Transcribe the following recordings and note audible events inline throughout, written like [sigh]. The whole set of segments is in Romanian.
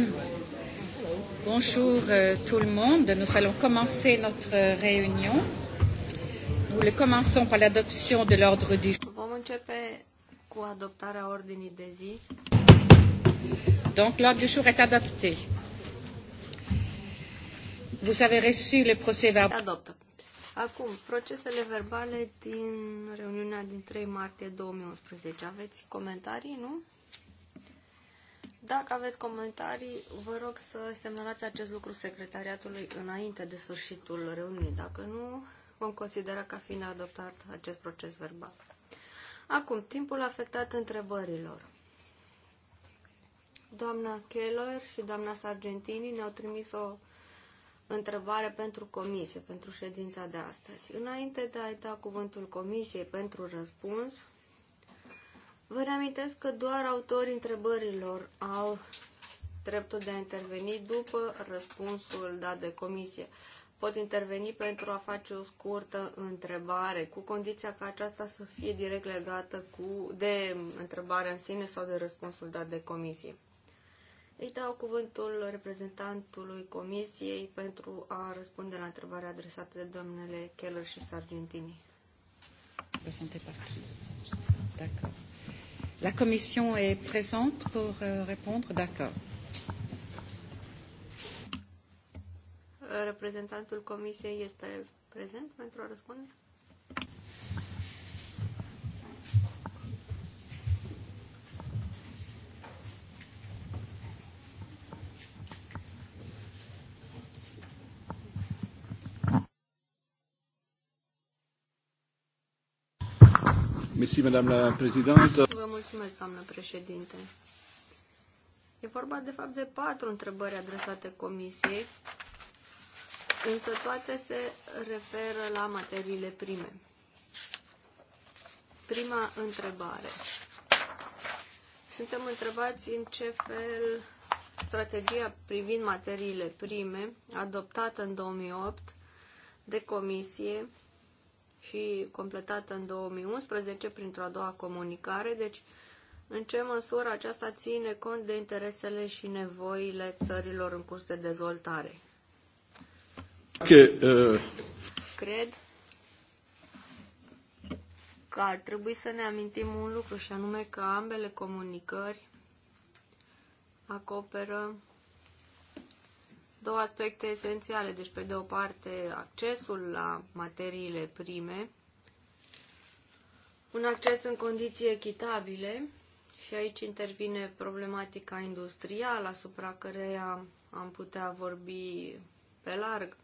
[clears throat] Bonjour euh, tout le monde. Nous allons commencer notre euh, réunion. Nous le commençons par l'adoption de l'ordre du jour. Donc l'ordre du jour est adopté. Vous avez reçu le procès verbal. Adopte. Acum, procesele verbale din reuniunea din 3 martie 2011. Aveți comentarii, nu? Dacă aveți comentarii, vă rog să semnalați acest lucru secretariatului înainte de sfârșitul reuniunii. Dacă nu, vom considera ca fiind adoptat acest proces verbal. Acum, timpul afectat întrebărilor. Doamna Keller și doamna Sargentini ne-au trimis o întrebare pentru comisie, pentru ședința de astăzi. Înainte de a-i da cuvântul comisiei pentru răspuns, Vă reamintesc că doar autorii întrebărilor au dreptul de a interveni după răspunsul dat de comisie. Pot interveni pentru a face o scurtă întrebare, cu condiția ca aceasta să fie direct legată cu, de întrebarea în sine sau de răspunsul dat de comisie. Îi dau cuvântul reprezentantului comisiei pentru a răspunde la întrebarea adresată de domnule Keller și Sargentini. Sunt partid. Dacă. La Commission est présente pour euh, répondre D'accord. Reprezentantul Comisiei este prezent pentru a răspunde? Merci, Vă mulțumesc, doamnă președinte. E vorba, de fapt, de patru întrebări adresate Comisiei, însă toate se referă la materiile prime. Prima întrebare. Suntem întrebați în ce fel strategia privind materiile prime, adoptată în 2008 de Comisie, și completată în 2011 printr-o a doua comunicare, deci în ce măsură aceasta ține cont de interesele și nevoile țărilor în curs de dezvoltare. Okay, uh... Cred că ar trebui să ne amintim un lucru și anume că ambele comunicări acoperă două aspecte esențiale. Deci, pe de o parte, accesul la materiile prime, un acces în condiții echitabile și aici intervine problematica industrială asupra căreia am putea vorbi pe larg.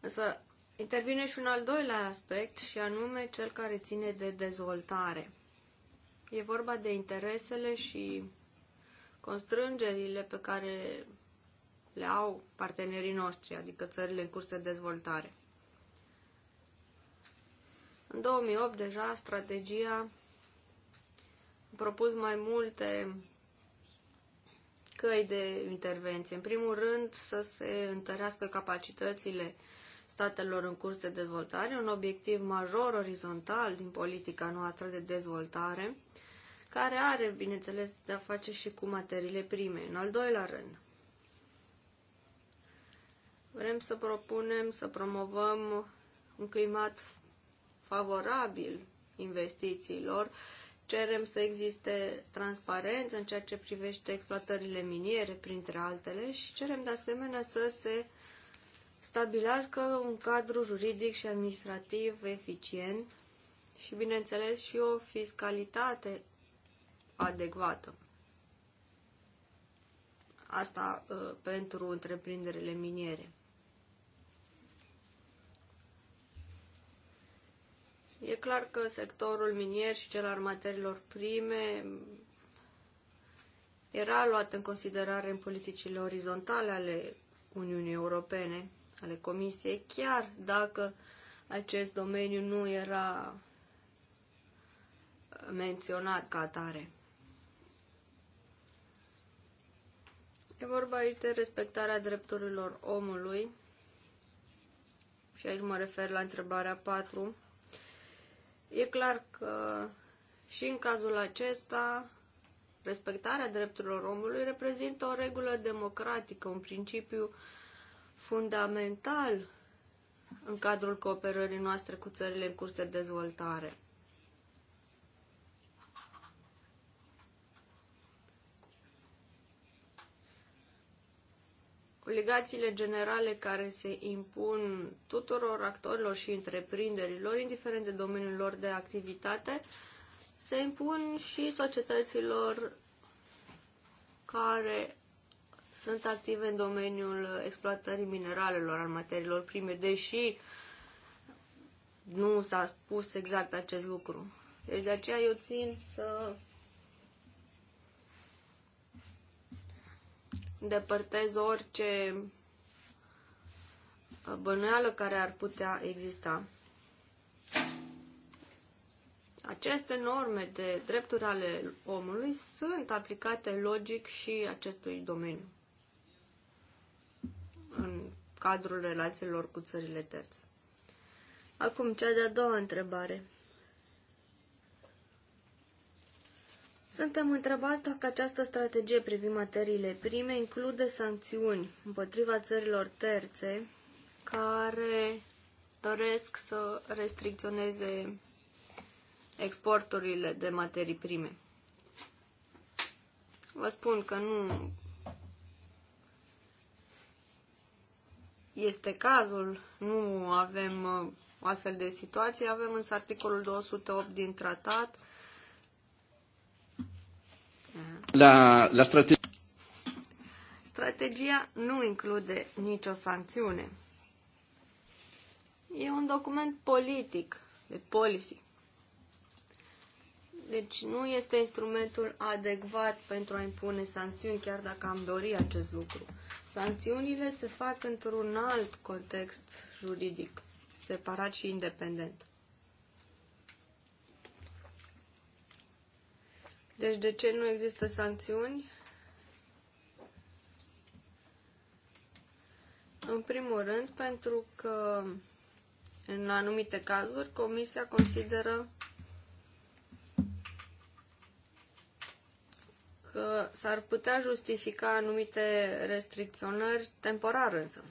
Însă intervine și un al doilea aspect și anume cel care ține de dezvoltare. E vorba de interesele și constrângerile pe care le au partenerii noștri, adică țările în curs de dezvoltare. În 2008 deja strategia a propus mai multe căi de intervenție. În primul rând să se întărească capacitățile statelor în curs de dezvoltare, un obiectiv major orizontal din politica noastră de dezvoltare, care are, bineînțeles, de-a face și cu materiile prime. În al doilea rând, Vrem să propunem să promovăm un climat favorabil investițiilor. Cerem să existe transparență în ceea ce privește exploatările miniere, printre altele, și cerem de asemenea să se stabilească un cadru juridic și administrativ eficient și, bineînțeles, și o fiscalitate adecvată. Asta uh, pentru întreprinderile miniere. E clar că sectorul minier și cel al materiilor prime era luat în considerare în politicile orizontale ale Uniunii Europene, ale Comisiei, chiar dacă acest domeniu nu era menționat ca atare. E vorba aici de respectarea drepturilor omului și aici mă refer la întrebarea 4 E clar că și în cazul acesta respectarea drepturilor omului reprezintă o regulă democratică, un principiu fundamental în cadrul cooperării noastre cu țările în curs de dezvoltare. obligațiile generale care se impun tuturor actorilor și întreprinderilor, indiferent de domeniul lor de activitate, se impun și societăților care sunt active în domeniul exploatării mineralelor, al materiilor prime, deși nu s-a spus exact acest lucru. Deci de aceea eu țin să îndepărtez orice uh, bănuială care ar putea exista. Aceste norme de drepturi ale omului sunt aplicate logic și acestui domeniu în cadrul relațiilor cu țările terțe. Acum, cea de-a doua întrebare. Suntem întrebați dacă această strategie privind materiile prime include sancțiuni împotriva țărilor terțe care doresc să restricționeze exporturile de materii prime. Vă spun că nu este cazul, nu avem o uh, astfel de situație. avem însă articolul 208 din tratat la, la strategie... Strategia nu include nicio sancțiune. E un document politic, de policy. Deci nu este instrumentul adecvat pentru a impune sancțiuni, chiar dacă am dori acest lucru. Sancțiunile se fac într-un alt context juridic, separat și independent. Deci de ce nu există sancțiuni? În primul rând, pentru că în anumite cazuri Comisia consideră că s-ar putea justifica anumite restricționări temporare însă.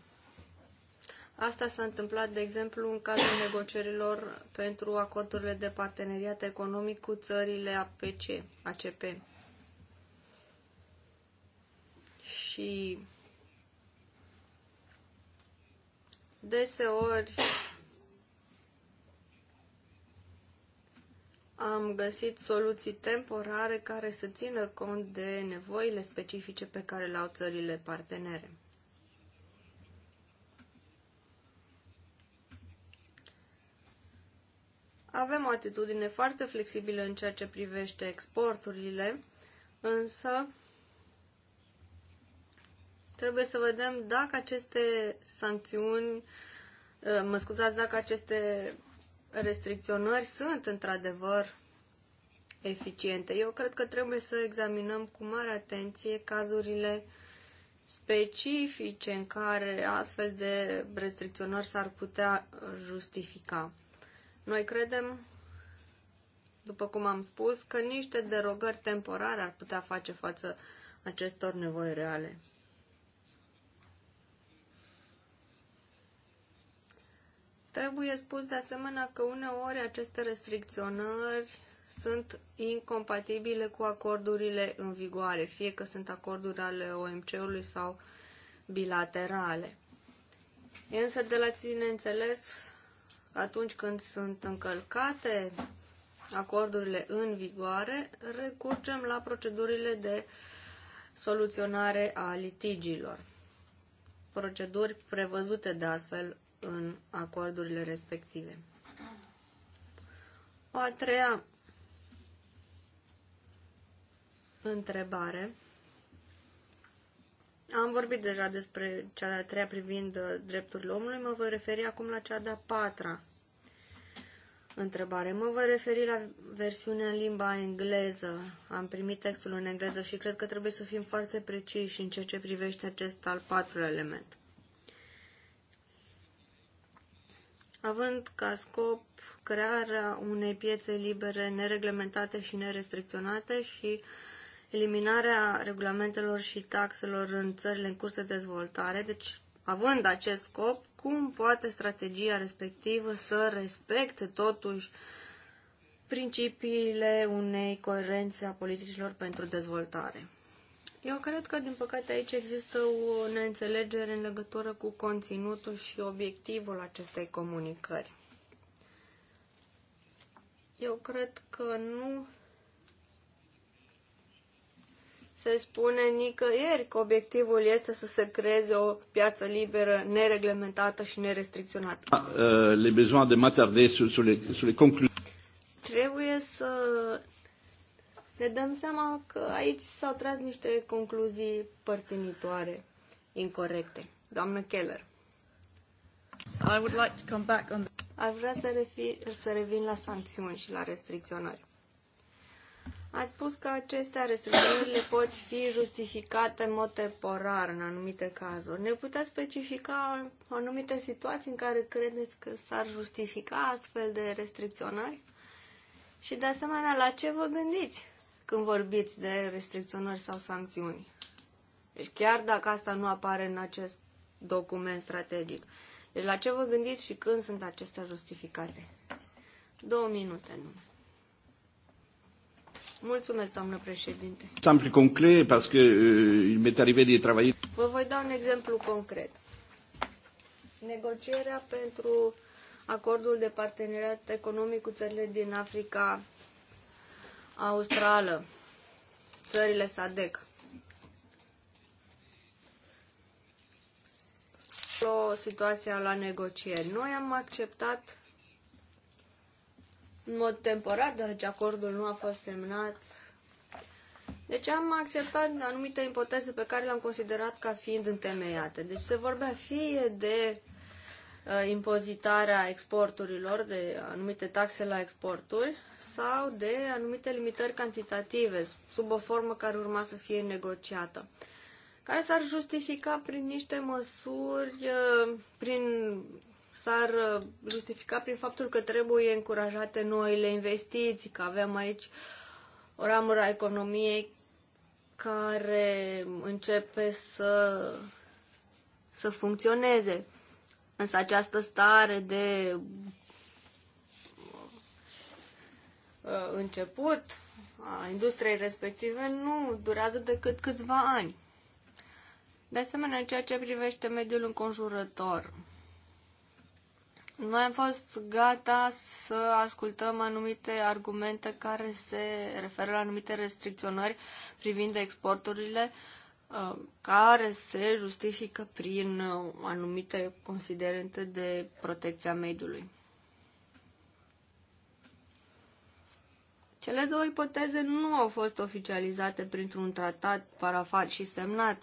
Asta s-a întâmplat, de exemplu, în cazul negocierilor pentru acordurile de parteneriat economic cu țările APC, ACP. Și deseori am găsit soluții temporare care să țină cont de nevoile specifice pe care le au țările partenere. Avem o atitudine foarte flexibilă în ceea ce privește exporturile, însă trebuie să vedem dacă aceste sancțiuni, ă, mă scuzați, dacă aceste restricționări sunt într-adevăr eficiente. Eu cred că trebuie să examinăm cu mare atenție cazurile specifice în care astfel de restricționări s-ar putea justifica. Noi credem, după cum am spus, că niște derogări temporare ar putea face față acestor nevoi reale. Trebuie spus de asemenea că uneori aceste restricționări sunt incompatibile cu acordurile în vigoare, fie că sunt acorduri ale OMC-ului sau bilaterale. Însă de la ține înțeles atunci când sunt încălcate acordurile în vigoare, recurgem la procedurile de soluționare a litigiilor. Proceduri prevăzute de astfel în acordurile respective. O a treia întrebare am vorbit deja despre cea de-a treia privind uh, drepturile omului, mă voi referi acum la cea de-a patra întrebare. Mă voi referi la versiunea în limba engleză. Am primit textul în engleză și cred că trebuie să fim foarte preciși în ceea ce privește acest al patrulea element. Având ca scop crearea unei piețe libere, nereglementate și nerestricționate și uh, eliminarea regulamentelor și taxelor în țările în curs de dezvoltare. Deci, având acest scop, cum poate strategia respectivă să respecte totuși principiile unei coerențe a politicilor pentru dezvoltare? Eu cred că, din păcate, aici există o neînțelegere în legătură cu conținutul și obiectivul acestei comunicări. Eu cred că nu se spune nicăieri că obiectivul este să se creeze o piață liberă, nereglementată și nerestricționată. Ah, uh, Le besoins de m'attarder sur les conclusions. Trebuie să ne dăm seama că aici s-au tras niște concluzii părtinitoare, incorrecte. Doamnă Keller. I would like to come back on the... Aș vrea să, refi, să revin la sancțiuni și la restricționări. Ați spus că aceste restricțiuni le pot fi justificate în mod temporar în anumite cazuri. Ne puteți specifica anumite situații în care credeți că s-ar justifica astfel de restricționări? Și de asemenea, la ce vă gândiți când vorbiți de restricționări sau sancțiuni? Deci chiar dacă asta nu apare în acest document strategic. Deci la ce vă gândiți și când sunt acestea justificate? Două minute numai. Mulțumesc, doamnă președinte. Exemplu concret, pentru că euh, îmi este arrivé de travailler. Vă voi da un exemplu concret. Negocierea pentru acordul de parteneriat economic cu țările din Africa Australă, țările SADEC. o situația la negocieri. Noi am acceptat în mod temporar, deoarece acordul nu a fost semnat. Deci am acceptat anumite ipoteze pe care le-am considerat ca fiind întemeiate. Deci se vorbea fie de uh, impozitarea exporturilor, de anumite taxe la exporturi sau de anumite limitări cantitative sub o formă care urma să fie negociată care s-ar justifica prin niște măsuri, uh, prin s-ar uh, justifica prin faptul că trebuie încurajate noile investiții, că avem aici o ramură a economiei care începe să, să funcționeze. Însă această stare de uh, început a industriei respective nu durează decât câțiva ani. De asemenea, în ceea ce privește mediul înconjurător, noi am fost gata să ascultăm anumite argumente care se referă la anumite restricționări privind exporturile uh, care se justifică prin uh, anumite considerente de protecția mediului. Cele două ipoteze nu au fost oficializate printr-un tratat parafat și semnat,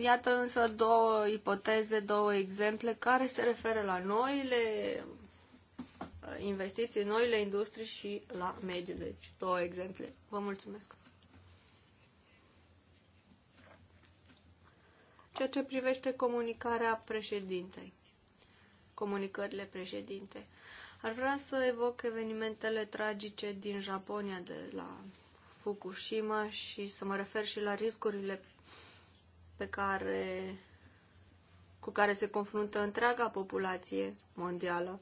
Iată însă două ipoteze, două exemple care se referă la noile uh, investiții, noile industrii și la mediul. Deci două exemple. Vă mulțumesc. Ceea ce privește comunicarea președintei, comunicările președinte. Ar vrea să evoc evenimentele tragice din Japonia de la Fukushima și să mă refer și la riscurile pe care, cu care se confruntă întreaga populație mondială.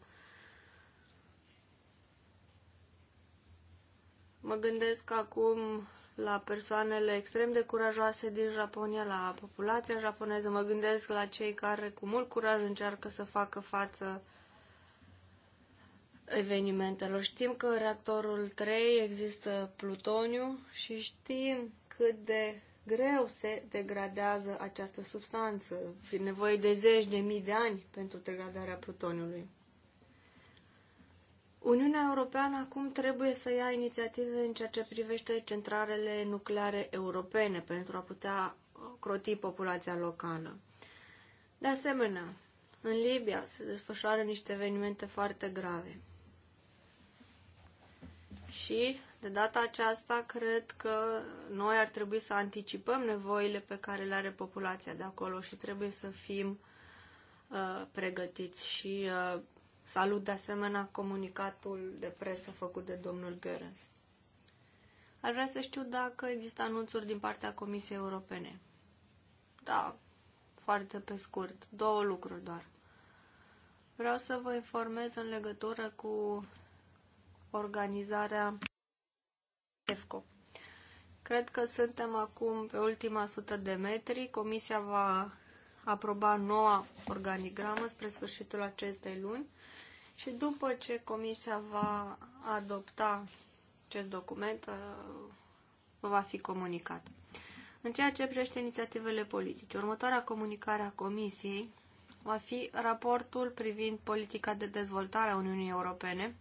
Mă gândesc acum la persoanele extrem de curajoase din Japonia, la populația japoneză, mă gândesc la cei care cu mult curaj încearcă să facă față evenimentelor. Știm că în reactorul 3 există plutoniu și știm cât de greu se degradează această substanță. Fi nevoie de zeci de mii de ani pentru degradarea plutoniului. Uniunea Europeană acum trebuie să ia inițiative în ceea ce privește centralele nucleare europene pentru a putea croti populația locală. De asemenea, în Libia se desfășoară niște evenimente foarte grave. Și de data aceasta, cred că noi ar trebui să anticipăm nevoile pe care le are populația de acolo și trebuie să fim uh, pregătiți. Și uh, salut de asemenea comunicatul de presă făcut de domnul Görens. Ar vrea să știu dacă există anunțuri din partea Comisiei Europene. Da, foarte pe scurt, două lucruri doar. Vreau să vă informez în legătură cu organizarea EFCO. Cred că suntem acum pe ultima sută de metri. Comisia va aproba noua organigramă spre sfârșitul acestei luni și după ce Comisia va adopta acest document, uh, va fi comunicat. În ceea ce privește inițiativele politice, următoarea comunicare a Comisiei va fi raportul privind politica de dezvoltare a Uniunii Europene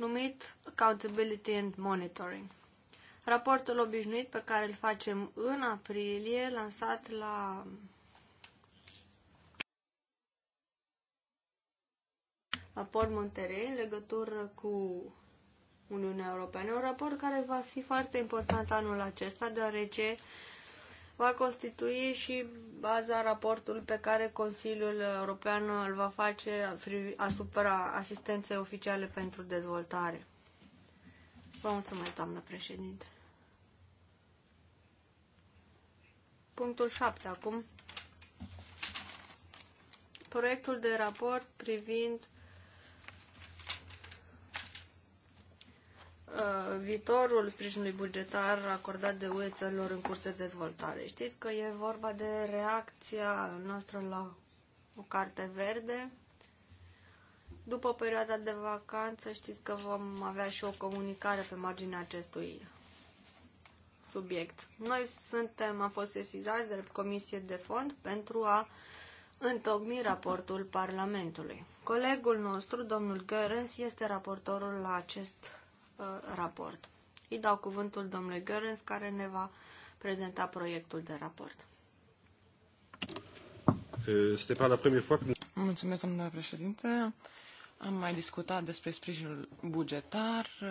numit Accountability and Monitoring. Raportul obișnuit pe care îl facem în aprilie, lansat la la Port Monterey în legătură cu Uniunea Europeană. Un raport care va fi foarte important anul acesta, deoarece va constitui și baza raportului pe care Consiliul European îl va face asupra asistenței oficiale pentru dezvoltare. Vă mulțumesc, doamnă președinte. Punctul 7 acum. Proiectul de raport privind Uh, viitorul sprijinului bugetar acordat de UE țărilor în curs de dezvoltare. Știți că e vorba de reacția noastră la o carte verde. După perioada de vacanță știți că vom avea și o comunicare pe marginea acestui subiect. Noi suntem, am fost sesizați de Comisie de Fond pentru a întocmi raportul Parlamentului. Colegul nostru, domnul Gărens, este raportorul la acest Uh, raport. Îi dau cuvântul domnului Görens, care ne va prezenta proiectul de raport. Uh, Mulțumesc, domnule președinte. Am mai discutat despre sprijinul bugetar, uh,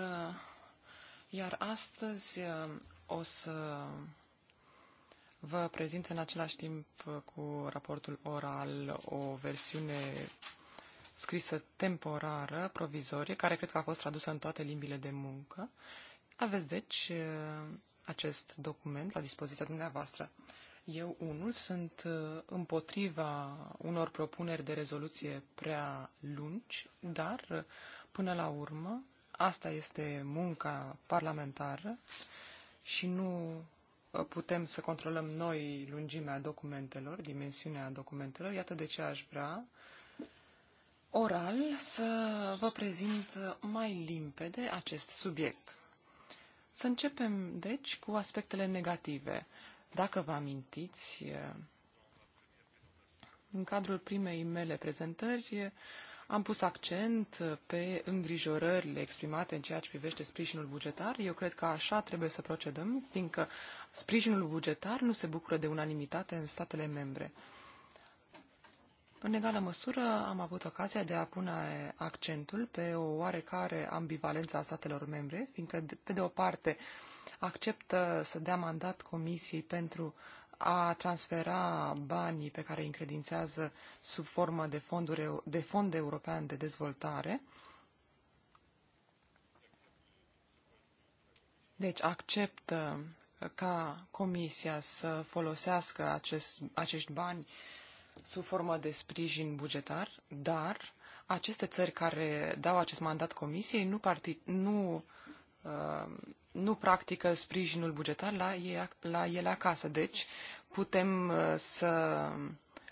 iar astăzi o să vă prezint în același timp cu raportul oral o versiune scrisă temporară, provizorie, care cred că a fost tradusă în toate limbile de muncă. Aveți, deci, uh, acest document la dispoziția dumneavoastră. Eu, unul, sunt uh, împotriva unor propuneri de rezoluție prea lungi, dar, uh, până la urmă, asta este munca parlamentară și nu putem să controlăm noi lungimea documentelor, dimensiunea documentelor. Iată de ce aș vrea uh, oral să vă prezint mai limpede acest subiect. Să începem, deci, cu aspectele negative. Dacă vă amintiți, în cadrul primei mele prezentări, am pus accent pe îngrijorările exprimate în ceea ce privește sprijinul bugetar. Eu cred că așa trebuie să procedăm, fiindcă sprijinul bugetar nu se bucură de unanimitate în statele membre. În egală măsură am avut ocazia de a pune accentul pe o oarecare ambivalență a statelor membre, fiindcă, pe de o parte, acceptă să dea mandat comisiei pentru a transfera banii pe care îi încredințează sub formă de, fonduri, de fond european de dezvoltare. Deci acceptă ca Comisia să folosească acest, acești bani uh, sub formă de sprijin bugetar, dar aceste țări care dau acest mandat comisiei nu, partic- nu, uh, nu practică sprijinul bugetar la, ei, la ele acasă. Deci putem uh, să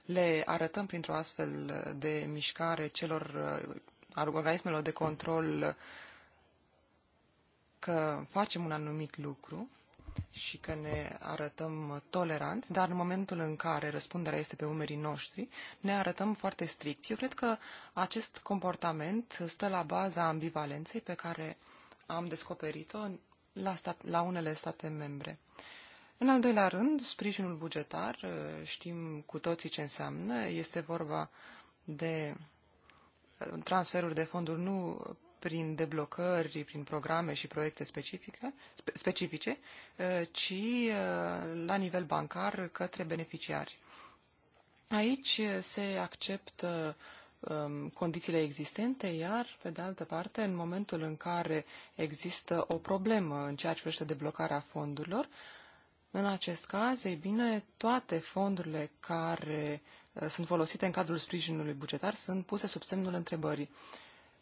le arătăm printr-o astfel de mișcare celor uh, organismelor de control că facem un anumit lucru și că ne arătăm toleranți, dar în momentul în care răspunderea este pe umerii noștri, ne arătăm foarte stricți. Eu cred că acest comportament stă la baza ambivalenței pe care am descoperit-o la, stat, la unele state membre. În al doilea rând, sprijinul bugetar, știm cu toții ce înseamnă, este vorba de transferuri de fonduri nu prin deblocări, prin programe și proiecte specifice, specifice uh, ci uh, la nivel bancar către beneficiari. Aici se acceptă um, condițiile existente, iar, pe de altă parte, în momentul în care există o problemă în ceea ce privește deblocarea fondurilor, în acest caz, ei bine, toate fondurile care uh, sunt folosite în cadrul sprijinului bugetar sunt puse sub semnul întrebării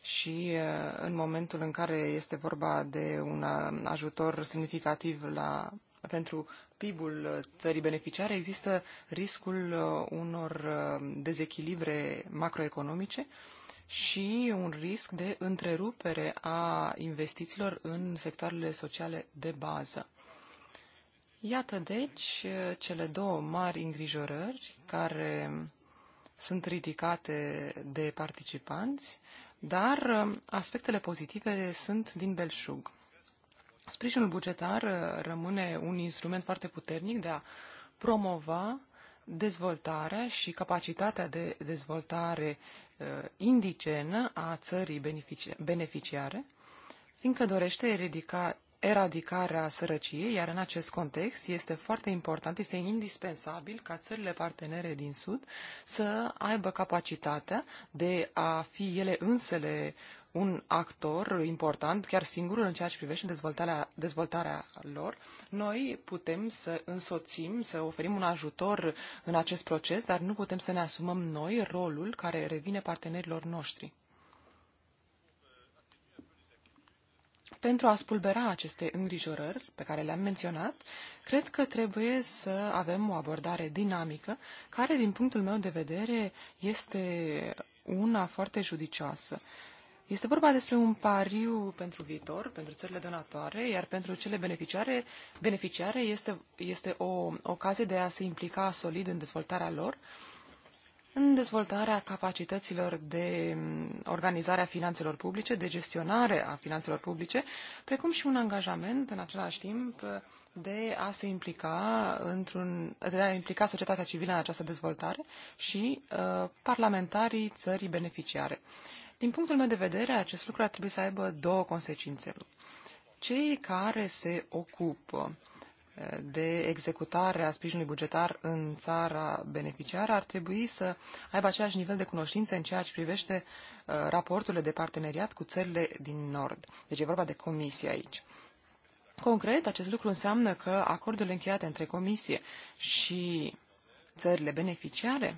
și uh, în momentul în care este vorba de un uh, ajutor semnificativ la, pentru PIB-ul uh, țării beneficiare, există riscul unor dezechilibre macroeconomice și un risc de întrerupere a investițiilor în sectoarele sociale de bază. Iată, deci, cele două mari îngrijorări care sunt ridicate de participanți dar uh, aspectele pozitive sunt din belșug. Sprijinul bugetar uh, rămâne un instrument foarte puternic de a promova dezvoltarea și capacitatea de dezvoltare uh, indigenă a țării beneficiare, fiindcă dorește eradica, eradicarea sărăciei, iar în acest context este foarte important, este indispensabil ca țările partenere din Sud să aibă capacitatea de a fi ele însele un actor important, chiar singurul în ceea ce privește dezvoltarea, dezvoltarea lor. Noi putem să însoțim, să oferim un ajutor în acest proces, dar nu putem să ne asumăm noi rolul care revine partenerilor noștri. pentru a spulbera aceste îngrijorări pe care le-am menționat, cred că trebuie să avem o abordare dinamică, care, din punctul meu de vedere, este una foarte judicioasă. Este vorba despre un pariu pentru viitor, pentru țările donatoare, iar pentru cele beneficiare, beneficiare este, este o ocazie de a se implica solid în dezvoltarea lor, uh, în dezvoltarea capacităților de mm, organizare a finanțelor publice, de gestionare a finanțelor publice, precum și un angajament în același timp de a se implica într-un, de a implica societatea civilă în această dezvoltare și uh, parlamentarii țării beneficiare. Din punctul meu de vedere, acest lucru ar trebui să aibă două consecințe. Cei care se ocupă uh, de executare a sprijinului bugetar în țara beneficiară ar trebui să aibă același nivel de cunoștință în ceea ce privește uh, raporturile de parteneriat cu țările din Nord. Deci e vorba de comisie aici. Concret, acest lucru înseamnă că acordurile încheiate între comisie și țările beneficiare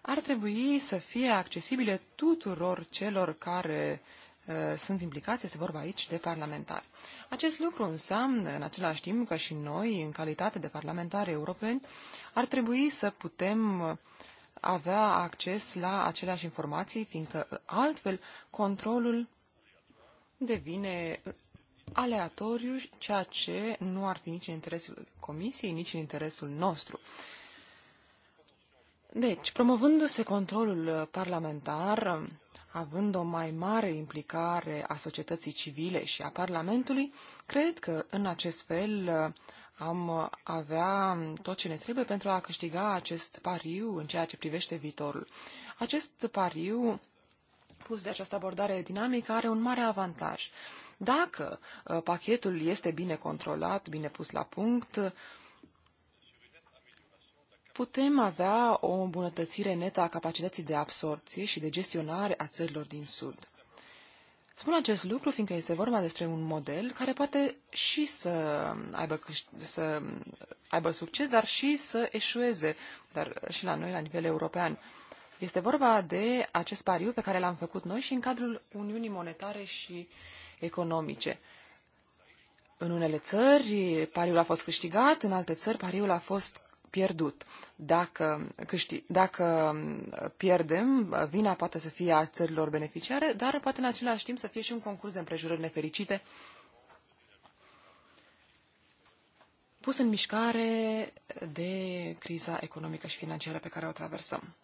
ar trebui să fie accesibile tuturor celor care Uh, sunt implicați, este vorba aici de parlamentari. Acest lucru înseamnă, în același timp, că și noi, în calitate de parlamentari europeni, ar trebui să putem uh, avea acces la aceleași informații, fiindcă uh, altfel controlul devine aleatoriu, ceea ce nu ar fi nici în interesul Comisiei, nici în interesul nostru. Deci, promovându-se controlul parlamentar, având o mai mare implicare a societății civile și a Parlamentului, cred că în acest fel am avea tot ce ne trebuie pentru a câștiga acest pariu în ceea ce privește viitorul. Acest pariu pus de această abordare dinamică are un mare avantaj. Dacă uh, pachetul este bine controlat, bine pus la punct, putem avea o îmbunătățire netă a capacității de absorpție și de gestionare a țărilor din Sud. Spun acest lucru fiindcă este vorba despre un model care poate și să aibă, să aibă succes, dar și să eșueze, dar și la noi, la nivel european. Este vorba de acest pariu pe care l-am făcut noi și în cadrul Uniunii Monetare și Economice. În unele țări pariul a fost câștigat, în alte țări pariul a fost pierdut. Dacă, câști, dacă pierdem, vina poate să fie a țărilor beneficiare, dar poate în același timp să fie și un concurs de împrejurări nefericite pus în mișcare de criza economică și financiară pe care o traversăm.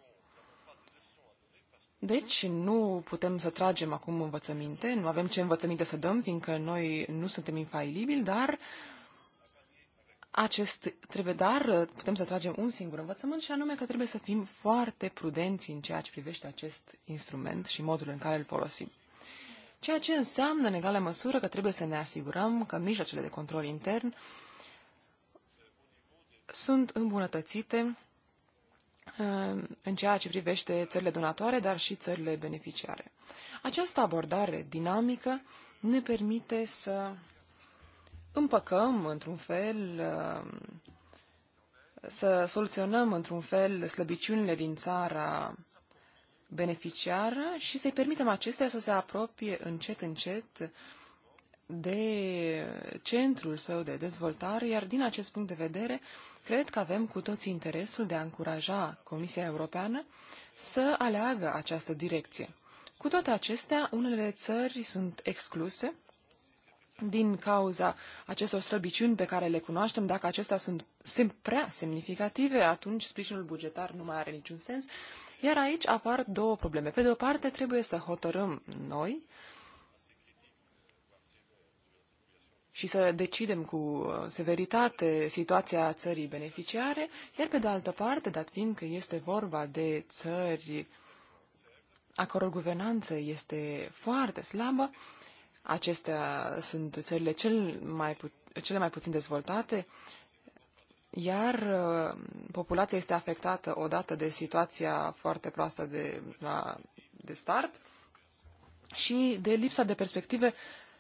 Deci nu putem să tragem acum învățăminte, nu avem ce învățăminte să dăm, fiindcă noi nu suntem infailibili, dar uh, acest trebuie, dar uh, putem să tragem un singur învățământ și anume că trebuie să fim foarte prudenți în ceea ce privește acest instrument și modul în care îl folosim. Ceea ce înseamnă, în egală măsură, că trebuie să ne asigurăm că mijloacele de control intern sunt îmbunătățite uh, în ceea ce privește țările donatoare, dar și țările beneficiare. Această abordare dinamică ne permite să împăcăm într-un fel, uh, să soluționăm într-un fel slăbiciunile din țara beneficiară și să-i permitem acestea să se apropie încet, încet de centrul său de dezvoltare, iar din acest punct de vedere, cred că avem cu toții interesul de a încuraja Comisia Europeană să aleagă această direcție. Cu toate acestea, unele țări sunt excluse din cauza acestor slăbiciuni pe care le cunoaștem, dacă acestea sunt, sunt prea semnificative, atunci sprijinul bugetar nu mai are niciun sens. Iar aici apar două probleme. Pe de o parte, trebuie să hotărâm noi și să decidem cu uh, severitate situația țării beneficiare, iar pe de altă parte, dat fiind că este vorba de țări a căror guvernanță este foarte slabă, Acestea sunt țările cel mai cele mai puțin dezvoltate, iar uh, populația este afectată odată de situația foarte proastă de, la, de start și de lipsa de perspective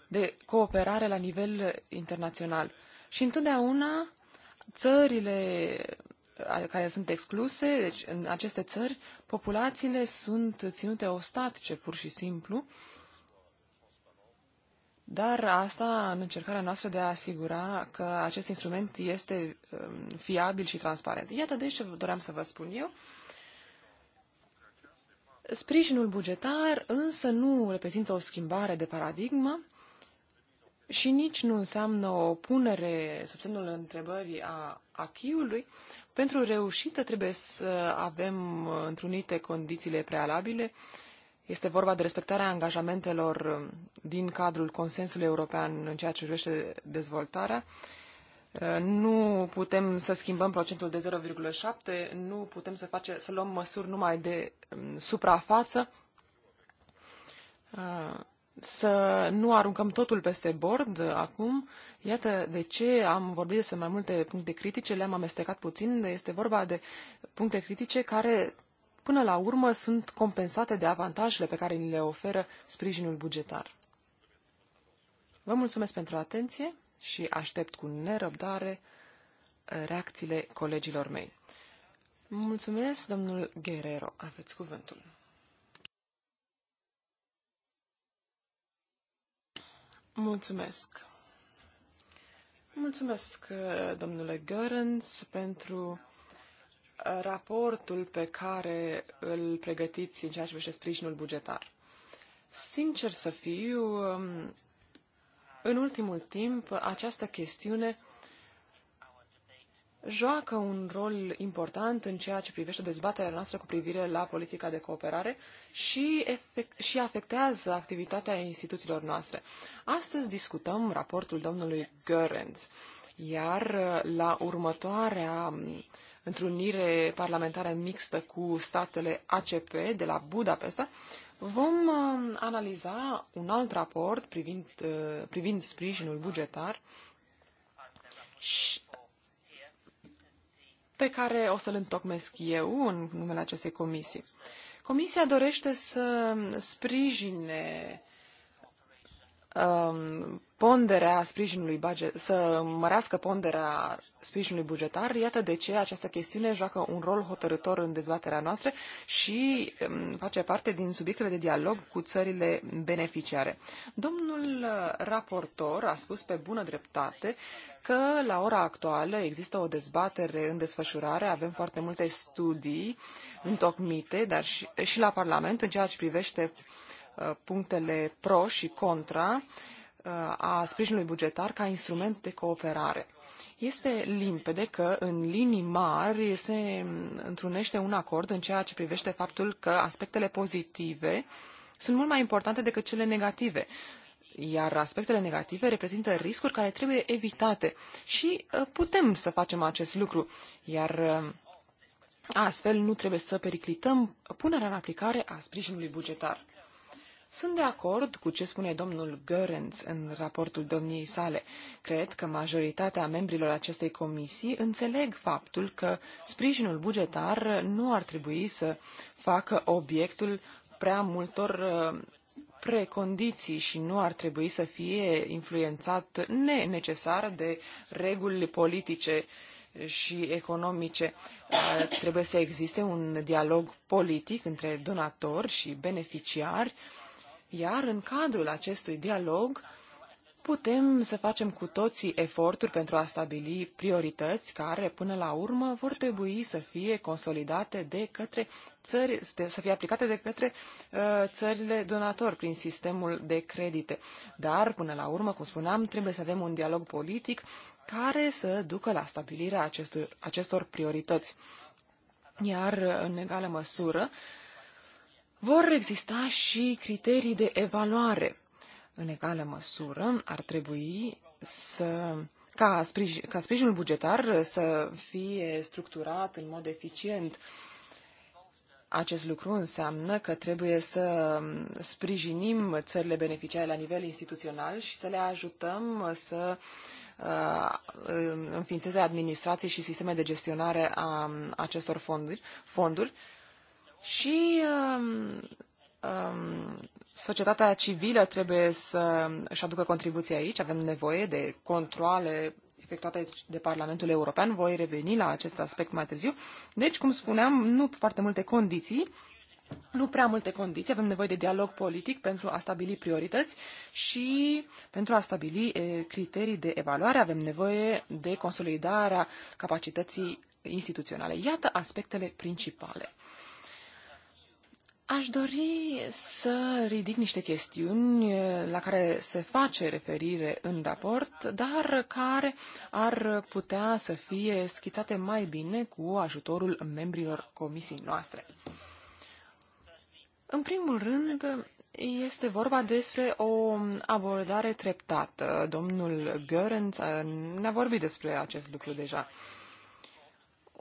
de cooperare la nivel internațional. Și întotdeauna țările uh, care sunt excluse, deci în aceste țări, populațiile sunt ținute ostatice pur și simplu dar asta în încercarea noastră de a asigura că acest instrument este um, fiabil și transparent. Iată de ce doream să vă spun eu. Sprijinul bugetar însă nu reprezintă o schimbare de paradigmă și nici nu înseamnă o punere sub semnul întrebării a achiului. Pentru reușită trebuie să avem întrunite condițiile prealabile este vorba de respectarea angajamentelor um, din cadrul consensului european în ceea ce privește dezvoltarea. Uh, nu putem să schimbăm procentul de 0,7, nu putem să, face, să luăm măsuri numai de um, suprafață, uh, să nu aruncăm totul peste bord uh, acum. Iată de ce am vorbit despre mai multe puncte critice, le-am amestecat puțin. Este vorba de puncte critice care până la urmă sunt compensate de avantajele pe care ni le oferă sprijinul bugetar. Vă mulțumesc pentru atenție și aștept cu nerăbdare eh, reacțiile colegilor mei. Mulțumesc, domnul Guerrero. Aveți cuvântul. Mulțumesc. Mulțumesc, eh, domnule Görens, pentru raportul pe care îl pregătiți în ceea ce privește sprijinul bugetar. Sincer să fiu, um, în ultimul timp, această chestiune joacă un rol important în ceea ce privește dezbaterea noastră cu privire la politica de cooperare și, efect, și afectează activitatea instituțiilor noastre. Astăzi discutăm raportul domnului Görens, iar uh, la următoarea um, întrunire parlamentară mixtă cu statele ACP de la Budapesta, vom uh, analiza un alt raport privind, uh, privind sprijinul bugetar pe care o să-l întocmesc eu în numele acestei comisii. Comisia dorește să sprijine um, ponderea sprijinului budget, să mărească ponderea sprijinului bugetar. Iată de ce această chestiune joacă un rol hotărător în dezbaterea noastră și um, face parte din subiectele de dialog cu țările beneficiare. Domnul uh, raportor a spus pe bună dreptate că la ora actuală există o dezbatere în desfășurare, avem foarte multe studii întocmite, dar și, și la Parlament în ceea ce privește uh, punctele pro și contra a sprijinului bugetar ca instrument de cooperare. Este limpede că, în linii mari, se întrunește un acord în ceea ce privește faptul că aspectele pozitive sunt mult mai importante decât cele negative, iar aspectele negative reprezintă riscuri care trebuie evitate și uh, putem să facem acest lucru, iar uh, astfel nu trebuie să periclităm punerea în aplicare a sprijinului bugetar. Sunt de acord cu ce spune domnul Görens în raportul domniei sale. Cred că majoritatea membrilor acestei comisii înțeleg faptul că sprijinul bugetar nu ar trebui să facă obiectul prea multor uh, precondiții și nu ar trebui să fie influențat nenecesar de reguli politice și economice. Uh, trebuie să existe un dialog politic între donatori și beneficiari iar în cadrul acestui dialog putem să facem cu toții eforturi pentru a stabili priorități care, până la urmă, vor trebui să fie consolidate de către țări, să fie aplicate de către uh, țările donatori prin sistemul de credite. Dar, până la urmă, cum spuneam, trebuie să avem un dialog politic care să ducă la stabilirea acestor, acestor priorități. Iar, în egală măsură, uh, vor exista și criterii de evaluare. În egală măsură, ar trebui să, ca, sprij, ca sprijinul bugetar să fie structurat în mod eficient. Acest lucru înseamnă că trebuie să sprijinim țările beneficiare la nivel instituțional și să le ajutăm să uh, înființeze administrații și sisteme de gestionare a acestor fonduri, fonduri și um, um, societatea civilă trebuie să își aducă contribuția aici. Avem nevoie de controle efectuate de Parlamentul European. Voi reveni la acest aspect mai târziu. Deci, cum spuneam, nu foarte multe condiții, nu prea multe condiții. Avem nevoie de dialog politic pentru a stabili priorități și pentru a stabili criterii de evaluare. Avem nevoie de consolidarea capacității instituționale. Iată aspectele principale. Aș dori să ridic niște chestiuni eh, la care se face referire în raport, dar care ar putea să fie schițate mai bine cu ajutorul membrilor comisiei noastre. În primul rând, este vorba despre o abordare treptată. Domnul Görens eh, ne-a vorbit despre acest lucru deja.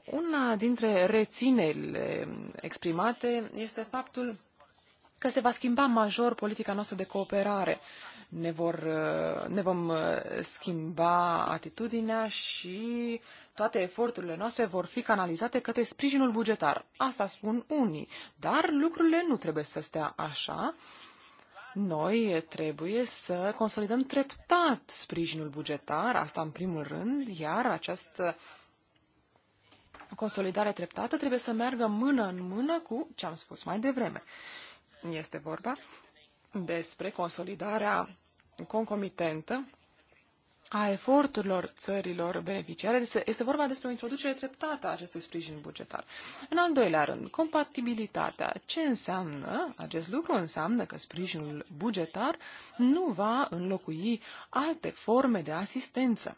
Una dintre reținerile exprimate este faptul că se va schimba major politica noastră de cooperare. Ne, vor, uh, ne vom uh, schimba atitudinea și toate eforturile noastre vor fi canalizate către sprijinul bugetar. Asta spun unii, dar lucrurile nu trebuie să stea așa. Noi trebuie să consolidăm treptat sprijinul bugetar, asta în primul rând, iar această uh, consolidare treptată trebuie să meargă mână în mână cu ce am spus mai devreme. Este vorba despre consolidarea concomitentă a eforturilor țărilor beneficiare. Este vorba despre o introducere treptată a acestui sprijin bugetar. În al doilea rând, compatibilitatea. Ce înseamnă? Acest lucru înseamnă că sprijinul bugetar nu va înlocui alte forme de asistență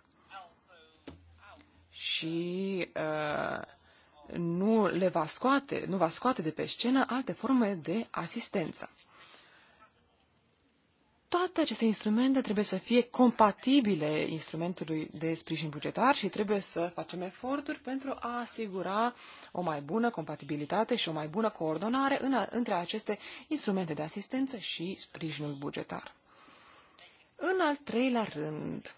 și uh, nu le va scoate, nu va scoate de pe scenă alte forme de asistență. Toate aceste instrumente trebuie să fie compatibile instrumentului de sprijin bugetar și trebuie să facem eforturi pentru a asigura o mai bună compatibilitate și o mai bună coordonare în a, între aceste instrumente de asistență și sprijinul bugetar. În al treilea rând,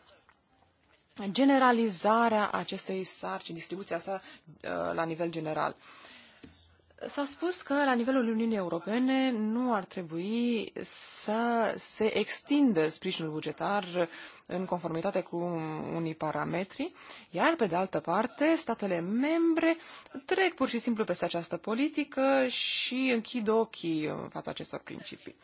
generalizarea acestei sarcini distribuția sa uh, la nivel general. S-a spus că la nivelul Uniunii Europene nu ar trebui să se extindă sprijinul bugetar în conformitate cu unii parametri, iar pe de altă parte statele membre trec pur și simplu peste această politică și închid ochii în fața acestor principii.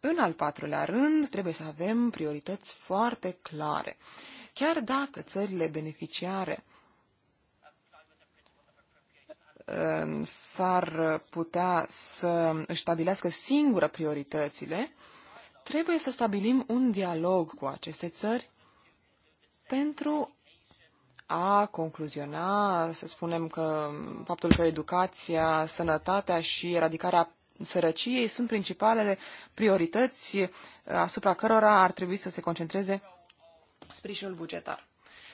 În al patrulea rând, trebuie să avem priorități foarte clare. Uh, chiar dacă țările beneficiare um, s-ar putea să își stabilească singură prioritățile, trebuie să stabilim un dialog cu aceste țări pentru a concluziona, să spunem că faptul că educația, sănătatea și eradicarea sărăciei sunt principalele priorități uh, asupra cărora ar trebui să se concentreze sprijinul bugetar.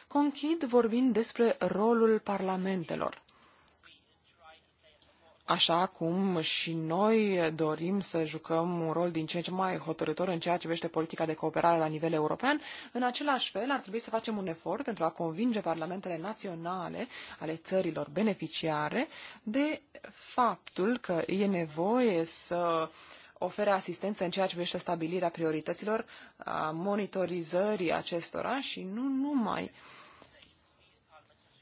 Conchid vorbind despre rolul parlamentelor. Așa cum și noi dorim să jucăm un rol din ce în ce mai hotărător în ceea ce privește politica de cooperare la nivel european, în același fel ar trebui să facem un efort pentru a convinge parlamentele naționale ale țărilor beneficiare de faptul că e nevoie să uh, ofere asistență în ceea ce privește stabilirea priorităților, a monitorizării acestora și nu numai.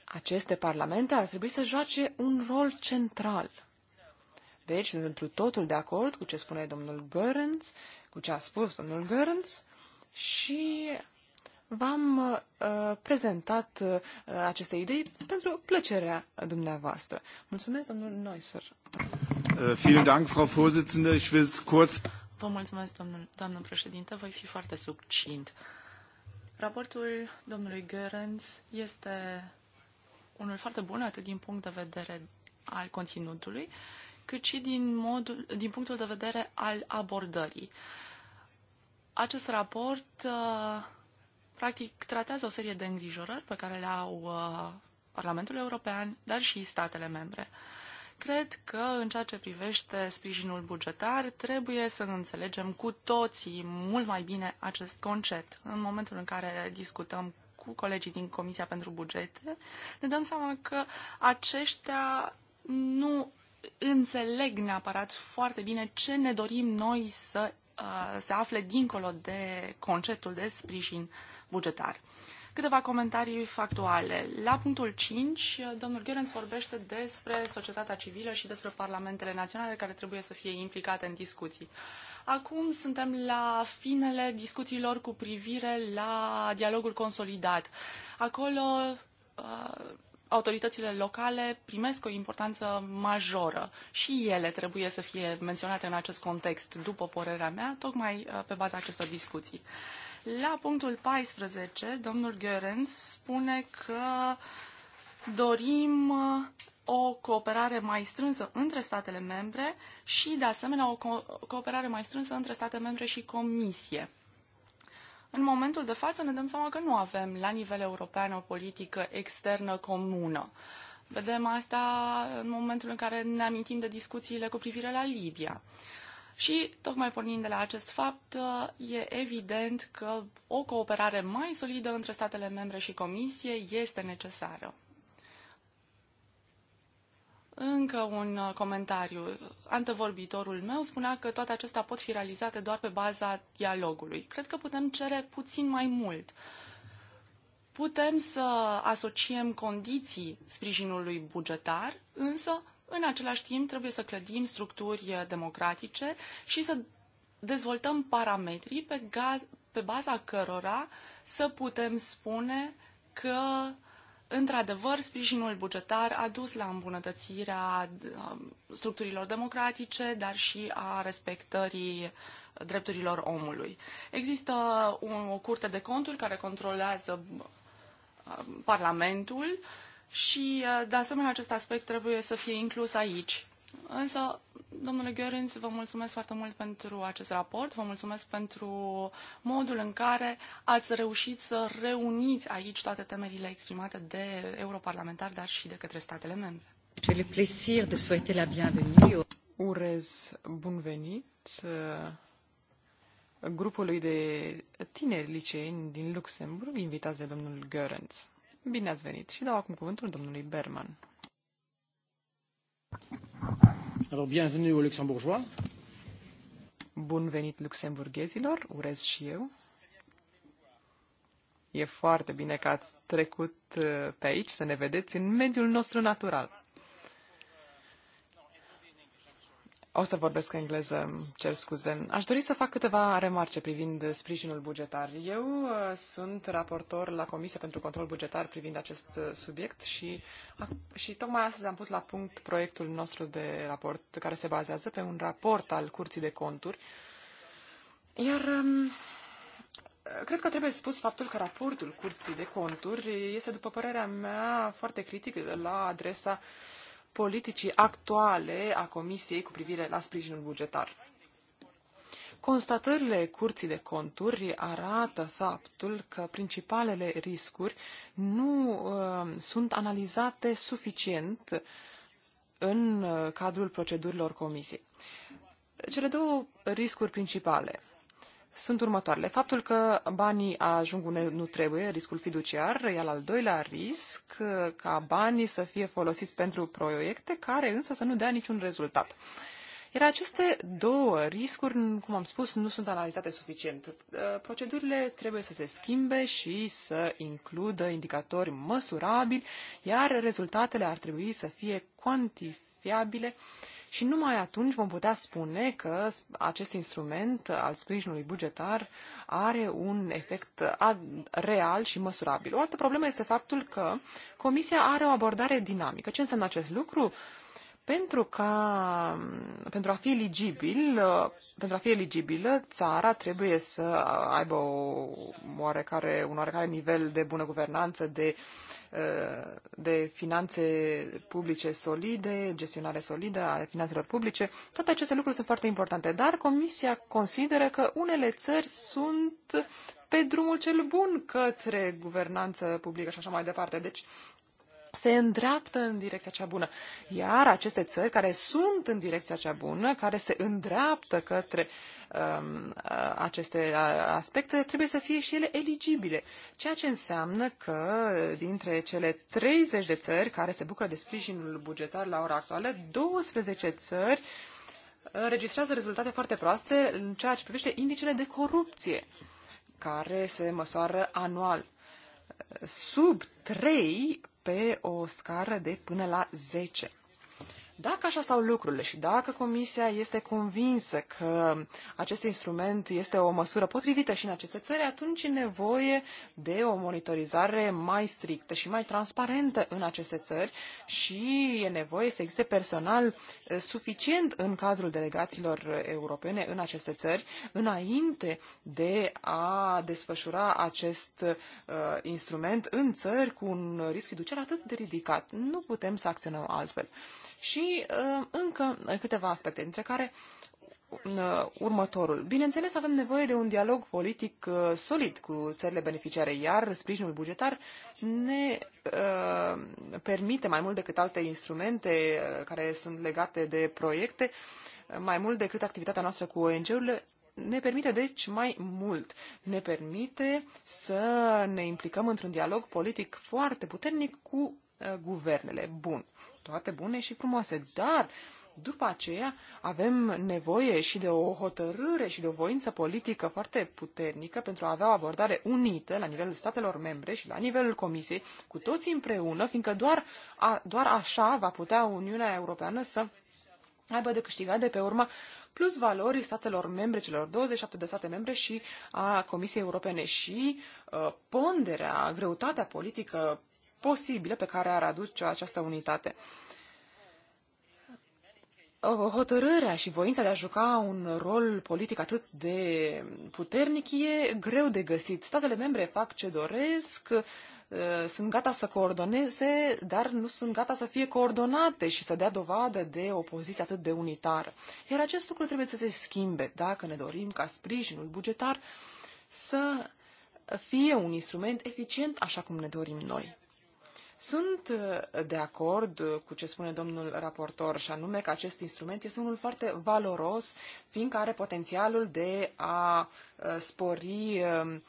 Aceste parlamente ar trebui să joace un rol central. Deci, sunt întru totul de acord cu ce spune domnul Gărânț, cu ce a spus domnul Gărânț și v-am uh, prezentat uh, aceste idei pentru plăcerea dumneavoastră. Mulțumesc, domnul Neusser. Äh, vielen Dank, Frau Vorsitzende. Ich will es kurz. Vă mulțumesc, domnul, doamnă președinte. Voi fi foarte succint. Raportul domnului Görens este unul foarte bun, atât din punct de vedere al conținutului, cât și din, modul, din punctul de vedere al abordării. Acest raport, uh, practic, tratează o serie de îngrijorări pe care le au uh, Parlamentul European, dar și statele membre. Uh, Cred că în ceea ce privește sprijinul bugetar trebuie să înțelegem cu toții mult mai bine acest concept. În momentul în care discutăm cu colegii din Comisia pentru Bugete, ne dăm seama că aceștia nu înțeleg neapărat foarte bine ce ne dorim noi să uh, se afle dincolo de conceptul de sprijin bugetar. Uh, Câteva comentarii factuale. La punctul 5, domnul Gheorens vorbește despre societatea civilă și despre parlamentele naționale care trebuie să fie implicate în discuții. Acum suntem la finele discuțiilor cu privire la dialogul consolidat. Acolo uh, autoritățile locale primesc o importanță majoră și ele trebuie să fie menționate în acest context, după părerea mea, tocmai uh, pe baza acestor discuții. La punctul 14, domnul Görens spune că dorim uh, o cooperare mai strânsă între statele membre și, de asemenea, o co- cooperare mai strânsă între state membre și Comisie. În momentul de față ne dăm seama că nu avem la nivel european o politică externă comună. Vedem asta în momentul în care ne amintim de discuțiile cu privire la Libia. Uh, și, tocmai pornind de la acest fapt, uh, e evident că o cooperare mai solidă între statele membre și Comisie este necesară. Încă un uh, comentariu. Antevorbitorul meu spunea că toate acestea pot fi realizate doar pe baza dialogului. Cred că putem cere puțin mai mult. Putem să asociem condiții sprijinului bugetar, însă în același timp, trebuie să clădim structuri eh, democratice și să dezvoltăm parametrii pe, gaz, pe baza cărora să putem spune că, într-adevăr, sprijinul bugetar a dus la îmbunătățirea eh, structurilor democratice, dar și a respectării drepturilor omului. Există o curte de conturi care controlează eh, Parlamentul și, uh, de asemenea, acest aspect trebuie să fie inclus aici. Însă, domnule Gheorinț, vă mulțumesc foarte mult pentru acest raport, vă mulțumesc pentru modul în care ați reușit să reuniți aici toate temerile exprimate de europarlamentari, dar și de către statele membre. de Urez bun venit uh, grupului de tineri liceeni din Luxemburg, invitați de domnul Gheorinț. Bine ați venit și dau acum cuvântul domnului Berman. Alors, bienvenue aux luxembourgeois. Bun venit luxemburghezilor, urez și eu. E foarte bine că ați trecut uh, pe aici să ne vedeți în mediul nostru natural. O să vorbesc engleză, cer scuze. Aș dori să fac câteva remarce privind sprijinul bugetar. Eu uh, sunt raportor la Comisia pentru Control Bugetar privind acest uh, subiect și, și tocmai astăzi am pus la punct proiectul nostru de raport care se bazează pe un raport al Curții de Conturi. Iar um, cred că trebuie spus faptul că raportul Curții de Conturi este, după părerea mea, foarte critic la adresa uh, politicii actuale a Comisiei cu privire la sprijinul bugetar. Constatările curții de conturi arată faptul că principalele riscuri nu uh, sunt analizate suficient în uh, cadrul procedurilor comisiei. Cele două riscuri principale sunt următoarele. Faptul că banii ajung unde nu trebuie, riscul fiduciar, iar al doilea risc, uh, ca banii să fie folosiți pentru proiecte care însă să nu dea niciun rezultat. Iar aceste două riscuri, cum am spus, nu sunt analizate suficient. Uh, procedurile trebuie să se schimbe și să includă indicatori măsurabili, iar rezultatele ar trebui să fie cuantificabile și numai atunci vom putea spune că acest instrument al sprijinului bugetar are un efect real și măsurabil. O altă problemă este faptul că Comisia are o abordare dinamică. Ce înseamnă acest lucru? Pentru, ca, pentru a fi eligibil, pentru a fi eligibilă, țara trebuie să aibă o oarecare, un oarecare nivel de bună guvernanță, de, de finanțe publice solide, gestionare solidă a finanțelor publice. Toate aceste lucruri sunt foarte importante, dar Comisia consideră că unele țări sunt pe drumul cel bun către guvernanță publică și așa mai departe. Deci se îndreaptă în direcția cea bună. Iar aceste țări care sunt în direcția cea bună, care se îndreaptă către um, aceste aspecte, trebuie să fie și ele eligibile. Ceea ce înseamnă că dintre cele 30 de țări care se bucură de sprijinul bugetar la ora actuală, 12 țări registrează rezultate foarte proaste în ceea ce privește indicele de corupție, care se măsoară anual. Sub 3 pe o scară de până la 10. Dacă așa stau lucrurile și dacă Comisia este convinsă că acest instrument este o măsură potrivită și în aceste țări, atunci e nevoie de o monitorizare mai strictă și mai transparentă în aceste țări și e nevoie să existe personal eh, suficient în cadrul delegațiilor europene în aceste țări înainte de a desfășura acest uh, instrument în țări cu un risc fiduciar atât de ridicat. Nu putem să acționăm altfel și uh, încă câteva aspecte, dintre care uh, următorul. Bineînțeles, avem nevoie de un dialog politic uh, solid cu țările beneficiare, iar sprijinul bugetar ne uh, permite mai mult decât alte instrumente care sunt legate de proiecte, mai mult decât activitatea noastră cu ONG-urile, ne permite deci mai mult. Ne permite să ne implicăm într-un dialog politic foarte puternic cu Uh, guvernele. Bun, toate bune și frumoase, dar după aceea avem nevoie și de o hotărâre și de o voință politică foarte puternică pentru a avea o abordare unită la nivelul statelor membre și la nivelul Comisiei, cu toți împreună, fiindcă doar, a, doar așa va putea Uniunea Europeană să aibă de câștigat de pe urma plus valorii statelor membre, celor 27 de state membre și a Comisiei Europene și uh, ponderea, greutatea politică posibile pe care ar aduce această unitate. Hotărârea și voința de a juca un rol politic atât de puternic e greu de găsit. Statele membre fac ce doresc, uh, sunt gata să coordoneze, dar nu sunt gata să fie coordonate și să dea dovadă de o poziție atât de unitară. Iar acest lucru trebuie să se schimbe dacă ne dorim ca sprijinul bugetar să fie un instrument eficient așa cum ne dorim noi. Sunt uh, de acord uh, cu ce spune domnul raportor și anume că acest instrument este unul foarte valoros, fiindcă are potențialul de a uh, spori um,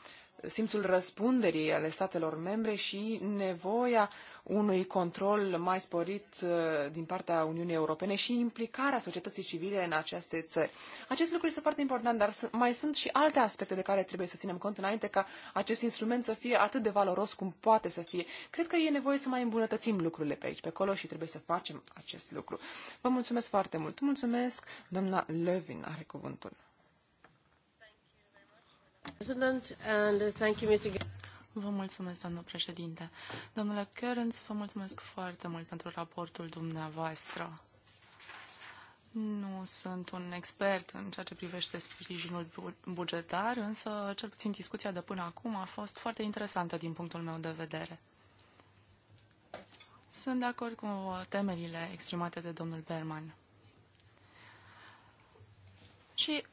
simțul răspunderii ale statelor membre și nevoia unui control mai sporit uh, din partea Uniunii Europene și implicarea societății civile în aceste țări. Acest lucru este foarte important, dar mai sunt și alte aspecte de care trebuie să ținem cont înainte ca acest instrument să fie atât de valoros cum poate să fie. Cred că e nevoie să mai îmbunătățim lucrurile pe aici, pe acolo și trebuie să facem acest lucru. Vă mulțumesc foarte mult. Mulțumesc. Doamna Levin are cuvântul. Vă mulțumesc, doamnă președinte. Domnule Kerens, vă mulțumesc foarte mult pentru raportul dumneavoastră. Nu sunt un expert în ceea ce privește sprijinul bugetar, însă cel puțin discuția de până acum a fost foarte interesantă din punctul meu de vedere. Sunt de acord cu temerile exprimate de domnul Berman. Și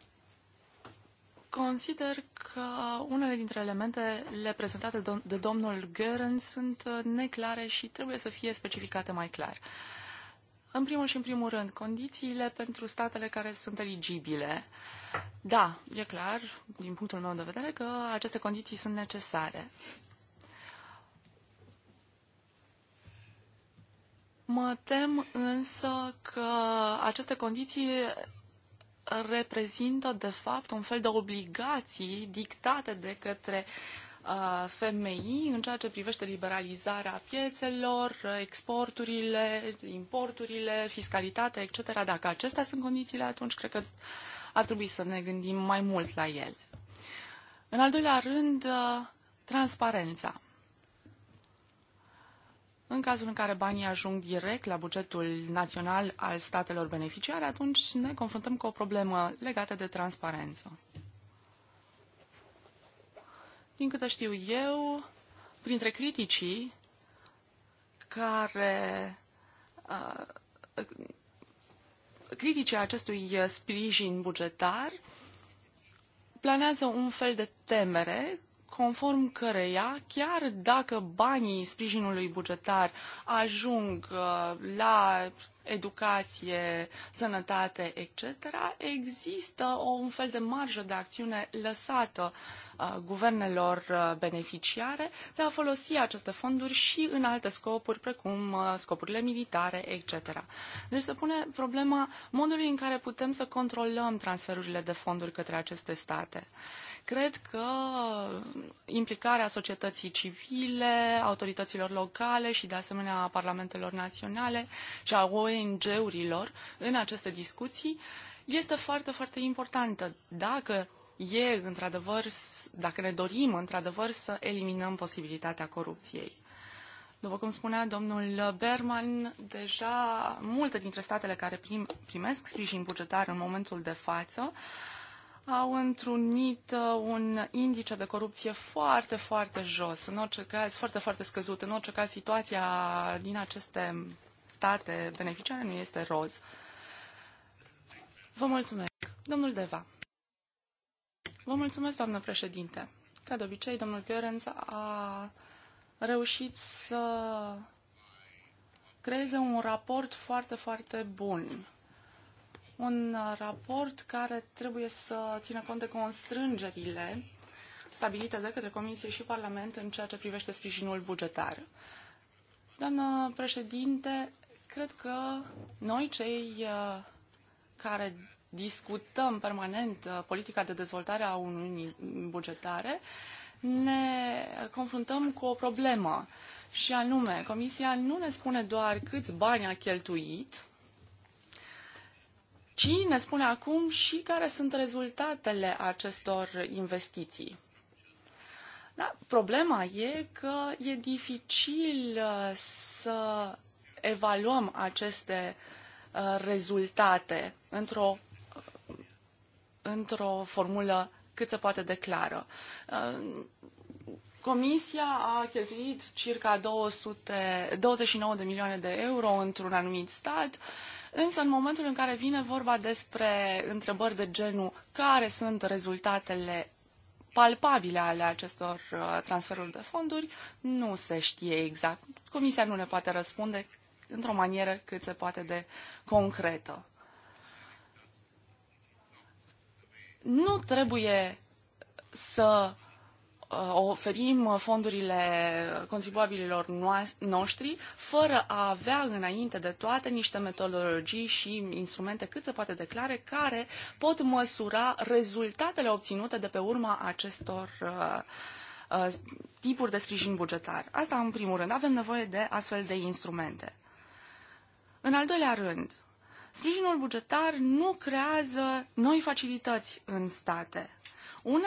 Consider că unele dintre elementele prezentate de domnul Gören sunt uh, neclare și trebuie să fie specificate mai clar. În primul și în primul rând, condițiile pentru statele care sunt eligibile. Da, e clar, din punctul meu de vedere, că aceste condiții sunt necesare. Mă tem însă că aceste condiții reprezintă, de fapt, un fel de obligații dictate de către uh, femei în ceea ce privește liberalizarea piețelor, exporturile, importurile, fiscalitatea, etc. Dacă acestea sunt condițiile, atunci cred că ar trebui să ne gândim mai mult la ele. În al doilea rând, uh, transparența. În cazul în care banii ajung direct la bugetul național al statelor beneficiare, atunci ne confruntăm cu o problemă legată de transparență. Din câte știu eu, printre criticii care uh, critice acestui sprijin bugetar planează un fel de temere conform căreia, chiar dacă banii sprijinului bugetar ajung uh, la educație, sănătate, etc., există un fel de marjă de acțiune lăsată uh, guvernelor uh, beneficiare de a folosi aceste fonduri și în alte scopuri, precum scopurile militare, etc. Deci se pune problema modului în care putem să controlăm transferurile de fonduri către aceste state. Uh, Cred că implicarea societății civile, autorităților locale și de asemenea a parlamentelor naționale și a ONG-urilor în aceste discuții este foarte, foarte importantă. Dacă e într-adevăr, dacă ne dorim într-adevăr să eliminăm posibilitatea corupției. După cum spunea domnul Berman, deja multe dintre statele care prim, primesc sprijin bugetar în momentul de față uh, au întrunit uh, un indice de corupție foarte, foarte jos, în orice caz, foarte, foarte scăzut. În orice caz, situația din aceste state beneficiare nu este roz. Vă mulțumesc. Domnul Deva. Vă mulțumesc, doamnă președinte. Ca de obicei, domnul Gheorenț a reușit să creeze un raport foarte, foarte bun un raport care trebuie să țină cont de constrângerile stabilite de către Comisie și Parlament în ceea ce privește sprijinul bugetar. Doamnă președinte, cred că noi cei uh, care discutăm permanent uh, politica de dezvoltare a Uniunii bugetare, ne confruntăm cu o problemă și anume, Comisia nu ne spune doar câți bani a cheltuit, ci ne spune acum și care sunt rezultatele acestor investiții. Da, problema e că e dificil uh, să evaluăm aceste uh, rezultate într-o, uh, într-o formulă cât se poate de clară. Comisia a cheltuit circa 200, 29 de milioane de euro într-un anumit stat. Uh, Însă, în momentul în care vine vorba despre întrebări de genul care sunt rezultatele palpabile ale acestor uh, transferuri de fonduri, nu se știe exact. Comisia nu ne poate răspunde într-o manieră cât se poate de concretă. Nu trebuie să Uh, oferim fondurile contribuabililor noștri fără a avea înainte de toate niște metodologii și instrumente cât se poate declare care pot măsura rezultatele obținute de pe urma acestor uh, uh, tipuri de sprijin bugetar. Asta în primul rând. Avem nevoie de astfel de instrumente. În al doilea rând, sprijinul bugetar nu creează noi facilități în state. Une,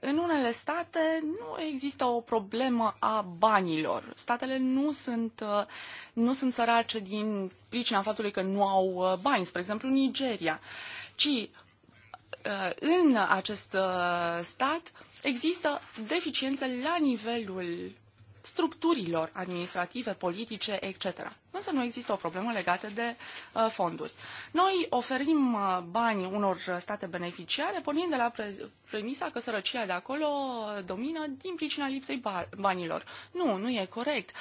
în unele state nu există o problemă a banilor. Statele nu sunt, nu sunt sărace din pricina faptului că nu au uh, bani, spre exemplu Nigeria, ci uh, în acest uh, stat există deficiențe la nivelul structurilor administrative, politice, etc. Însă nu există o problemă legată de uh, fonduri. Noi oferim uh, bani unor state beneficiare pornind de la pre- premisa că sărăcia de acolo domină din pricina lipsei ba- banilor. Nu, nu e corect.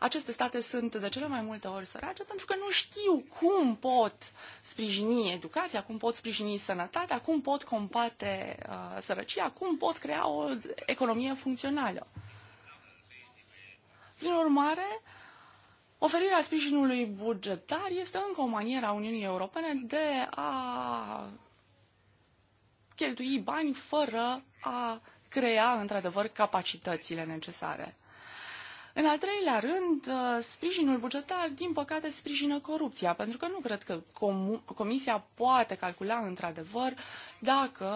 Aceste state sunt de cele mai multe ori sărace pentru că nu știu cum pot sprijini educația, cum pot sprijini sănătatea, cum pot combate uh, sărăcia, cum pot crea o economie funcțională. Prin urmare, oferirea sprijinului bugetar este încă o manieră a Uniunii Europene de a cheltui bani fără a crea, într-adevăr, capacitățile necesare. În al treilea rând, uh, sprijinul bugetar, din păcate, sprijină corupția, pentru că nu cred că Comisia poate calcula, într-adevăr, dacă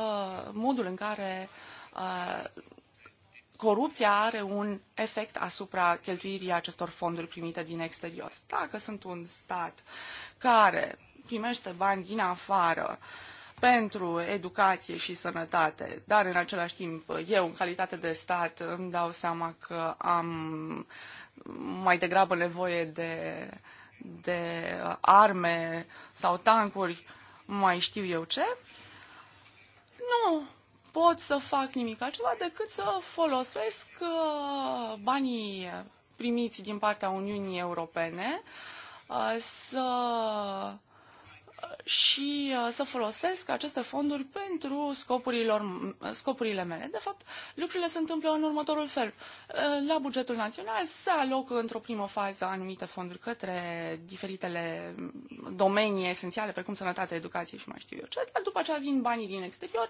modul în care uh, corupția are un efect asupra cheltuirii acestor fonduri primite din exterior. Dacă sunt un stat care primește bani din afară pentru educație și sănătate, dar în același timp eu, în calitate de stat, îmi dau seama că am mai degrabă nevoie de, de arme sau tancuri, mai știu eu ce, nu pot să fac nimic altceva decât să folosesc uh, banii primiți din partea Uniunii Europene uh, să și uh, să folosesc aceste fonduri pentru scopurilor, scopurile mele. De fapt, lucrurile se întâmplă în următorul fel. Uh, la bugetul național se alocă într-o primă fază anumite fonduri către diferitele domenii esențiale, precum sănătate, educație și mai știu eu ce, dar după aceea vin banii din exterior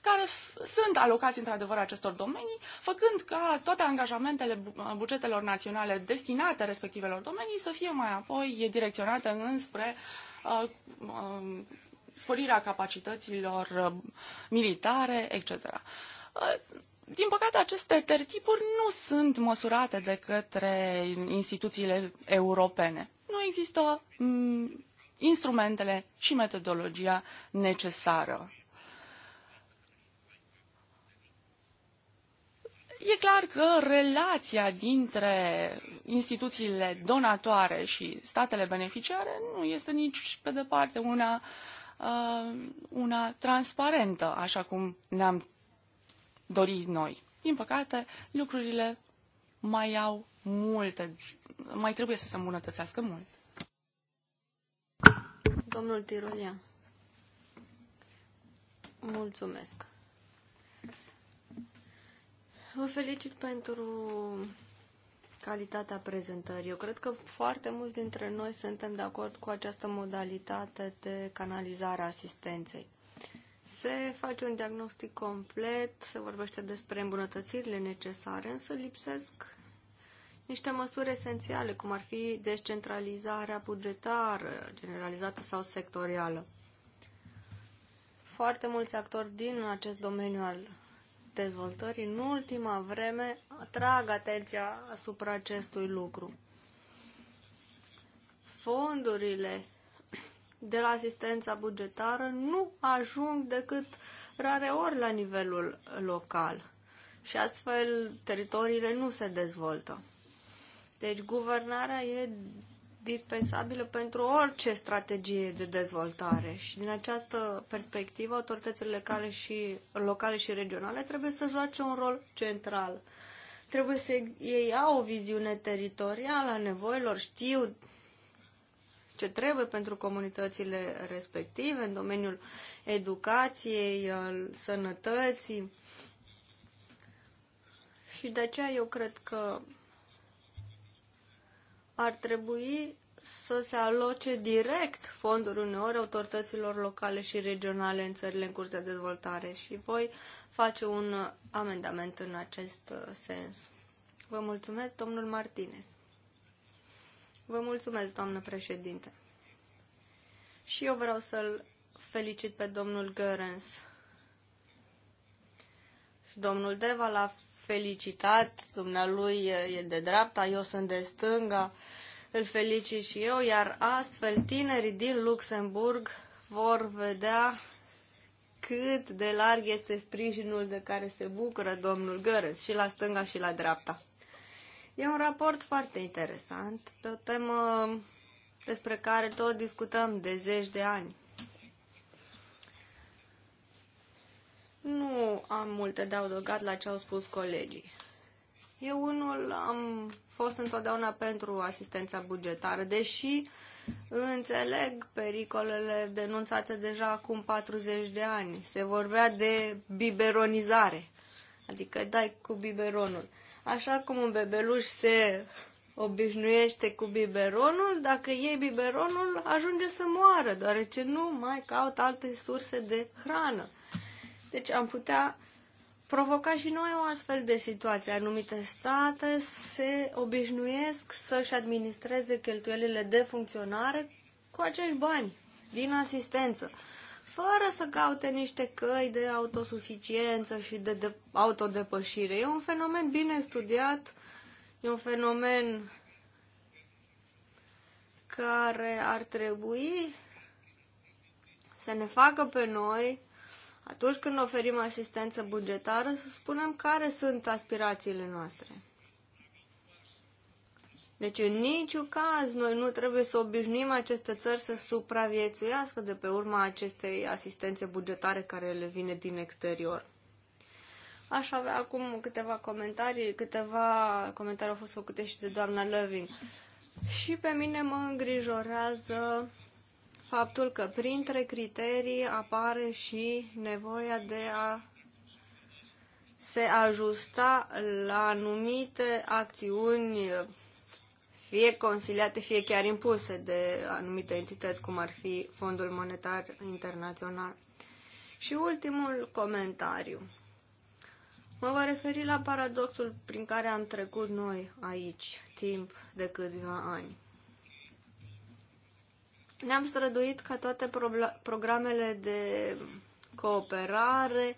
care sunt alocați într-adevăr acestor domenii, făcând ca toate angajamentele uh, bugetelor naționale destinate respectivelor domenii să fie mai apoi direcționate înspre uh, Uh, um, sporirea capacităților uh, militare, etc. Uh, din păcate, aceste tertipuri nu sunt măsurate de către instituțiile europene. Nu există mm, instrumentele și metodologia necesară E clar că relația dintre instituțiile donatoare și statele beneficiare nu este nici pe departe una, uh, una transparentă, așa cum ne-am dorit noi. Din păcate, lucrurile mai au multe, mai trebuie să se îmbunătățească mult. Domnul Tirolia, mulțumesc. Vă felicit pentru calitatea prezentării. Eu cred că foarte mulți dintre noi suntem de acord cu această modalitate de canalizare a asistenței. Se face un diagnostic complet, se vorbește despre îmbunătățirile necesare, însă lipsesc niște măsuri esențiale, cum ar fi descentralizarea bugetară, generalizată sau sectorială. Foarte mulți actori din acest domeniu al dezvoltării în ultima vreme atrag atenția asupra acestui lucru. Fondurile de la asistența bugetară nu ajung decât rare ori la nivelul local și astfel teritoriile nu se dezvoltă. Deci guvernarea e indispensabilă pentru orice strategie de dezvoltare și din această perspectivă autoritățile locale și, locale și regionale trebuie să joace un rol central. Trebuie să ei au o viziune teritorială a nevoilor, știu ce trebuie pentru comunitățile respective în domeniul educației, sănătății. Și de aceea eu cred că ar trebui să se aloce direct fonduri uneori autorităților locale și regionale în țările în curs de dezvoltare și voi face un amendament în acest uh, sens. Vă mulțumesc, domnul Martinez. Vă mulțumesc, doamnă președinte. Și eu vreau să-l felicit pe domnul Görens și domnul Deva, la felicitat, dumnealui e de dreapta, eu sunt de stânga, îl felicit și eu, iar astfel tinerii din Luxemburg vor vedea cât de larg este sprijinul de care se bucură domnul Gărăs, și la stânga și la dreapta. E un raport foarte interesant, pe o temă despre care tot discutăm de zeci de ani. Nu am multe de adăugat la ce au spus colegii. Eu unul am fost întotdeauna pentru asistența bugetară, deși înțeleg pericolele denunțate deja acum 40 de ani. Se vorbea de biberonizare, adică dai cu biberonul. Așa cum un bebeluș se obișnuiește cu biberonul, dacă iei biberonul, ajunge să moară, deoarece nu mai caut alte surse de hrană. Deci am putea provoca și noi o astfel de situație. Anumite state se obișnuiesc să-și administreze cheltuielile de funcționare cu acești bani din asistență, fără să caute niște căi de autosuficiență și de, de autodepășire. E un fenomen bine studiat, e un fenomen care ar trebui să ne facă pe noi atunci când oferim asistență bugetară, să spunem care sunt aspirațiile noastre. Deci în niciun caz noi nu trebuie să obișnuim aceste țări să supraviețuiască de pe urma acestei asistențe bugetare care le vine din exterior. Aș avea acum câteva comentarii, câteva comentarii au fost făcute și de doamna Loving. Și pe mine mă îngrijorează faptul că printre criterii apare și nevoia de a se ajusta la anumite acțiuni fie consiliate, fie chiar impuse de anumite entități, cum ar fi Fondul Monetar Internațional. Și ultimul comentariu. Mă voi referi la paradoxul prin care am trecut noi aici timp de câțiva ani. Ne-am străduit ca toate programele de cooperare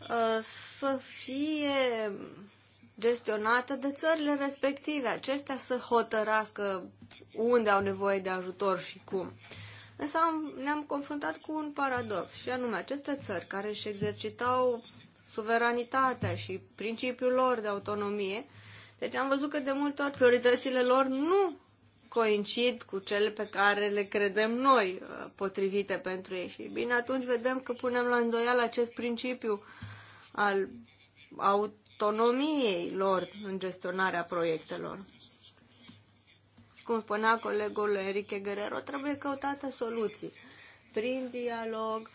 uh, să fie gestionate de țările respective. Acestea să hotărască unde au nevoie de ajutor și cum. Însă am, ne-am confruntat cu un paradox și anume aceste țări care își exercitau suveranitatea și principiul lor de autonomie, deci am văzut că de multe ori prioritățile lor nu coincid cu cele pe care le credem noi uh, potrivite pentru ei. Și bine, atunci vedem că punem la îndoială acest principiu al autonomiei lor în gestionarea proiectelor. Și cum spunea colegul Enrique Guerrero, trebuie căutate soluții prin dialog, uh,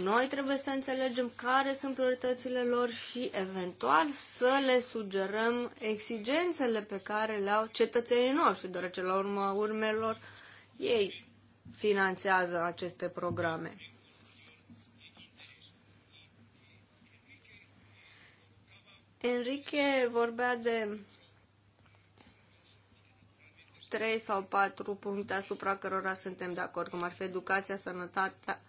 noi trebuie să înțelegem care sunt prioritățile lor și eventual să le sugerăm exigențele pe care le au cetățenii noștri, deoarece la urma urmelor ei finanțează aceste programe. Enrique vorbea de trei sau patru puncte asupra cărora suntem de acord, cum ar fi educația, sănătatea,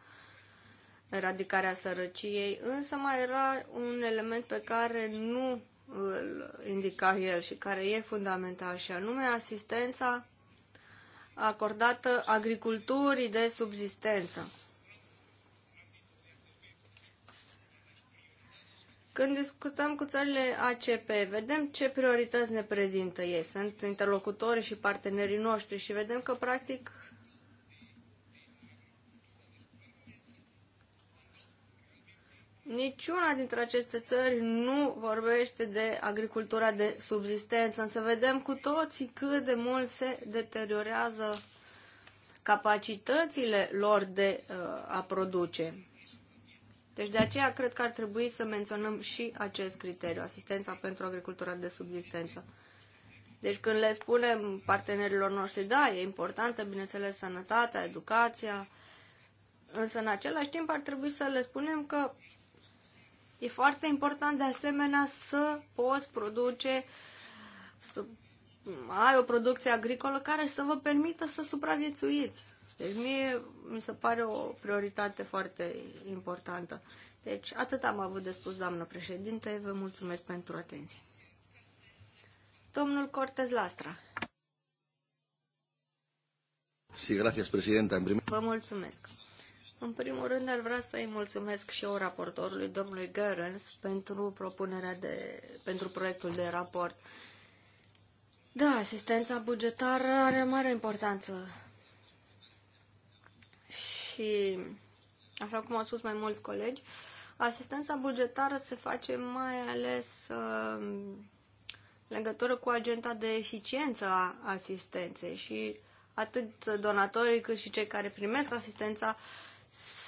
eradicarea sărăciei, însă mai era un element pe care nu îl indica el și care e fundamental și anume asistența acordată agriculturii de subzistență. Când discutăm cu țările ACP, vedem ce priorități ne prezintă ei. Sunt interlocutorii și partenerii noștri și vedem că, practic, Niciuna dintre aceste țări nu vorbește de agricultura de subsistență, însă vedem cu toții cât de mult se deteriorează capacitățile lor de uh, a produce. Deci de aceea cred că ar trebui să menționăm și acest criteriu, asistența pentru agricultura de subsistență. Deci când le spunem partenerilor noștri, da, e importantă, bineînțeles, sănătatea, educația, însă în același timp ar trebui să le spunem că E foarte important de asemenea să poți produce, să ai o producție agricolă care să vă permită să supraviețuiți. Deci mie mi se pare o prioritate foarte importantă. Deci atât am avut de spus, doamnă președinte, vă mulțumesc pentru atenție. Domnul Cortez Lastra. Sí, gracias, presidenta. Vă mulțumesc. În primul rând, ar vrea să-i mulțumesc și eu raportorului, domnului Gărâns, pentru propunerea de, pentru proiectul de raport. Da, asistența bugetară are mare importanță. Și, așa cum au spus mai mulți colegi, asistența bugetară se face mai ales um, legătură cu agenda de eficiență a asistenței și atât donatorii cât și cei care primesc asistența uh,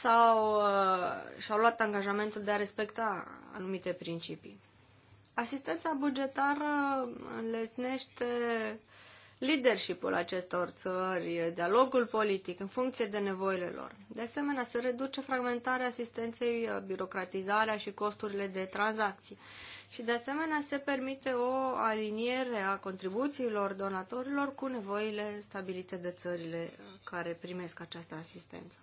sau uh, și-au luat angajamentul de a respecta anumite principii. Asistența bugetară înlesnește leadership-ul acestor țări, dialogul politic în funcție de nevoile lor. De asemenea, se reduce fragmentarea asistenței, uh, birocratizarea și costurile de tranzacții. Și de asemenea se permite o aliniere a contribuțiilor donatorilor cu nevoile stabilite de țările care primesc această asistență.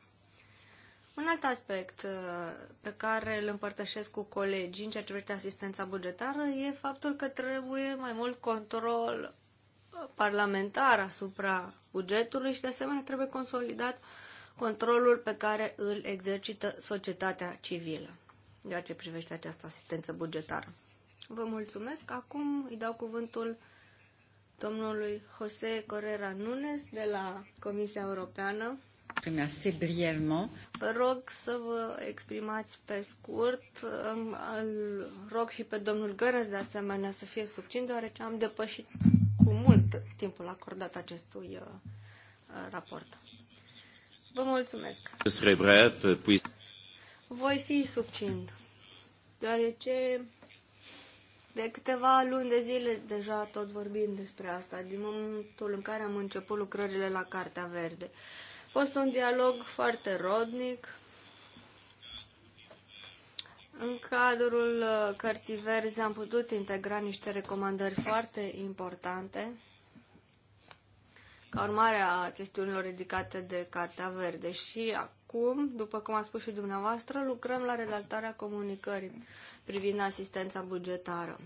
Un alt aspect uh, pe care îl împărtășesc cu colegii în ceea ce privește asistența bugetară e faptul că trebuie mai mult control uh, parlamentar asupra bugetului și de asemenea trebuie consolidat controlul pe care îl exercită societatea civilă în ceea ce privește această asistență bugetară. Vă mulțumesc. Acum îi dau cuvântul domnului José Correra Nunes de la Comisia Europeană Vă rog să vă exprimați pe scurt. Îl rog și pe domnul Gărăs de asemenea să fie subțin, deoarece am depășit cu mult timpul acordat acestui uh, raport. Vă mulțumesc. Voi fi subțind, deoarece de câteva luni de zile deja tot vorbim despre asta, din momentul în care am început lucrările la Cartea Verde. Uh, fost un dialog foarte rodnic în cadrul uh, cărții verzi am putut integra niște recomandări foarte importante ca urmare a chestiunilor ridicate de Cartea Verde și acum, după cum a spus și dumneavoastră, lucrăm la redactarea comunicării privind asistența bugetară.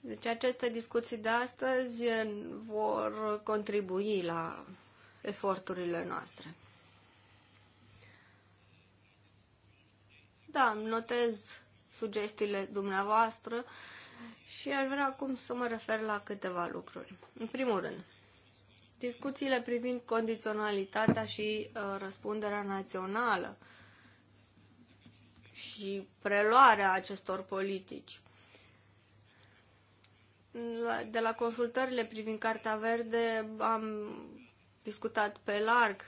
Deci aceste discuții de astăzi uh, vor contribui la eforturile noastre. Da, îmi notez sugestiile dumneavoastră și aș vrea acum să mă refer la câteva lucruri. În primul rând, discuțiile privind condiționalitatea și uh, răspunderea națională și preluarea acestor politici. De la consultările privind Cartea Verde am discutat pe larg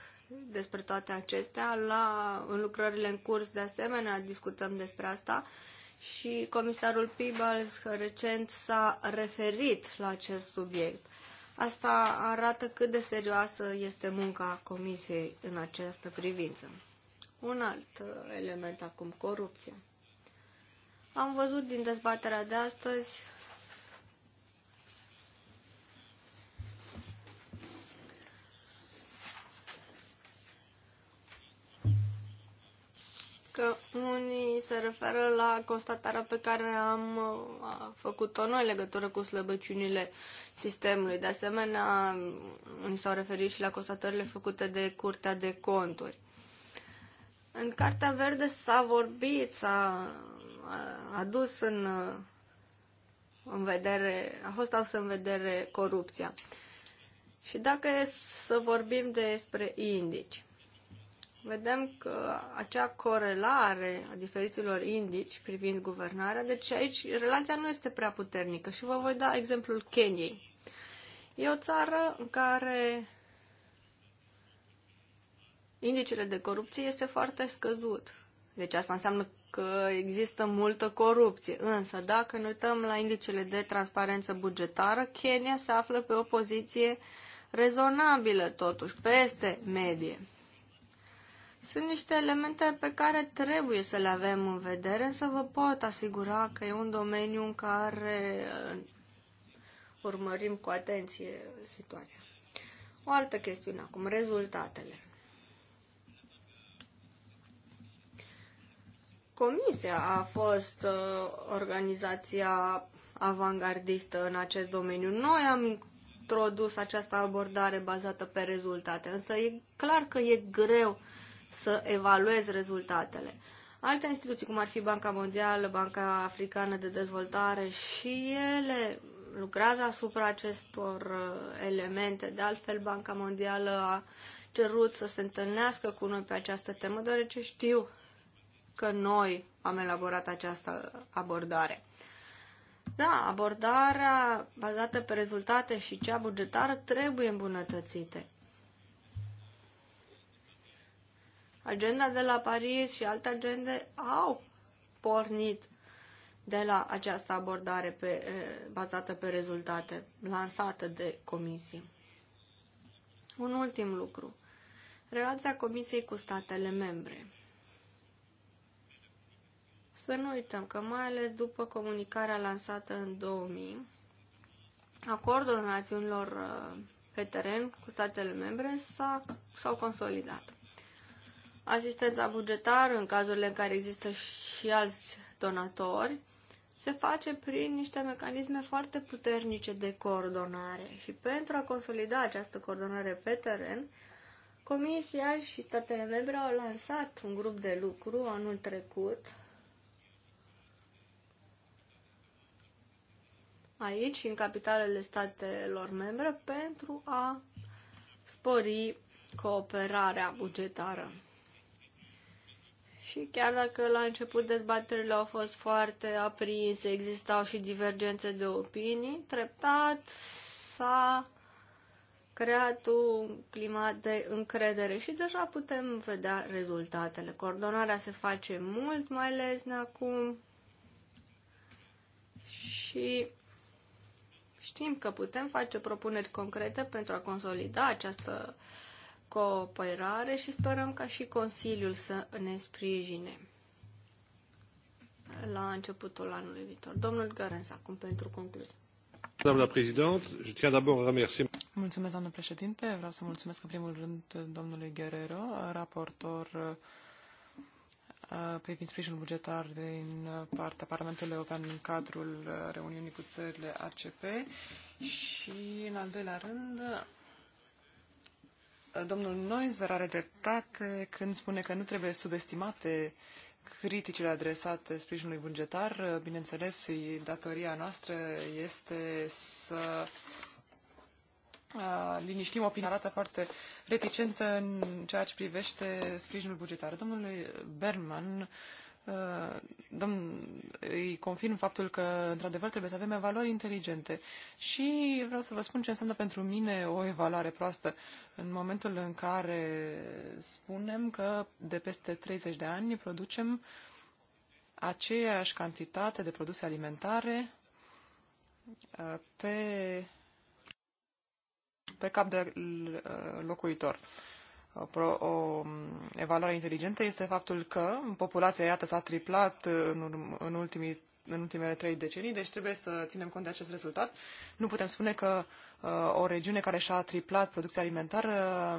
despre toate acestea. La, în lucrările în curs, de asemenea, discutăm despre asta și comisarul Peebles recent s-a referit la acest subiect. Asta arată cât de serioasă este munca comisiei în această privință. Un alt uh, element acum, corupția. Am văzut din dezbaterea de astăzi că unii se referă la constatarea pe care am făcut-o noi în legătură cu slăbăciunile sistemului. De asemenea, unii s-au referit și la constatările făcute de Curtea de Conturi. În Cartea Verde s-a vorbit, s-a adus în, în vedere, a fost adus în vedere corupția. Și dacă e să vorbim despre indici, vedem că acea corelare a diferiților indici privind guvernarea, deci aici relația nu este prea puternică și vă voi da exemplul Keniei. E o țară în care indicele de corupție este foarte scăzut. Deci asta înseamnă că există multă corupție. Însă, dacă ne uităm la indicele de transparență bugetară, Kenya se află pe o poziție rezonabilă, totuși, peste medie. Sunt niște elemente pe care trebuie să le avem în vedere, să vă pot asigura că e un domeniu în care uh, urmărim cu atenție situația. O altă chestiune acum, rezultatele. Comisia a fost uh, organizația avangardistă în acest domeniu. Noi am introdus această abordare bazată pe rezultate, însă e clar că e greu uh, să evaluez rezultatele. Alte instituții, cum ar fi Banca Mondială, Banca Africană de Dezvoltare, și ele lucrează asupra acestor uh, elemente. De altfel, Banca Mondială a cerut să se întâlnească cu noi pe această temă, deoarece știu că noi am elaborat această abordare. Da, abordarea bazată pe rezultate și cea bugetară trebuie îmbunătățite. Agenda de la Paris și alte agende au pornit de la această abordare pe, bazată pe rezultate lansată de comisie. Un ultim lucru. Relația comisiei cu statele membre. Să nu uităm că, mai ales după comunicarea lansată în 2000, acordul națiunilor pe teren cu statele membre s-au consolidat. Asistența bugetară, în cazurile în care există și alți donatori, se face prin niște mecanisme foarte puternice de coordonare. Și pentru a consolida această coordonare pe teren, Comisia și statele membre au lansat un grup de lucru anul trecut. aici, în capitalele statelor membre, pentru a spori cooperarea bugetară. Și chiar dacă la început dezbaterile au fost foarte aprinse, existau și divergențe de opinii, treptat s-a creat un climat de încredere și deja putem vedea rezultatele. Coordonarea se face mult mai lesne acum și știm că putem face propuneri concrete pentru a consolida această uh, cooperare și sperăm ca și Consiliul să ne sprijine la începutul anului viitor. Domnul Gărens, acum pentru concluzie? Doamna președinte, je tiens d'abord remercier... Mulțumesc, doamnă președinte. Vreau să mulțumesc în primul rând domnului Guerrero, raportor uh, privind sprijinul bugetar din partea Parlamentului European în cadrul uh, reuniunii cu țările ACP și, în al doilea rând, Domnul Noizer are dreptate când spune că nu trebuie subestimate criticile adresate sprijinului bugetar. Bineînțeles, datoria noastră este să liniștim opinia arată foarte reticentă în ceea ce privește sprijinul bugetar. Domnule Berman, domn, îi confirm faptul că, într-adevăr, trebuie să avem evaluări inteligente. Și vreau să vă spun ce înseamnă pentru mine o evaluare proastă. În momentul în care spunem că de peste 30 de ani producem aceeași cantitate de produse alimentare uh, pe, pe cap de uh, locuitor pro, o mm, evaluare inteligentă este faptul că populația, iată, s-a triplat în, în, ultimii, în ultimele trei decenii, deci trebuie să ținem cont de acest rezultat. Nu putem spune că uh, o regiune care și-a triplat producția alimentară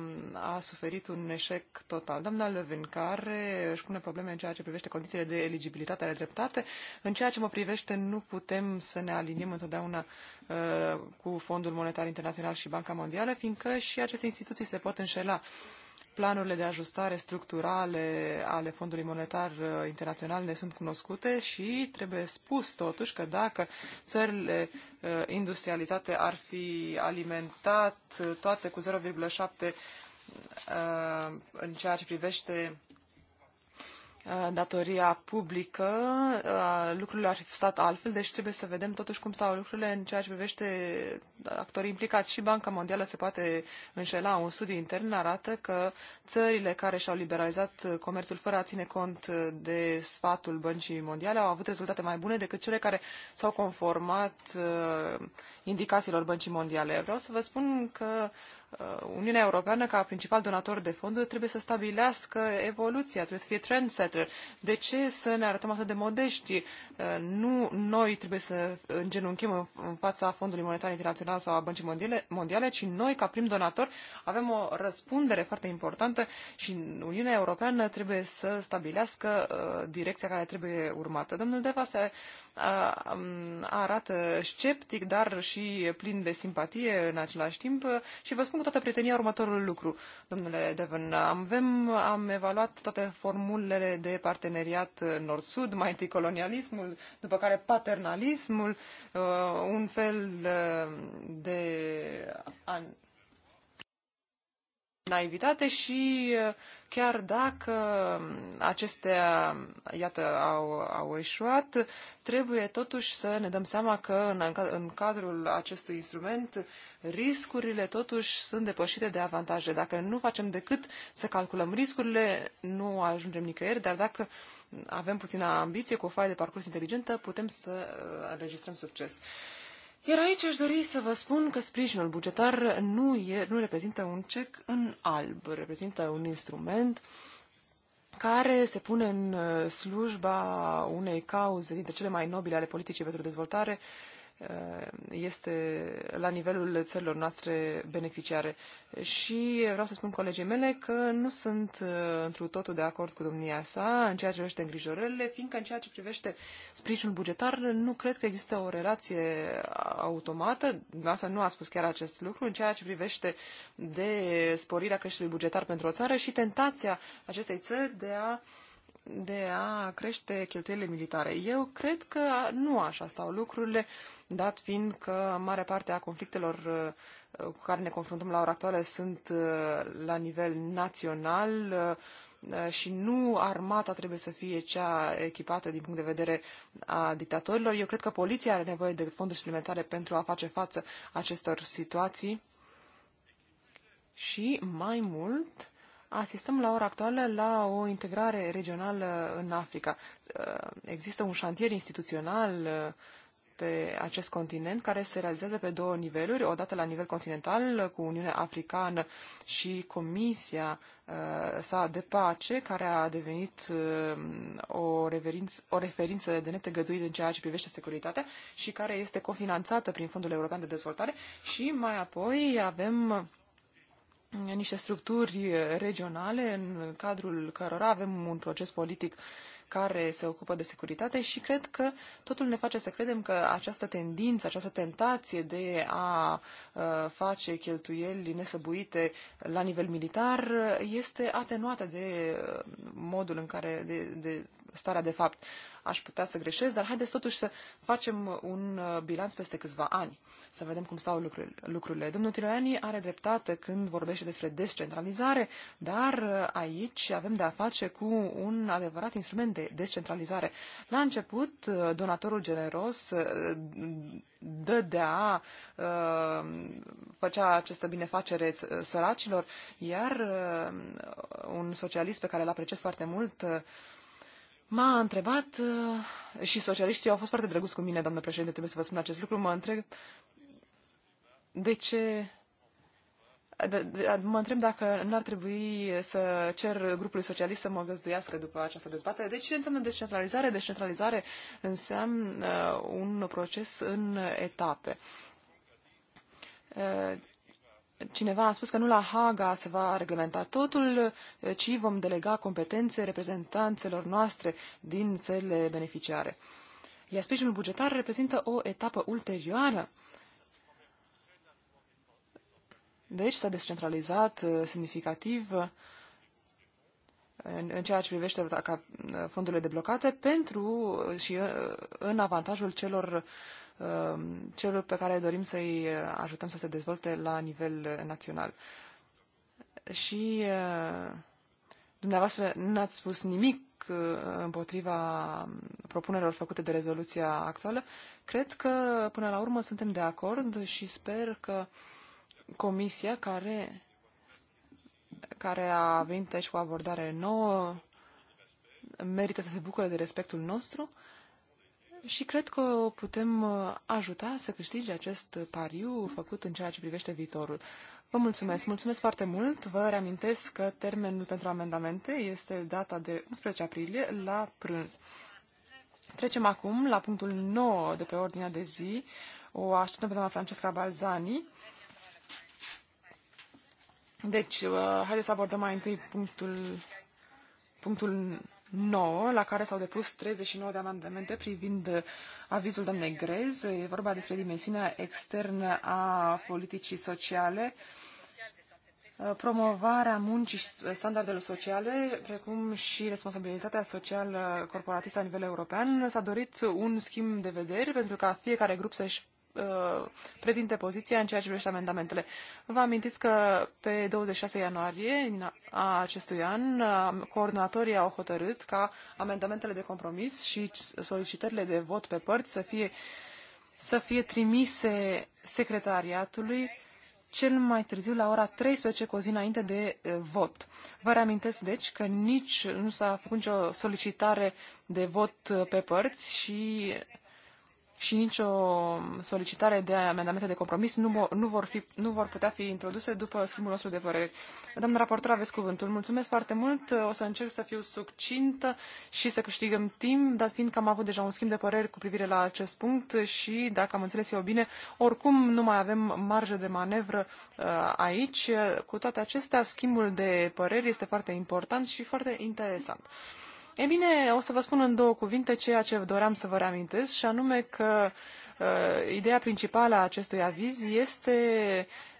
uh, a suferit un eșec total. Doamna Levin, care își pune probleme în ceea ce privește condițiile de eligibilitate ale dreptate, în ceea ce mă privește nu putem să ne aliniem întotdeauna uh, cu Fondul Monetar Internațional și Banca Mondială, fiindcă și aceste instituții se pot înșela. Uh, planurile de ajustare structurale ale Fondului Monetar uh, Internațional ne sunt cunoscute și trebuie spus totuși că dacă țările uh, industrializate ar fi alimentat uh, toate cu 0,7 în ceea ce privește Uh, datoria publică, uh, lucrurile ar fi stat altfel, deci trebuie să vedem totuși cum stau lucrurile în ceea ce privește uh, actorii implicați. Și Banca Mondială se poate înșela. Un studiu intern arată că țările care și-au liberalizat comerțul fără a ține cont de sfatul Băncii Mondiale au avut rezultate mai bune decât cele care s-au conformat indicațiilor Băncii Mondiale. Vreau să vă spun că Uh, Uniunea Europeană, ca principal donator de fonduri, trebuie să stabilească evoluția, trebuie să fie trendsetter. De ce să ne arătăm atât de modești? Uh, nu noi trebuie să îngenunchim în fața Fondului Monetar Internațional sau a Băncii Mondiale, mondiale ci noi, ca prim donator, avem o răspundere foarte importantă și Uniunea Europeană trebuie să stabilească uh, direcția care trebuie urmată. Domnul Deva se um, arată sceptic, dar și plin de simpatie în același timp și vă spun cu toată prietenia următorul lucru, domnule Devon. Avem, am evaluat toate formulele de parteneriat nord-sud, mai întâi colonialismul, după care paternalismul, uh, un fel uh, de naivitate și uh, chiar dacă um, acestea, iată, au, au eșuat, trebuie totuși să ne dăm seama că în, în cadrul acestui instrument riscurile totuși sunt depășite de avantaje. Dacă nu facem decât să calculăm riscurile, nu ajungem nicăieri, dar dacă avem puțină ambiție cu o foaie de parcurs inteligentă, putem să uh, înregistrăm succes. Iar aici aș dori să vă spun că sprijinul bugetar nu, e, nu reprezintă un cec în alb, reprezintă un instrument care se pune în uh, slujba unei cauze dintre cele mai nobile ale politicii pentru dezvoltare, Uh, este la nivelul țărilor noastre beneficiare. Și vreau să spun colegii mele că nu sunt uh, întru totul de acord cu domnia sa în ceea ce privește îngrijorările, fiindcă în ceea ce privește sprijinul bugetar nu cred că există o relație automată. Asta nu a spus chiar acest lucru în ceea ce privește de sporirea creșterii bugetar pentru o țară și tentația acestei țări de a uh, de a crește cheltuielile militare. Eu cred că nu așa stau lucrurile, dat fiind că mare parte a conflictelor uh, cu care ne confruntăm la ora actuală sunt uh, la nivel național uh, și nu armata trebuie să fie cea echipată din punct de vedere a dictatorilor. Eu cred că poliția are nevoie de fonduri suplimentare pentru a face față acestor situații. Și mai mult, asistăm la ora actuală la o integrare regională în Africa. Eh, există un șantier instituțional eh, pe acest continent care se realizează pe două niveluri, odată la nivel continental eh, cu Uniunea Africană și Comisia sa de pace, care a devenit o, referință, o referință de netăgăduit în ceea ce privește securitatea și care este cofinanțată prin Fondul European de Dezvoltare și mai apoi avem niște structuri regionale în cadrul cărora avem un proces politic care se ocupă de securitate și cred că totul ne face să credem că această tendință, această tentație de a uh, face cheltuieli nesăbuite la nivel militar este atenuată de uh, modul în care, de, de starea de fapt. Aș putea să greșesc, dar haideți totuși să facem un uh, bilanț peste câțiva ani, să vedem cum stau lucrurile. Domnul Tiroiani are dreptate când vorbește despre descentralizare, dar uh, aici avem de a face cu un adevărat instrument de descentralizare. La început, uh, donatorul generos dădea, făcea această binefacere săracilor, iar un socialist pe care l apreciez foarte mult, m-a întrebat uh, și socialiștii au fost foarte drăguți cu mine, doamnă președinte, trebuie să vă spun acest lucru, mă întreb de ce Mă întreb dacă n-ar trebui să cer grupului socialist să mă găzduiască după această dezbatere. Deci ce înseamnă descentralizare? Descentralizare înseamnă un proces în etape. Uh, Cineva a spus că nu la Haga se va reglementa totul, ci vom delega competențe reprezentanțelor noastre din țările beneficiare. Iar sprijinul bugetar reprezintă o etapă ulterioară. Deci s-a descentralizat uh, semnificativ uh, în ceea ce privește uh, fondurile deblocate pentru și în avantajul celor Um, celor pe care dorim să-i ajutăm să se dezvolte la nivel național. Și uh, dumneavoastră n-ați spus nimic uh, împotriva propunerilor făcute de rezoluția actuală. Cred că, până la urmă, suntem de acord și sper că comisia care, care a venit aici cu o abordare nouă merită să se bucure de respectul nostru și cred că o putem uh, ajuta să câștige acest pariu făcut în ceea ce privește viitorul. Vă mulțumesc, mulțumesc foarte mult. Vă reamintesc că termenul pentru amendamente este data de 11 aprilie la prânz. Trecem acum la punctul 9 de pe ordinea de zi. O așteptăm pe doamna Francesca Balzani. Deci, uh, haideți să abordăm mai întâi punctul, punctul 9, la care s-au depus 39 de amendamente privind uh, avizul doamnei Grez. E vorba despre dimensiunea externă a politicii sociale, uh, promovarea muncii și standardelor sociale, precum și responsabilitatea socială corporatistă la nivel european. S-a dorit un schimb de vederi pentru ca fiecare grup să-și uh, prezinte poziția în ceea ce privește amendamentele. Vă amintiți că pe 26 ianuarie a acestui an, uh, coordonatorii au hotărât ca amendamentele de compromis și solicitările de vot pe părți să fie, să fie trimise secretariatului cel mai târziu la ora 13 cu o zi înainte de uh, vot. Vă reamintesc, deci, că nici nu s-a făcut nicio solicitare de vot uh, pe părți și și nicio solicitare de amendamente de compromis nu, nu, vor fi, nu vor putea fi introduse după schimbul nostru de păreri. Doamna raportor, aveți cuvântul. Mulțumesc foarte mult. O să încerc să fiu succintă și să câștigăm timp, dar fiindcă am avut deja un schimb de păreri cu privire la acest punct și, dacă am înțeles eu bine, oricum nu mai avem marjă de manevră uh, aici. Cu toate acestea, schimbul de păreri este foarte important și foarte interesant. E bine, o să vă spun în două cuvinte ceea ce doream să vă reamintesc, și anume că uh, ideea principală a acestui aviz este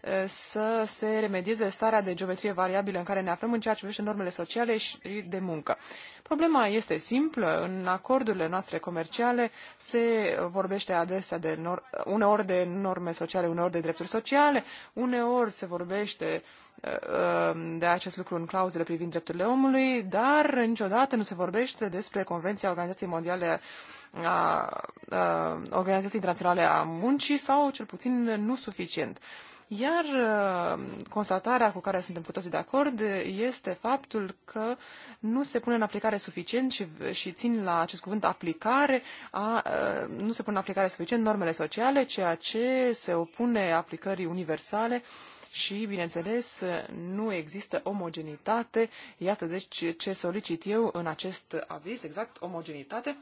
uh, să se remedieze starea de geometrie variabilă în care ne aflăm în ceea ce privește normele sociale și de muncă. Problema este simplă. În acordurile noastre comerciale se vorbește adesea de nor- uneori de norme sociale, uneori de drepturi sociale, uneori se vorbește uh, Uh, de acest lucru în clauzele privind drepturile omului, dar niciodată nu se vorbește despre Convenția Organizației Mondiale a, a Organizației Internaționale a Muncii sau cel puțin nu suficient. Iar uh, constatarea cu care suntem cu toții de acord este faptul că nu se pune în aplicare suficient și, și țin la acest cuvânt aplicare, a, uh, nu se pune în aplicare suficient normele sociale, ceea ce se opune aplicării universale uh, și, bineînțeles, nu există omogenitate. Iată, deci, ce solicit eu în acest aviz, exact, omogenitate,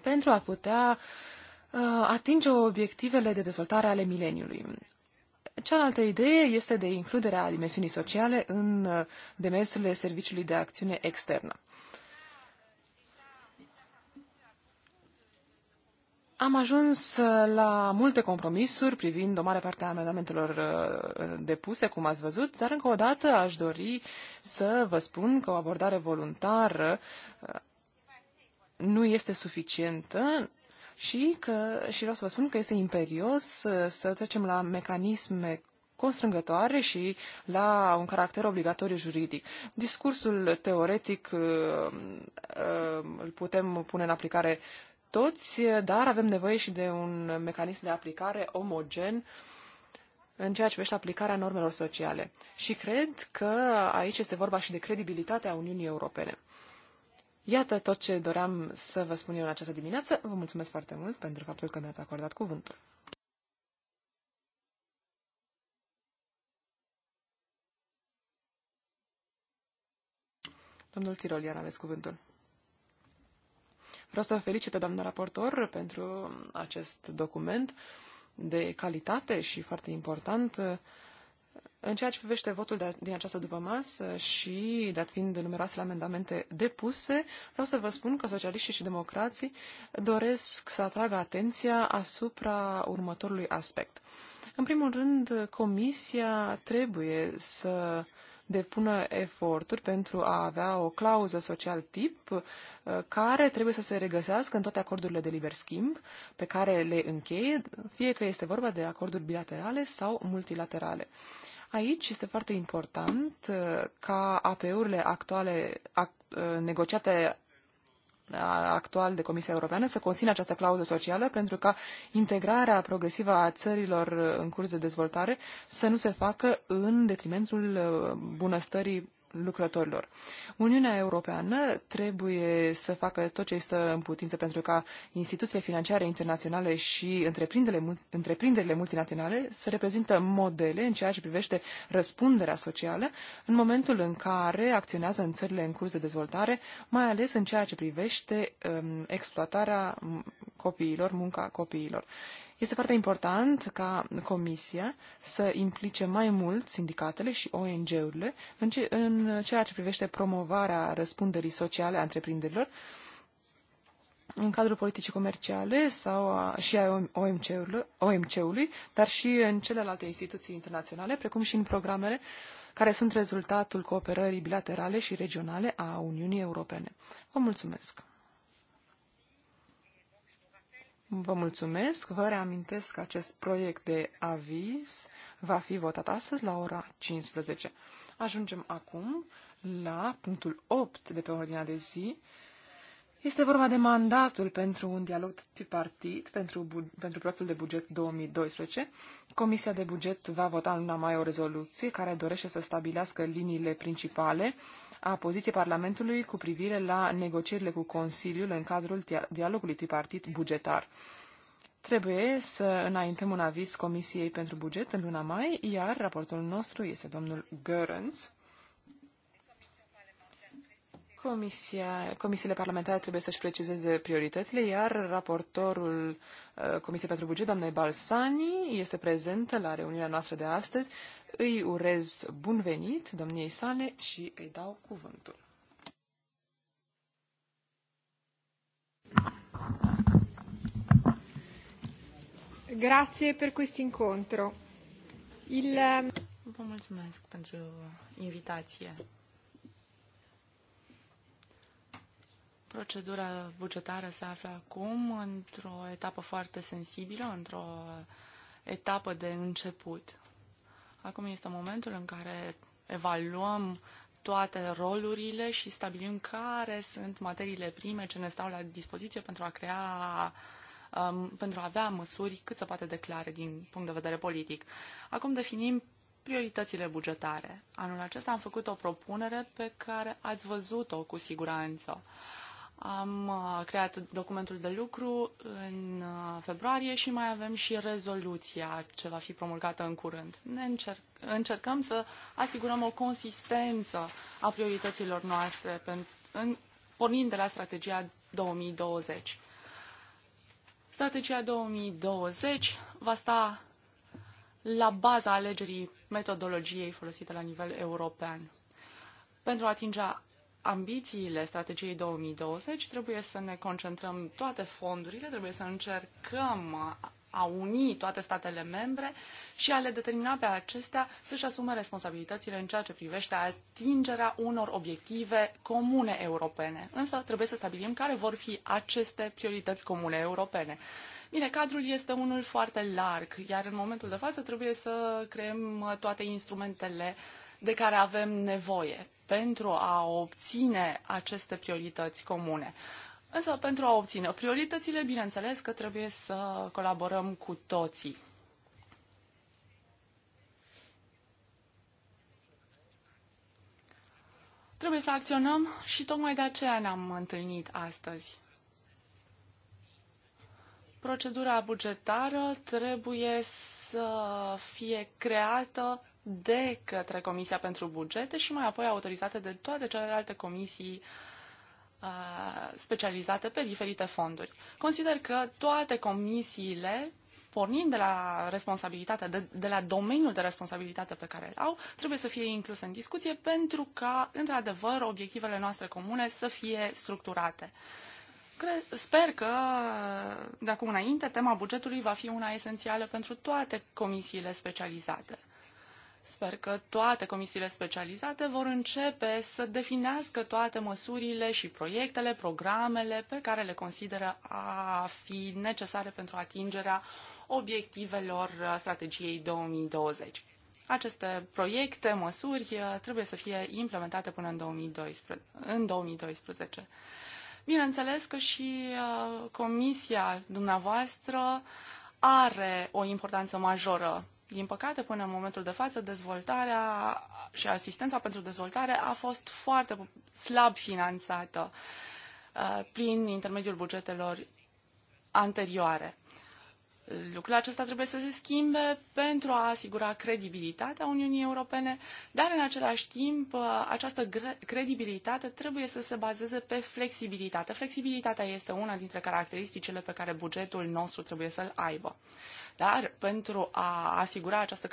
pentru a putea uh, atinge obiectivele de dezvoltare ale mileniului. Cealaltă idee este de includerea dimensiunii sociale în uh, demersurile Serviciului de Acțiune Externă. Am ajuns uh, la multe compromisuri privind o mare parte a amendamentelor uh, depuse, cum ați văzut, dar încă o dată aș dori să vă spun că o abordare voluntară uh, nu este suficientă și, că, și vreau să vă spun că este imperios să trecem la mecanisme constrângătoare și la un caracter obligatoriu juridic. Discursul teoretic îl putem pune în aplicare toți, dar avem nevoie și de un mecanism de aplicare omogen în ceea ce privește aplicarea normelor sociale. Și cred că aici este vorba și de credibilitatea Uniunii Europene. Iată tot ce doream să vă spun eu în această dimineață. Vă mulțumesc foarte mult pentru faptul că mi-ați acordat cuvântul. Domnul Tirolian, aveți cuvântul. Vreau să felicit pe doamna raportor pentru acest document de calitate și foarte important în ceea ce privește votul de, din această dupămasă și, dat fiind numeroasele amendamente depuse, vreau să vă spun că socialiștii și democrații doresc să atragă atenția asupra următorului aspect. În primul rând, Comisia trebuie să depună eforturi pentru a avea o clauză social tip uh, care trebuie să se regăsească în toate acordurile de liber schimb pe care le încheie, fie că este vorba de acorduri bilaterale sau multilaterale. Aici este foarte important uh, ca AP-urile actuale uh, negociate actual de Comisia Europeană să conțină această clauză socială pentru ca integrarea progresivă a țărilor în curs de dezvoltare să nu se facă în detrimentul uh, bunăstării lucrătorilor. Uniunea Europeană trebuie să facă tot ce este în putință pentru ca instituțiile financiare internaționale și întreprinderile, întreprinderile multinaționale să reprezintă modele în ceea ce privește răspunderea socială în momentul în care acționează în țările în curs de dezvoltare, mai ales în ceea ce privește um, exploatarea copiilor, munca copiilor. Uh, este foarte important ca Comisia să implice mai mult sindicatele și ONG-urile în, ce, în ceea ce privește promovarea răspunderii sociale a întreprinderilor în cadrul politicii comerciale sau a, și a OMC-ului, OMC dar și în celelalte instituții internaționale, precum și în programele care sunt rezultatul cooperării bilaterale și regionale a Uniunii Europene. Vă mulțumesc! Vă mulțumesc. Vă reamintesc că acest proiect de aviz va fi votat astăzi la ora 15. Ajungem acum la punctul 8 de pe ordinea de zi. Este vorba de mandatul pentru un dialog tripartit pentru, pentru proiectul de buget 2012. Comisia de buget va vota în luna mai o rezoluție care dorește să stabilească liniile principale uh, a poziției Parlamentului cu privire la negocierile cu Consiliul în cadrul dialogului tripartit bugetar. Trebuie să înaintăm un aviz Comisiei pentru Buget în luna mai, iar raportul nostru este domnul Görens. Comisia, comisiile parlamentare trebuie să-și precizeze prioritățile, iar raportorul uh, Comisiei pentru Buget, doamnei Balsani, este prezentă la reuniunea noastră de astăzi îi urez bun venit domniei sale și îi dau cuvântul. Grazie per questo incontro. Il... Vă mulțumesc pentru invitație. Procedura bugetară se află acum într-o etapă foarte sensibilă, într-o etapă de început. Acum este momentul în care evaluăm toate rolurile și stabilim care sunt materiile prime ce ne stau la dispoziție pentru a crea um, pentru a avea măsuri cât se poate declare din punct de vedere politic. Acum definim prioritățile bugetare. Anul acesta am făcut o propunere pe care ați văzut-o cu siguranță. Uh, am uh, creat documentul de lucru în uh, februarie și mai avem și rezoluția ce va fi promulgată în curând. Ne încerc, încercăm să asigurăm o consistență a priorităților noastre pentru, în, pornind de la strategia 2020. Strategia 2020 va sta la baza alegerii metodologiei folosite la nivel european. Pentru a atinge ambițiile strategiei 2020, trebuie să ne concentrăm toate fondurile, trebuie să încercăm a uni toate statele membre și a le determina pe acestea să-și asume responsabilitățile în ceea ce privește atingerea unor obiective comune europene. Însă trebuie să stabilim care vor fi aceste priorități comune europene. Bine, cadrul este unul foarte larg, iar în momentul de față trebuie să creăm toate instrumentele de care avem nevoie pentru a obține aceste priorități comune. Însă, pentru a obține prioritățile, bineînțeles că trebuie să colaborăm cu toții. Trebuie să acționăm și tocmai de aceea ne-am întâlnit astăzi. Procedura bugetară trebuie să fie creată de către Comisia pentru Bugete și mai apoi autorizate de toate celelalte comisii uh, specializate pe diferite fonduri. Consider că toate comisiile pornind de la responsabilitatea, de, de la domeniul de responsabilitate pe care îl au, trebuie să fie incluse în discuție pentru ca, într-adevăr, obiectivele noastre comune să fie structurate. Cred, sper că, de acum înainte, tema bugetului va fi una esențială pentru toate comisiile specializate. Sper că toate comisiile specializate vor începe să definească toate măsurile și proiectele, programele pe care le consideră a fi necesare pentru atingerea obiectivelor strategiei 2020. Aceste proiecte, măsuri trebuie să fie implementate până în 2012. În 2012. Bineînțeles că și uh, comisia dumneavoastră are o importanță majoră din păcate, până în momentul de față, dezvoltarea și asistența pentru dezvoltare a fost foarte slab finanțată uh, prin intermediul bugetelor anterioare. Lucrul acesta trebuie să se schimbe pentru a asigura credibilitatea Uniunii Europene, dar în același timp uh, această credibilitate trebuie să se bazeze pe flexibilitate. Flexibilitatea este una dintre caracteristicile pe care bugetul nostru trebuie să-l aibă. Dar pentru a asigura această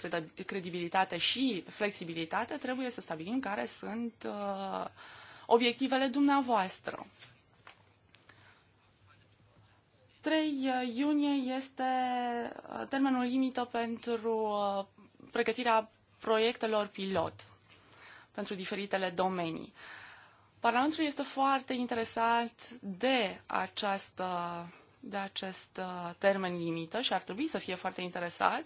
credibilitate și flexibilitate trebuie să stabilim care sunt uh, obiectivele dumneavoastră. 3 uh, iunie este uh, termenul limită pentru uh, pregătirea proiectelor pilot pentru diferitele domenii. Parlamentul este foarte interesat de această de acest termen limită și ar trebui să fie foarte interesat,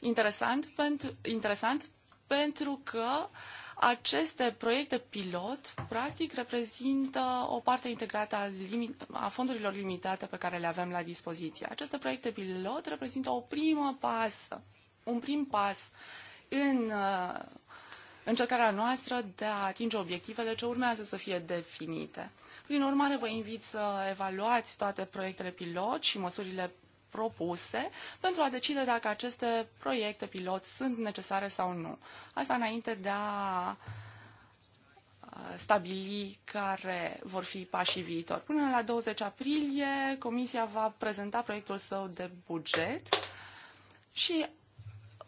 interesant, pentru, interesant pentru că uh, aceste proiecte pilot, practic, reprezintă o parte integrată a, limit, a fondurilor limitate pe care le avem la dispoziție. Aceste proiecte pilot reprezintă o primă pasă, un prim pas în uh, încercarea noastră de a atinge obiectivele ce urmează să fie definite. Prin urmare, vă invit să evaluați toate proiectele pilot și măsurile propuse pentru a decide dacă aceste proiecte pilot sunt necesare sau nu. Asta înainte de a stabili care vor fi pașii viitor. Până la 20 aprilie, Comisia va prezenta proiectul său de buget și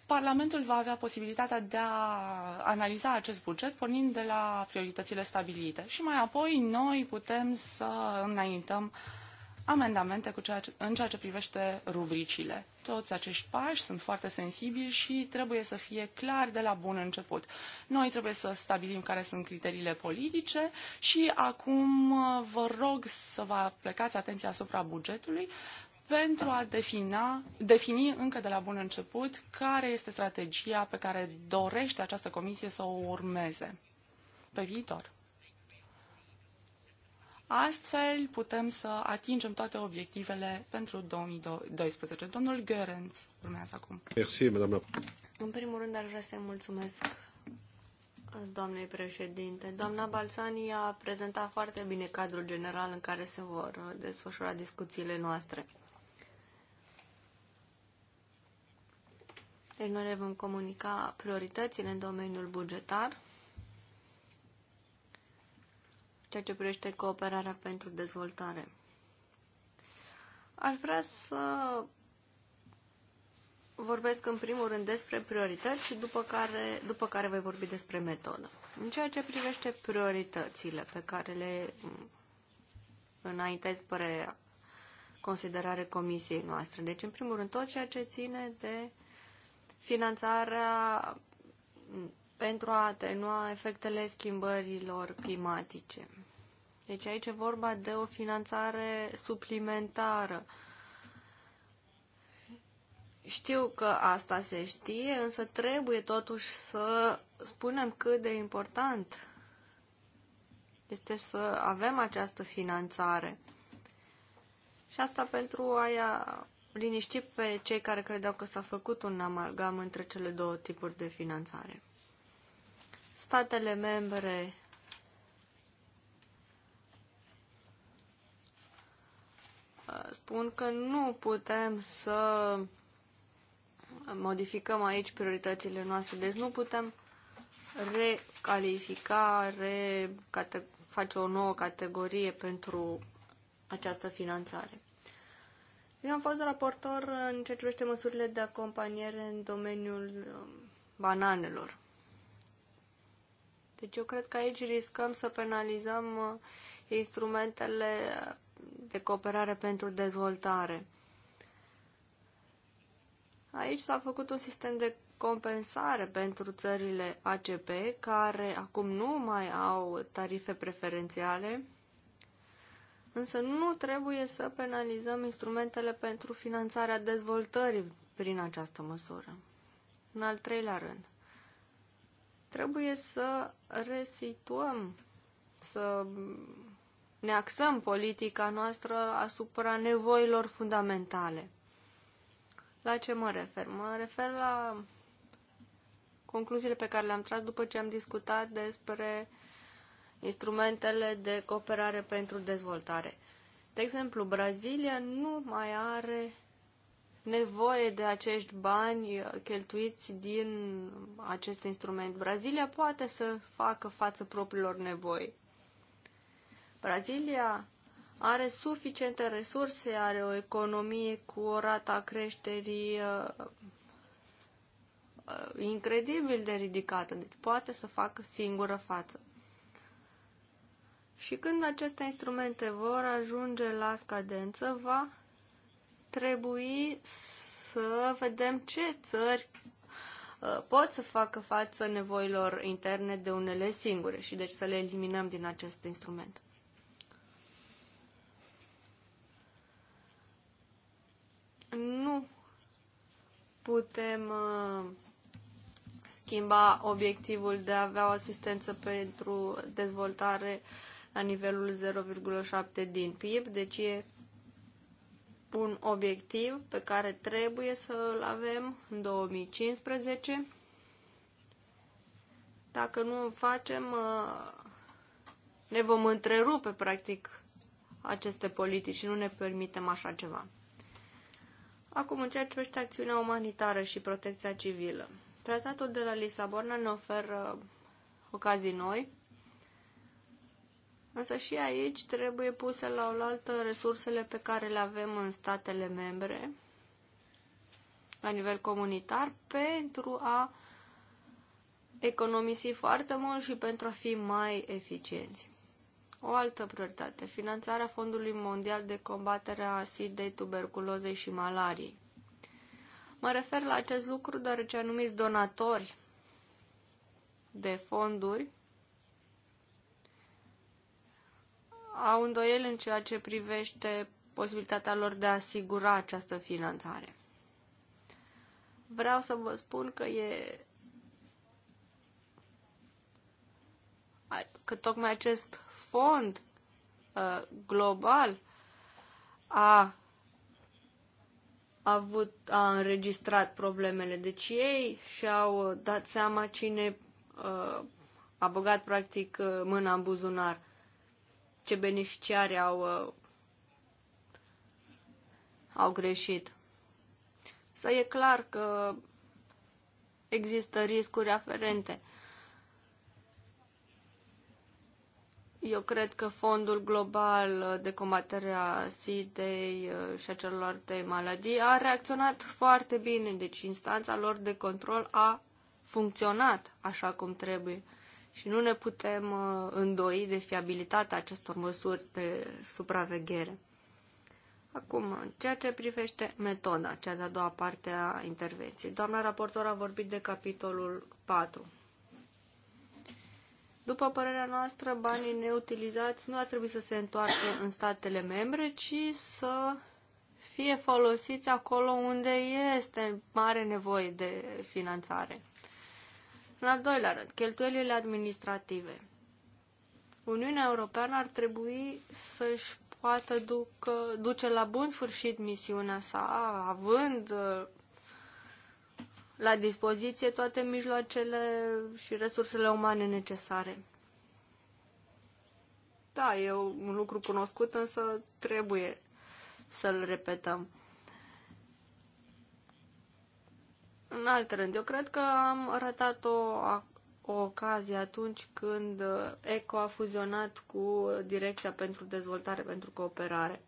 Parlamentul va avea posibilitatea de a analiza acest buget pornind de la prioritățile stabilite. Și mai apoi noi putem să înaintăm uh, amendamente cu ceea ce, în ceea ce privește rubricile. Toți acești pași sunt foarte sensibili și trebuie să fie clar de la bun început. Noi trebuie să stabilim care sunt criteriile politice și acum uh, vă rog să vă plecați atenția asupra bugetului pentru a defina, defini încă de la bun început care este strategia pe care dorește această comisie să o urmeze pe viitor. Astfel putem să atingem toate obiectivele pentru 2012. Domnul Görenț urmează acum. Merci, madame. În primul rând aș vrea să-i mulțumesc uh, doamnei președinte. Doamna Balsani a prezentat foarte bine cadrul general în care se vor uh, desfășura discuțiile noastre. Deci noi le vom comunica prioritățile în domeniul bugetar ceea ce privește cooperarea pentru dezvoltare. Aș vrea să vorbesc în primul rând despre priorități și după care, după care voi vorbi despre metodă. În ceea ce privește prioritățile pe care le înaintez spre considerare comisiei noastre. Deci, în primul rând, tot ceea ce ține de finanțarea pentru a atenua efectele schimbărilor climatice. Deci aici e vorba de o finanțare suplimentară. Știu că asta se știe, însă trebuie totuși să spunem cât de important este să avem această finanțare. Și asta pentru a liniști pe cei care credeau că s-a făcut un amalgam între cele două tipuri de finanțare statele membre spun că nu putem să modificăm aici prioritățile noastre, deci nu putem recalifica, re face o nouă categorie pentru această finanțare. Eu am fost raportor în ceea ce privește măsurile de acompaniere în domeniul um, bananelor. Deci eu cred că aici riscăm să penalizăm uh, instrumentele de cooperare pentru dezvoltare. Aici s-a făcut un sistem de compensare pentru țările ACP, care acum nu mai au tarife preferențiale, însă nu trebuie să penalizăm instrumentele pentru finanțarea dezvoltării prin această măsură. În al treilea rând, Trebuie să resituăm, să ne axăm politica noastră asupra nevoilor fundamentale. La ce mă refer? Mă refer la concluziile pe care le-am tras după ce am discutat despre instrumentele de cooperare pentru dezvoltare. De exemplu, Brazilia nu mai are nevoie de acești bani cheltuiți din acest instrument. Brazilia poate să facă față propriilor nevoi. Brazilia are suficiente resurse, are o economie cu o rată a creșterii uh, uh incredibil de ridicată, deci poate să facă singură față. Și când aceste instrumente vor ajunge la scadență, va trebui să vedem ce țări uh, pot să facă față nevoilor interne de unele singure și deci să le eliminăm din acest instrument. Nu putem uh, schimba obiectivul de a avea o asistență pentru dezvoltare la nivelul 0,7 din PIB, deci e un obiectiv pe care trebuie să-l avem în 2015. Dacă nu o facem, uh, ne vom întrerupe, practic, aceste politici și nu ne permitem așa ceva. Acum, în ceea ce privește acțiunea umanitară și protecția civilă, tratatul de la Lisabona ne oferă uh, ocazii noi Însă și aici trebuie puse la oaltă resursele pe care le avem în statele membre, la nivel comunitar, pentru a economisi foarte mult și pentru a fi mai eficienți. O altă prioritate, finanțarea Fondului Mondial de Combatere a Sidei, Tuberculozei și Malariei. Mă refer la acest lucru deoarece anumiți donatori de fonduri au îndoieli în ceea ce privește posibilitatea lor de a asigura această finanțare. Vreau să vă spun că e că tocmai acest fond uh, global a a avut, a înregistrat problemele. Deci ei și-au dat seama cine uh, a băgat practic mâna în buzunar ce beneficiari au, uh, au greșit. Să e clar că există riscuri aferente. Eu cred că fondul global de combatere a SIDEI uh, și a celorlalte maladii a reacționat foarte bine, deci instanța lor de control a funcționat așa cum trebuie și nu ne putem uh, îndoi de fiabilitatea acestor măsuri de supraveghere. Acum, în ceea ce privește metoda, cea de-a doua parte a intervenției, doamna raportor a vorbit de capitolul 4. După părerea noastră, banii neutilizați nu ar trebui să se întoarcă în statele membre, ci să fie folosiți acolo unde este mare nevoie de finanțare. În al doilea rând, cheltuielile administrative. Uniunea Europeană ar trebui să-și poată ducă, duce la bun sfârșit misiunea sa, având uh, la dispoziție toate mijloacele și resursele umane necesare. Da, e un lucru cunoscut, însă trebuie să-l repetăm. În alt rând, eu cred că am ratat o, o ocazie atunci când ECO a fuzionat cu Direcția pentru Dezvoltare, pentru Cooperare.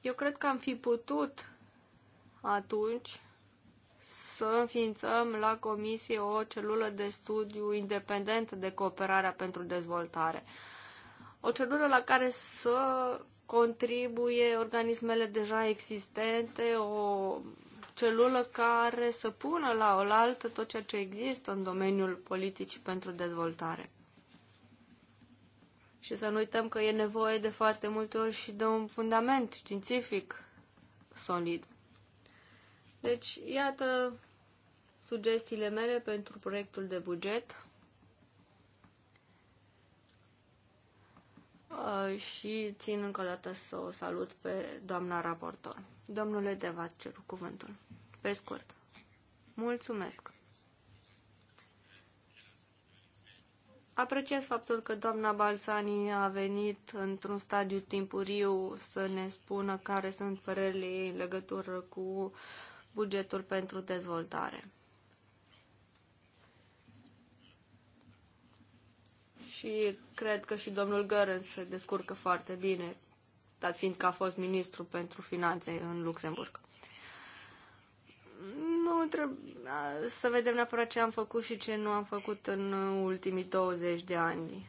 Eu cred că am fi putut atunci să înființăm la comisie o celulă de studiu independentă de cooperarea pentru dezvoltare. O celulă la care să contribuie organismele deja existente, o celulă care să pună la oaltă tot ceea ce există în domeniul politicii pentru dezvoltare. Și să nu uităm că e nevoie de foarte multe ori și de un fundament științific solid. Deci, iată sugestiile mele pentru proiectul de buget. Uh, și țin încă o dată să o salut pe doamna raportor. Domnule Deva, cer cuvântul. Pe scurt. Mulțumesc. Apreciez faptul că doamna Balsani a venit într-un stadiu timpuriu să ne spună care sunt părerile ei în legătură cu bugetul pentru dezvoltare. Și cred că și domnul Gărân se descurcă foarte bine dat fiind că a fost ministru pentru finanțe în Luxemburg. Nu trebuie să vedem neapărat ce am făcut și ce nu am făcut în ultimii 20 de ani.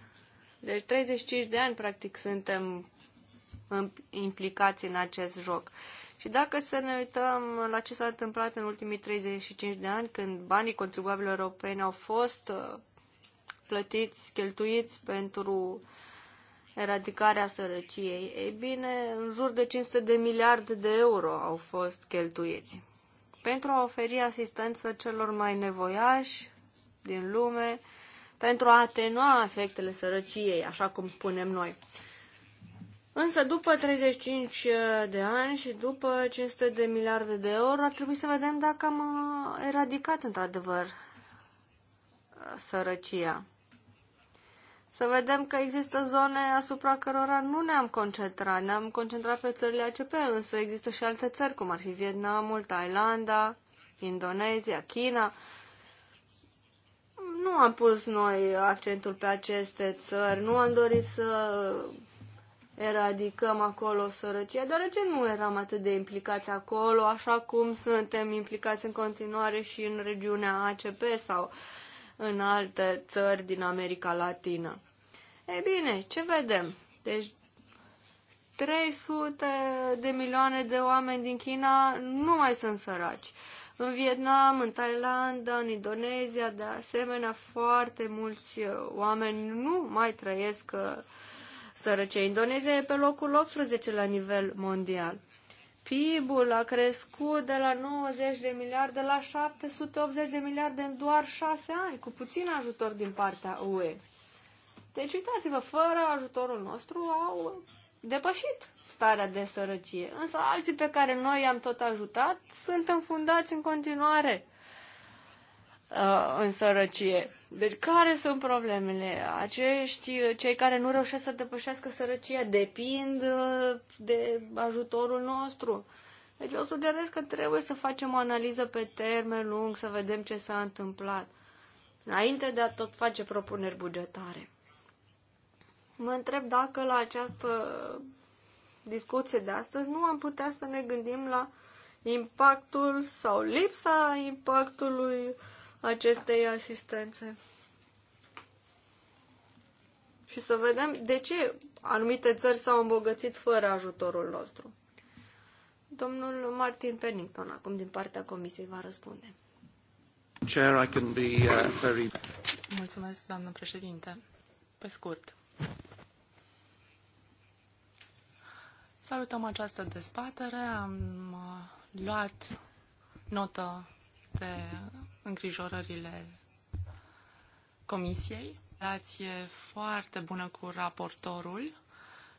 Deci 35 de ani, practic, suntem implicați în acest joc. Și dacă să ne uităm la ce s-a întâmplat în ultimii 35 de ani, când banii contribuabililor europeni au fost uh, plătiți, cheltuiți pentru uh, eradicarea sărăciei. Ei bine, în jur de 500 de miliarde de euro au fost cheltuieți pentru a oferi asistență celor mai nevoiași din lume, pentru a atenua efectele sărăciei, așa cum spunem noi. Însă după 35 de ani și după 500 de miliarde de euro ar trebui să vedem dacă am uh, eradicat într-adevăr uh, sărăcia să vedem că există zone asupra cărora nu ne-am concentrat. Ne-am concentrat pe țările ACP, însă există și alte țări, cum ar fi Vietnamul, Thailanda, Indonezia, China. Nu am pus noi accentul pe aceste țări, nu am dorit să eradicăm acolo sărăcia, deoarece nu eram atât de implicați acolo, așa cum suntem implicați în continuare și în regiunea ACP sau uh, în alte țări din America Latină. Ei bine, ce vedem? Deci 300 de milioane de oameni din China nu mai sunt săraci. În Vietnam, în Thailanda, în Indonezia, de asemenea, foarte mulți uh, oameni nu mai trăiesc uh, sărăcie. Indonezia e pe locul 18 la nivel mondial. PIB-ul a crescut de la 90 de miliarde la 780 de miliarde în doar 6 ani, cu puțin ajutor din partea UE. Deci uitați-vă, fără ajutorul nostru au depășit starea de sărăcie. Însă alții pe care noi i-am tot ajutat sunt înfundați în continuare uh, în sărăcie. Deci care sunt problemele? Acești, uh, cei care nu reușesc să depășească sărăcia, depind uh, de ajutorul nostru. Deci eu sugerez că trebuie să facem o analiză pe termen lung, să vedem ce s-a întâmplat, înainte de a tot face propuneri bugetare. Mă întreb dacă la această discuție de astăzi nu am putea să ne gândim la impactul sau lipsa impactului uh, acestei asistențe. Și să vedem de ce anumite țări s-au îmbogățit fără ajutorul nostru. Domnul Martin Pennington, acum din partea Comisiei, va răspunde. Chair, I can be, uh, very... Mulțumesc, doamnă președinte. Pe scurt. Salutăm această dezbatere. Am uh, luat notă de îngrijorările comisiei. Relație foarte bună cu raportorul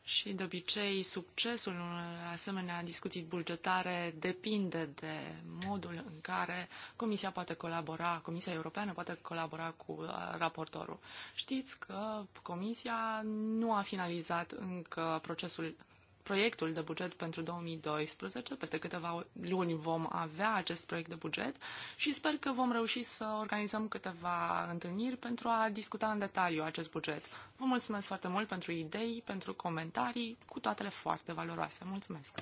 și, de obicei, succesul unor asemenea discuții bugetare depinde de modul în care Comisia poate colabora, Comisia Europeană poate colabora cu uh, raportorul. Știți că Comisia nu a finalizat încă procesul proiectul de buget pentru 2012. Peste câteva luni vom avea acest proiect de buget și sper că vom reuși să organizăm câteva întâlniri pentru a discuta în detaliu acest buget. Vă mulțumesc foarte mult pentru idei, pentru comentarii, cu toatele foarte valoroase. Mulțumesc!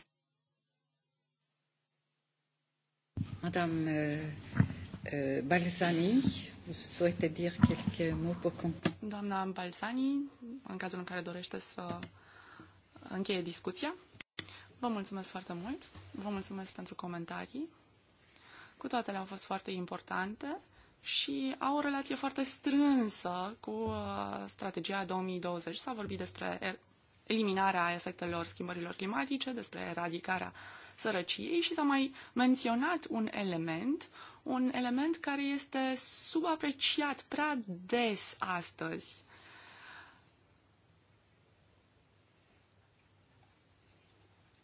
Madame euh, euh Balsani, vous souhaitez dire quelques mots pour Doamna Balsani, în cazul în care dorește să încheie discuția. Vă mulțumesc foarte mult, vă mulțumesc pentru comentarii. Cu toate le-au fost foarte importante și au o relație foarte strânsă cu uh, strategia 2020. S-a vorbit despre eliminarea efectelor schimbărilor climatice, despre eradicarea sărăciei și s-a mai menționat un element, un element care este subapreciat prea des astăzi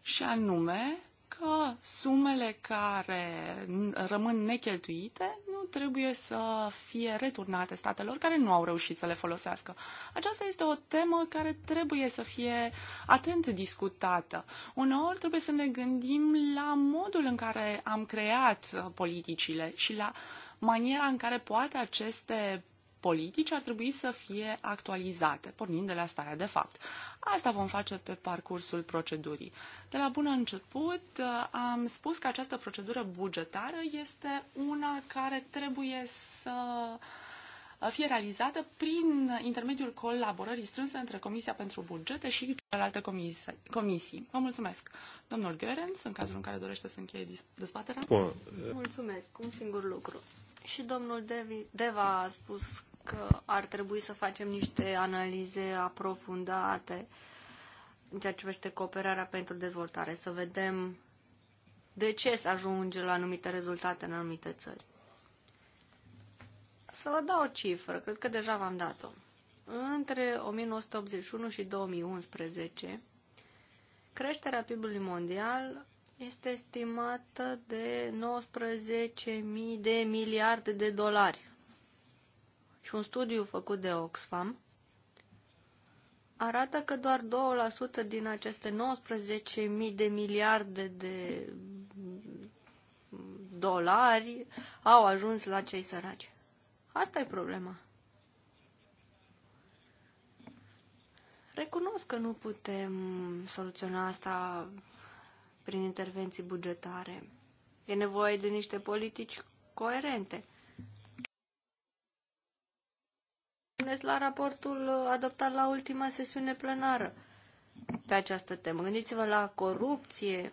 și anume că sumele care rămân necheltuite nu trebuie să fie returnate statelor care nu au reușit să le folosească. Aceasta este o temă care trebuie să fie atent discutată. Uneori trebuie să ne gândim la modul în care am creat politicile și la maniera în care poate aceste politici ar trebui să fie actualizate, pornind de la starea de fapt. Asta vom face pe parcursul procedurii. De la bun început uh, am spus că această procedură bugetară este una care trebuie să fie realizată prin intermediul colaborării strânse între Comisia pentru Bugete și celelalte comisii. Vă mulțumesc. Domnul Gerenț, în cazul în care dorește să încheie dezbaterea. Mulțumesc. Un singur lucru. Și domnul Devi, Deva a spus că ar trebui să facem niște analize aprofundate în ceea ce privește cooperarea pentru dezvoltare, să vedem de ce se ajunge la anumite rezultate în anumite țări. Să vă dau o cifră, cred că deja v-am dat-o. Între 1981 și 2011, creșterea PIB-ului mondial este estimată de 19.000 de miliarde de dolari și un studiu făcut de Oxfam arată că doar 2% din aceste 19.000 de miliarde de dolari au ajuns la cei săraci. Asta e problema. Recunosc că nu putem soluționa asta prin intervenții bugetare. E nevoie de niște politici coerente. gândesc la raportul uh, adoptat la ultima sesiune plenară pe această temă. Gândiți-vă la corupție,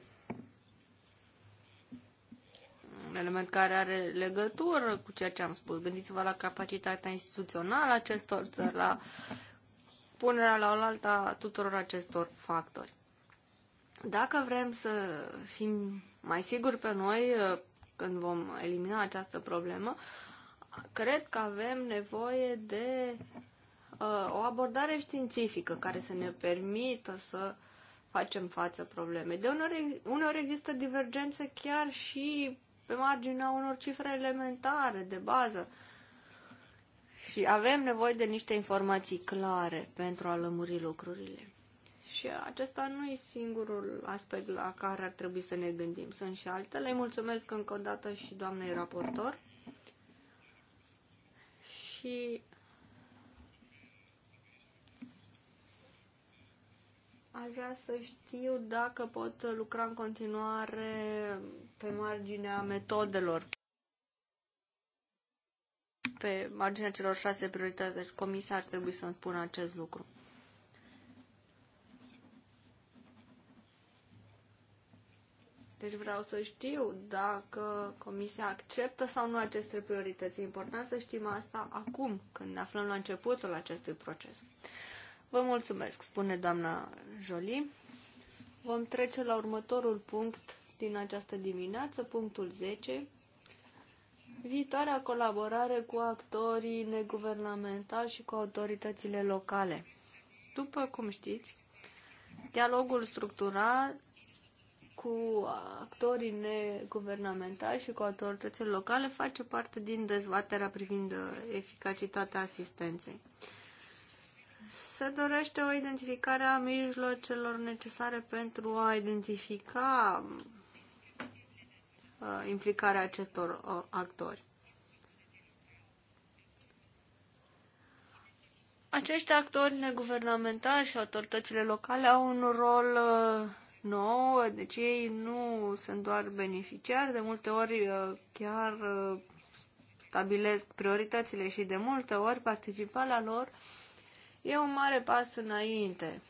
un element care are legătură cu ceea ce am spus. Gândiți-vă la capacitatea instituțională a acestor țări, la punerea la oaltă a tuturor acestor factori. Dacă vrem să fim mai siguri pe noi uh, când vom elimina această problemă, cred că avem nevoie de uh, o abordare științifică care să ne permită să facem față problemei. De uneori, uneori există divergențe chiar și pe marginea unor cifre elementare de bază. Și avem nevoie de niște informații clare pentru a lămuri lucrurile. Și acesta nu e singurul aspect la care ar trebui să ne gândim. Sunt și altele. Îi mulțumesc încă o dată și doamnei raportor și aș vrea să știu dacă pot lucra în continuare pe marginea metodelor pe marginea celor șase priorități. Deci comisia ar trebui să-mi spună acest lucru. Deci vreau să știu dacă Comisia acceptă sau nu aceste priorități. E important să știm asta acum, când ne aflăm la începutul acestui proces. Vă mulțumesc, spune doamna Jolie. Vom trece la următorul punct din această dimineață, punctul 10. Viitoarea colaborare cu actorii neguvernamentali și cu autoritățile locale. După cum știți, dialogul structural cu actorii neguvernamentali și cu autoritățile locale face parte din dezbaterea privind uh, eficacitatea asistenței. Se dorește o identificare a mijlocelor necesare pentru a identifica uh, implicarea acestor uh, actori. Acești actori neguvernamentali și autoritățile locale au un rol nouă, deci ei nu sunt doar beneficiari, de multe ori uh, chiar uh, stabilesc prioritățile și de multe ori la lor e un mare pas înainte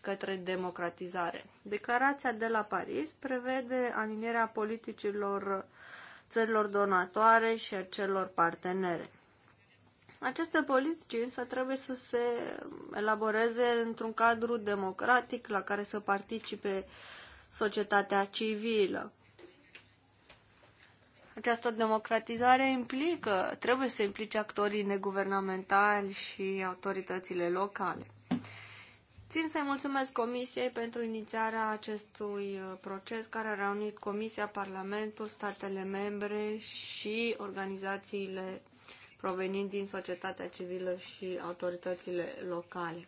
către democratizare. Declarația de la Paris prevede alinierea politicilor țărilor donatoare și a celor partenere. Aceste politici însă trebuie să se elaboreze într-un cadru democratic la care să participe societatea civilă. Această democratizare implică, trebuie să implice actorii neguvernamentali și autoritățile locale. Țin să-i mulțumesc Comisiei pentru inițiarea acestui uh, proces care a reunit Comisia, Parlamentul, statele membre și organizațiile provenind din societatea civilă și autoritățile locale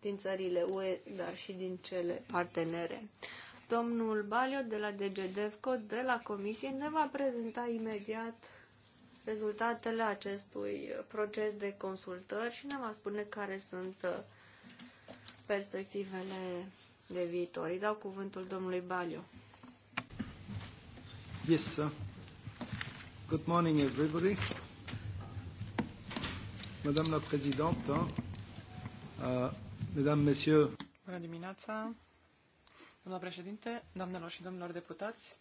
din țările UE, dar și din cele partenere. Domnul Balio de la DGDEFCO, de la Comisie, ne va prezenta imediat rezultatele acestui proces de consultări și ne va spune care sunt uh, perspectivele de viitor. Îi dau cuvântul domnului Balio. Yes, sir. Good morning, everybody. Madame la Présidente, uh, Mesdames, Messieurs. Bună dimineața, doamna președinte, doamnelor și domnilor deputați.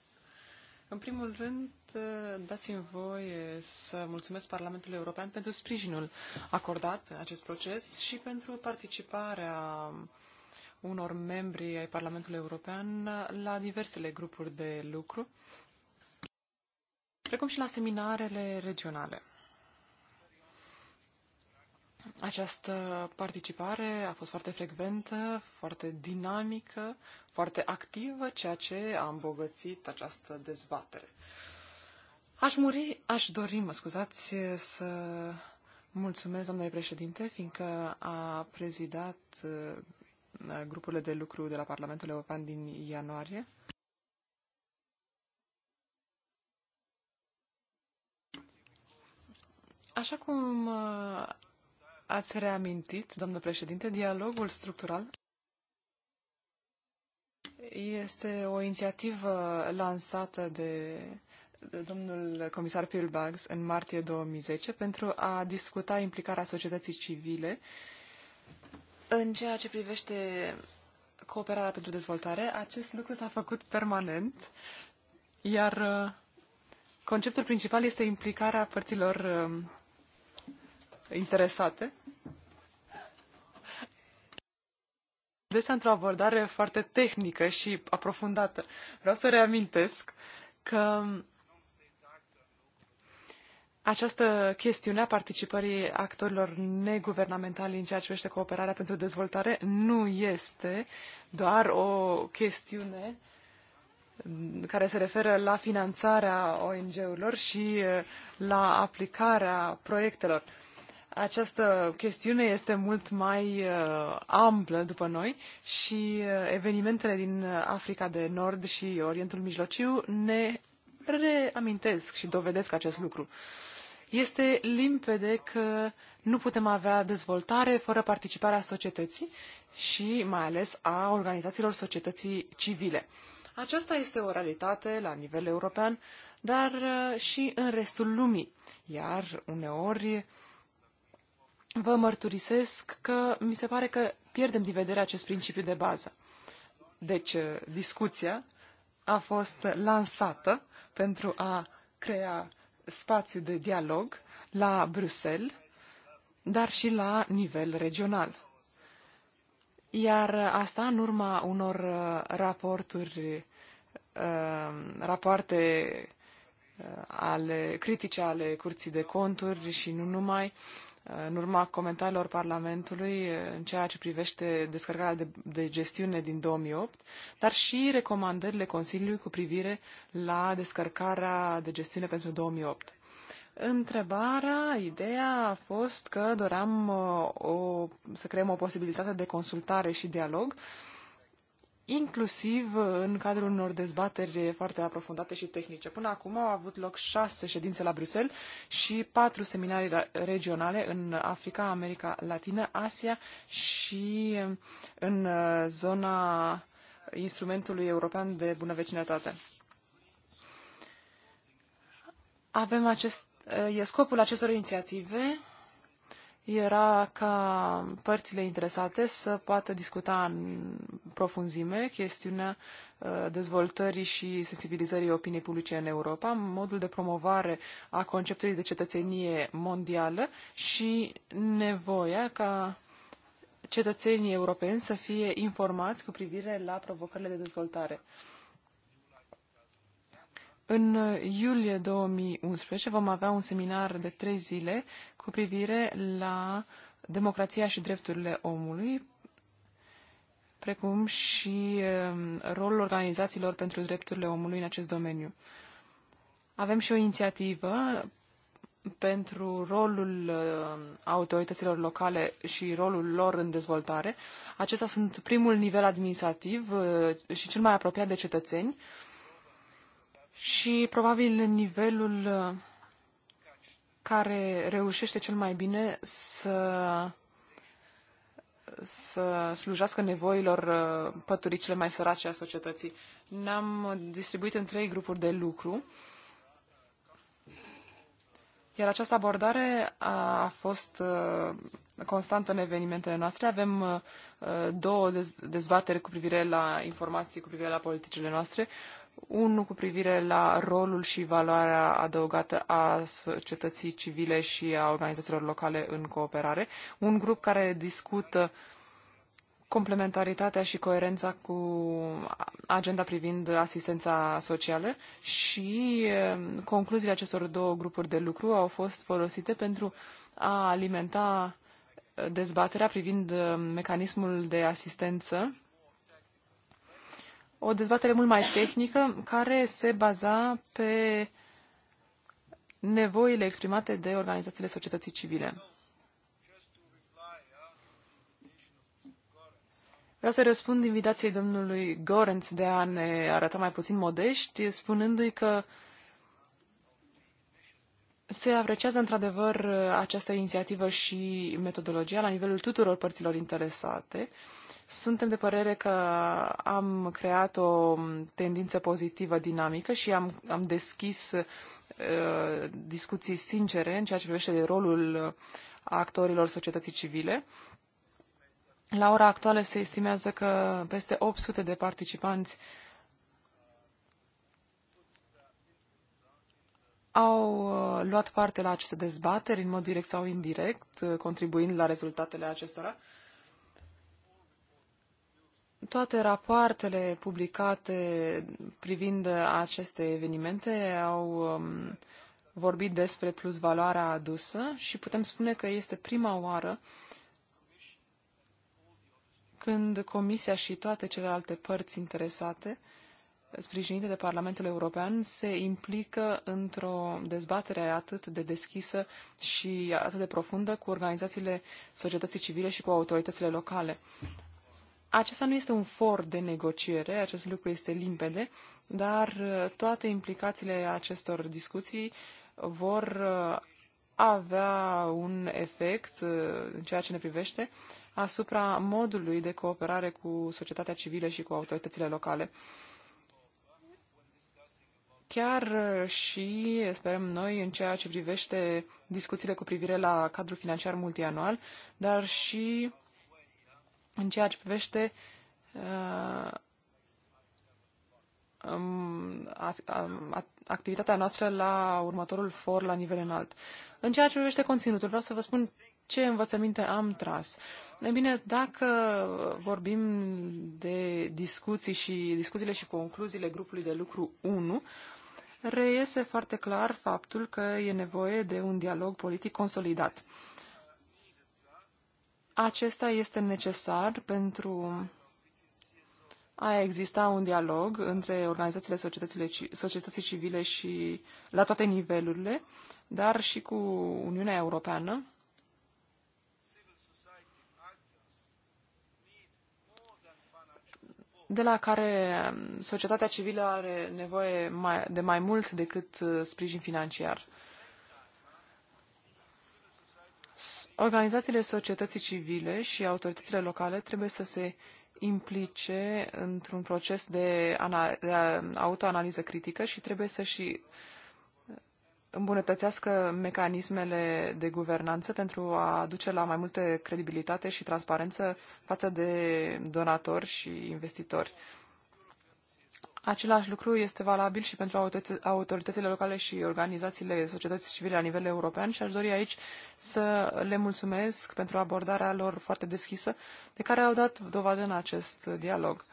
În primul rând, uh, dați-mi voie să mulțumesc Parlamentului European pentru sprijinul acordat în acest proces și pentru participarea unor membri ai Parlamentului European la diversele grupuri de lucru, precum și la seminarele regionale. Această participare a fost foarte frecventă, foarte dinamică, foarte activă, ceea ce a îmbogățit această dezbatere. Aș muri, aș dori, mă scuzați, să mulțumesc, doamnei președinte, fiindcă a prezidat uh, grupurile de lucru de la Parlamentul European din ianuarie. Așa cum uh, Ați reamintit, domnule președinte, dialogul structural este o inițiativă lansată de domnul comisar Pilbags în martie 2010 pentru a discuta implicarea societății civile în ceea ce privește cooperarea pentru dezvoltare. Acest lucru s-a făcut permanent, iar uh, conceptul principal este implicarea părților um, interesate. Desea într-o abordare foarte tehnică și aprofundată. Vreau să reamintesc că această chestiune a participării actorilor neguvernamentali în ceea ce privește cooperarea pentru dezvoltare nu este doar o chestiune care se referă la finanțarea ONG-urilor și uh, la aplicarea proiectelor. Această chestiune este mult mai uh, amplă după noi și uh, evenimentele din Africa de Nord și Orientul Mijlociu ne reamintesc și dovedesc acest lucru. Este limpede că nu putem avea dezvoltare fără participarea societății și mai ales a organizațiilor societății civile. Aceasta este o realitate la nivel european, dar uh, și în restul lumii. Iar uneori vă mărturisesc că mi se pare că pierdem din vedere acest principiu de bază. Deci, uh, discuția a fost lansată pentru a crea spațiu de dialog la Bruxelles, dar și la nivel regional. Iar uh, asta în urma unor uh, raporturi, rapoarte ale critice ale Curții de Conturi și nu numai, în urma comentariilor Parlamentului eh, în ceea ce privește descărcarea de, de gestiune din 2008, dar și recomandările Consiliului cu privire la descărcarea de gestiune pentru 2008. Întrebarea, ideea a fost că doream eh, o, să creăm o posibilitate de consultare și dialog uh, inclusiv uh, în cadrul unor dezbateri foarte aprofundate și tehnice. Până acum au avut loc șase ședințe la Bruxelles și patru seminarii regionale în Africa, America Latină, Asia și uh, în uh, zona instrumentului european de bună vecinătate. Avem acest, e scopul acestor inițiative era ca părțile interesate să poată discuta în profunzime chestiunea uh, dezvoltării și sensibilizării opiniei publice în Europa, modul de promovare a conceptului de cetățenie mondială și nevoia ca cetățenii europeni să fie informați cu privire la provocările de dezvoltare. În iulie 2011 vom avea un seminar de trei zile cu privire la democrația și drepturile omului, precum și um, rolul organizațiilor pentru drepturile omului în acest domeniu. Avem și o inițiativă pentru rolul um, autorităților locale și rolul lor în dezvoltare. Acestea sunt primul nivel administrativ uh, și cel mai apropiat de cetățeni. Și probabil nivelul uh, care reușește cel mai bine să, să slujească nevoilor uh, păturii cele mai sărace a societății. Ne-am distribuit în trei grupuri de lucru, iar această abordare a fost uh, constantă în evenimentele noastre. Avem două dezbateri cu privire la informații, cu privire la politicile noastre unul cu privire la rolul și valoarea adăugată a societății civile și a organizațiilor locale în cooperare, un grup care discută complementaritatea și coerența cu agenda privind asistența socială și concluziile acestor două grupuri de lucru au fost folosite pentru a alimenta dezbaterea privind mecanismul de asistență o dezbatere mult mai tehnică care se baza pe nevoile exprimate de organizațiile societății civile. Vreau să răspund invitației domnului Gorenț de a ne arăta mai puțin modești, spunându-i că se apreciază într-adevăr această inițiativă și metodologia la nivelul tuturor părților interesate, suntem de părere că am creat o tendință pozitivă, dinamică și am, am deschis uh, discuții sincere în ceea ce privește de rolul uh, actorilor societății civile. La ora actuală se estimează că peste 800 de participanți au uh, luat parte la aceste dezbateri în mod direct sau indirect, uh, contribuind la rezultatele acestora toate rapoartele publicate privind aceste evenimente au um, vorbit despre plusvaloarea adusă și putem spune că este prima oară când Comisia și toate celelalte părți interesate, sprijinite de Parlamentul European, se implică într-o dezbatere atât de deschisă și atât de profundă cu organizațiile societății civile și cu autoritățile locale. Acesta nu este un for de negociere, acest lucru este limpede, dar uh, toate implicațiile acestor discuții vor uh, avea un efect uh, în ceea ce ne privește asupra modului de cooperare cu societatea civilă și cu autoritățile locale. Chiar și, sperăm noi, în ceea ce privește discuțiile cu privire la cadrul financiar multianual, dar și în ceea ce privește uh, um, activitatea noastră la următorul for la nivel înalt. În ceea ce privește conținutul, vreau să vă spun ce învățăminte am tras. E bine, dacă vorbim de discuții și discuțiile și concluziile grupului de lucru 1, reiese foarte clar faptul că e nevoie de un dialog politic consolidat. Acesta este necesar pentru a exista un dialog între organizațiile societății civile și la toate nivelurile, dar și cu Uniunea Europeană. de la care societatea civilă are nevoie mai, de mai mult decât uh, sprijin financiar. Organizațiile societății civile și autoritățile locale trebuie să se implice într-un proces de, de autoanaliză critică și trebuie să și îmbunătățească mecanismele de guvernanță pentru a duce la mai multă credibilitate și transparență față de donatori și investitori. Același lucru este valabil și pentru autoritățile locale și organizațiile societății civile la nivel european și aș dori aici să le mulțumesc pentru abordarea lor foarte deschisă de care au dat dovadă în acest dialog.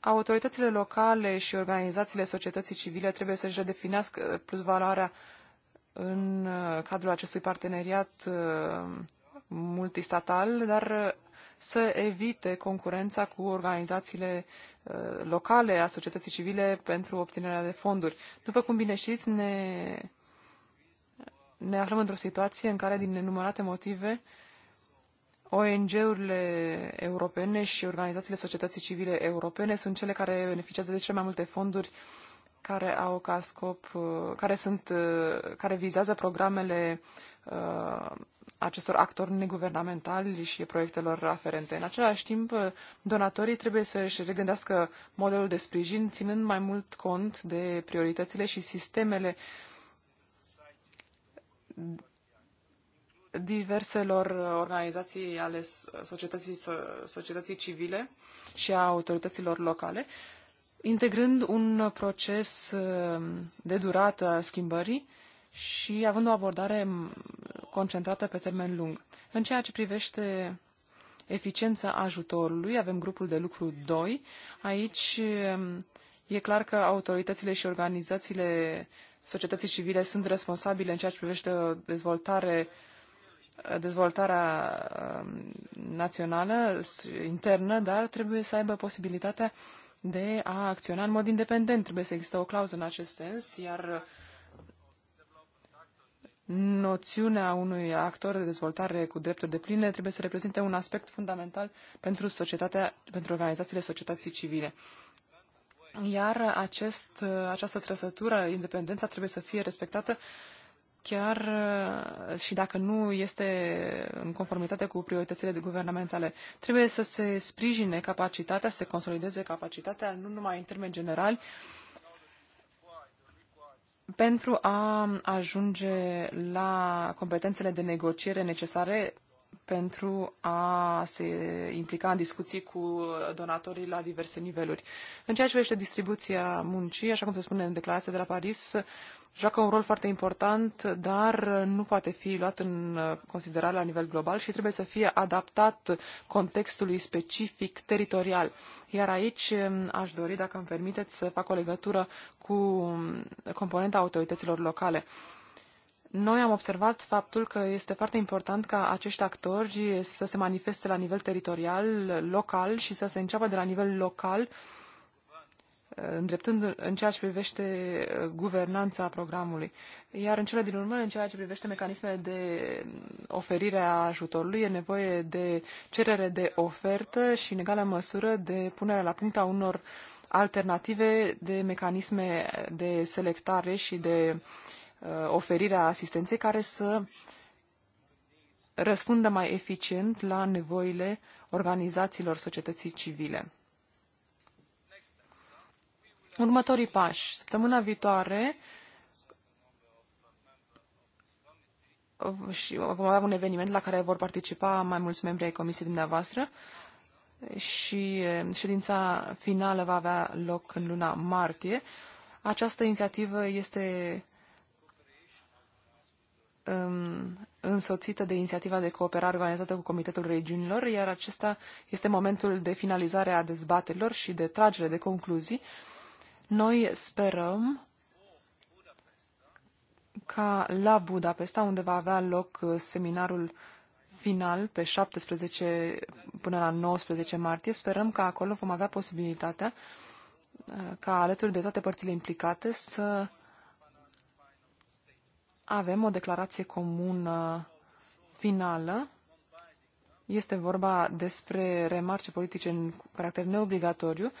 Autoritățile locale și organizațiile societății civile trebuie să-și redefinească plus valoarea în uh, cadrul acestui parteneriat uh, multistatal, dar uh, să evite concurența cu organizațiile uh, locale a societății civile pentru obținerea de fonduri. După cum bine știți, ne, ne aflăm într-o situație în care, din nenumărate motive, ONG-urile europene și organizațiile societății civile europene sunt cele care beneficiază de cele mai multe fonduri care au ca scop, uh, care sunt, uh, care vizează programele acestor actori neguvernamentali și proiectelor aferente. În același timp, donatorii trebuie să își regândească modelul de sprijin, ținând mai mult cont de prioritățile și sistemele diverselor organizații ale societății, societății civile și a autorităților locale, integrând un proces de durată a schimbării și având o abordare concentrată pe termen lung. În ceea ce privește eficiența ajutorului, avem grupul de lucru 2. Aici um, e clar că autoritățile și organizațiile societății civile sunt responsabile în ceea ce privește dezvoltare dezvoltarea um, națională, internă, dar trebuie să aibă posibilitatea de a acționa în mod independent. Trebuie să existe o clauză în acest sens, iar noțiunea unui actor de dezvoltare cu drepturi de pline trebuie să reprezinte un aspect fundamental pentru, societatea, pentru organizațiile societății civile. Iar acest, această trăsătură, independența, trebuie să fie respectată chiar uh, și dacă nu este în conformitate cu prioritățile guvernamentale. Trebuie să se sprijine capacitatea, să se consolideze capacitatea, nu numai în termeni generali, pentru a ajunge la competențele de negociere necesare pentru a se implica în discuții cu donatorii la diverse niveluri. În ceea ce privește distribuția muncii, așa cum se spune în declarația de la Paris, joacă un rol foarte important, dar nu poate fi luat în considerare la nivel global și trebuie să fie adaptat contextului specific teritorial. Iar aici um, aș dori, dacă îmi permiteți, să fac o legătură cu um, componenta autorităților locale. Noi am observat faptul că este foarte important ca acești actori să se manifeste la nivel teritorial, local și să se înceapă de la nivel local, îndreptând în ceea ce privește uh, guvernanța programului. Iar în cele din urmă, în ceea ce privește mecanismele de mm, oferire a ajutorului, e nevoie de cerere de ofertă și, în egală măsură, de punerea la punct a unor alternative de mecanisme de selectare și de uh, Uh, oferirea asistenței care să răspundă mai eficient la nevoile organizațiilor societății civile. Următorii pași. Săptămâna viitoare uh, și vom avea un eveniment la care vor participa mai mulți membri ai comisiei dumneavoastră și uh, ședința finală va avea loc în luna martie. Această inițiativă este Um, însoțită de inițiativa de cooperare organizată cu Comitetul Regiunilor, iar acesta este momentul de finalizare a dezbaterilor și de tragere de concluzii. Noi sperăm ca la Budapesta, unde va avea loc uh, seminarul final pe 17 până la 19 martie, sperăm că acolo vom avea posibilitatea uh, ca alături de toate părțile implicate să avem o declarație comună finală. Este vorba despre remarce politice în caracter neobligatoriu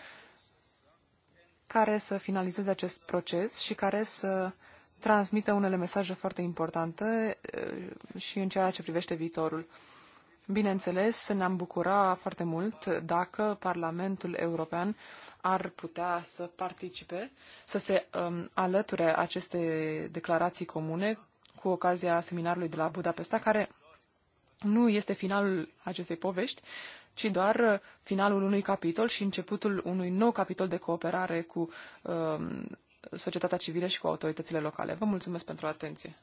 care să finalizeze acest proces și care să transmită unele mesaje foarte importante eh, și în ceea ce privește viitorul. Bineînțeles, ne-am bucura foarte mult dacă Parlamentul European ar putea să participe, să se um, alăture aceste declarații comune cu ocazia seminarului de la Budapesta, care nu este finalul acestei povești, ci doar finalul unui capitol și începutul unui nou capitol de cooperare cu um, societatea civilă și cu autoritățile locale. Vă mulțumesc pentru atenție.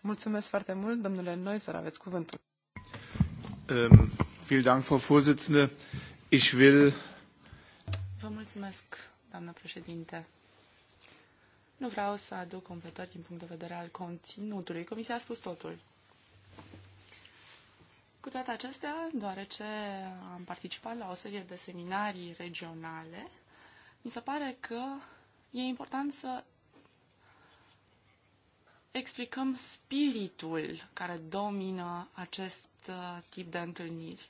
Mulțumesc foarte mult, domnule să aveți cuvântul. Ähm, vielen Dank, Frau Vorsitzende. Ich will... Vă mulțumesc, doamnă președinte. Nu vreau să aduc completări din punct de vedere al conținutului. Comisia a spus totul. Cu toate acestea, deoarece am participat la o serie de seminarii regionale, mi se pare că e important să explicăm spiritul care domină acest Uh, tip de întâlniri.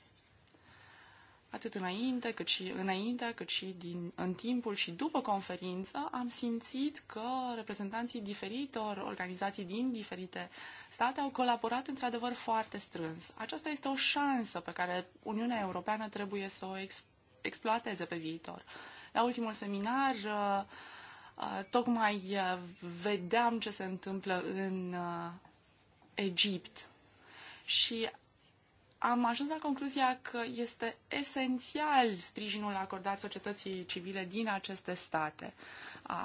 Atât înainte, cât și, înainte, cât și din, în timpul și după conferință am simțit că reprezentanții diferitor organizații din diferite state au colaborat într-adevăr foarte strâns. Aceasta este o șansă pe care Uniunea Europeană trebuie să o exp- exploateze pe viitor. La ultimul seminar uh, uh, tocmai vedeam ce se întâmplă în Egipt. Și am ajuns la concluzia că este esențial sprijinul acordat societății civile din aceste state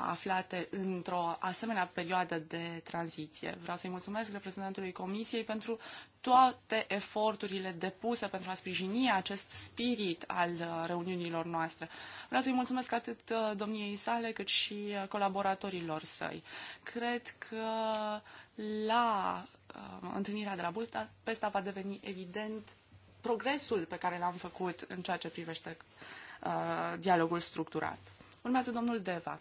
aflate într-o asemenea perioadă de tranziție. Vreau să-i mulțumesc reprezentantului Comisiei pentru toate eforturile depuse pentru a sprijini acest spirit al reuniunilor noastre. Vreau să-i mulțumesc atât domniei sale cât și colaboratorilor săi. Cred că la Um, întâlnirea de la Budapesta va deveni evident progresul pe care l-am făcut în ceea ce privește uh, dialogul structurat. Urmează domnul Deva.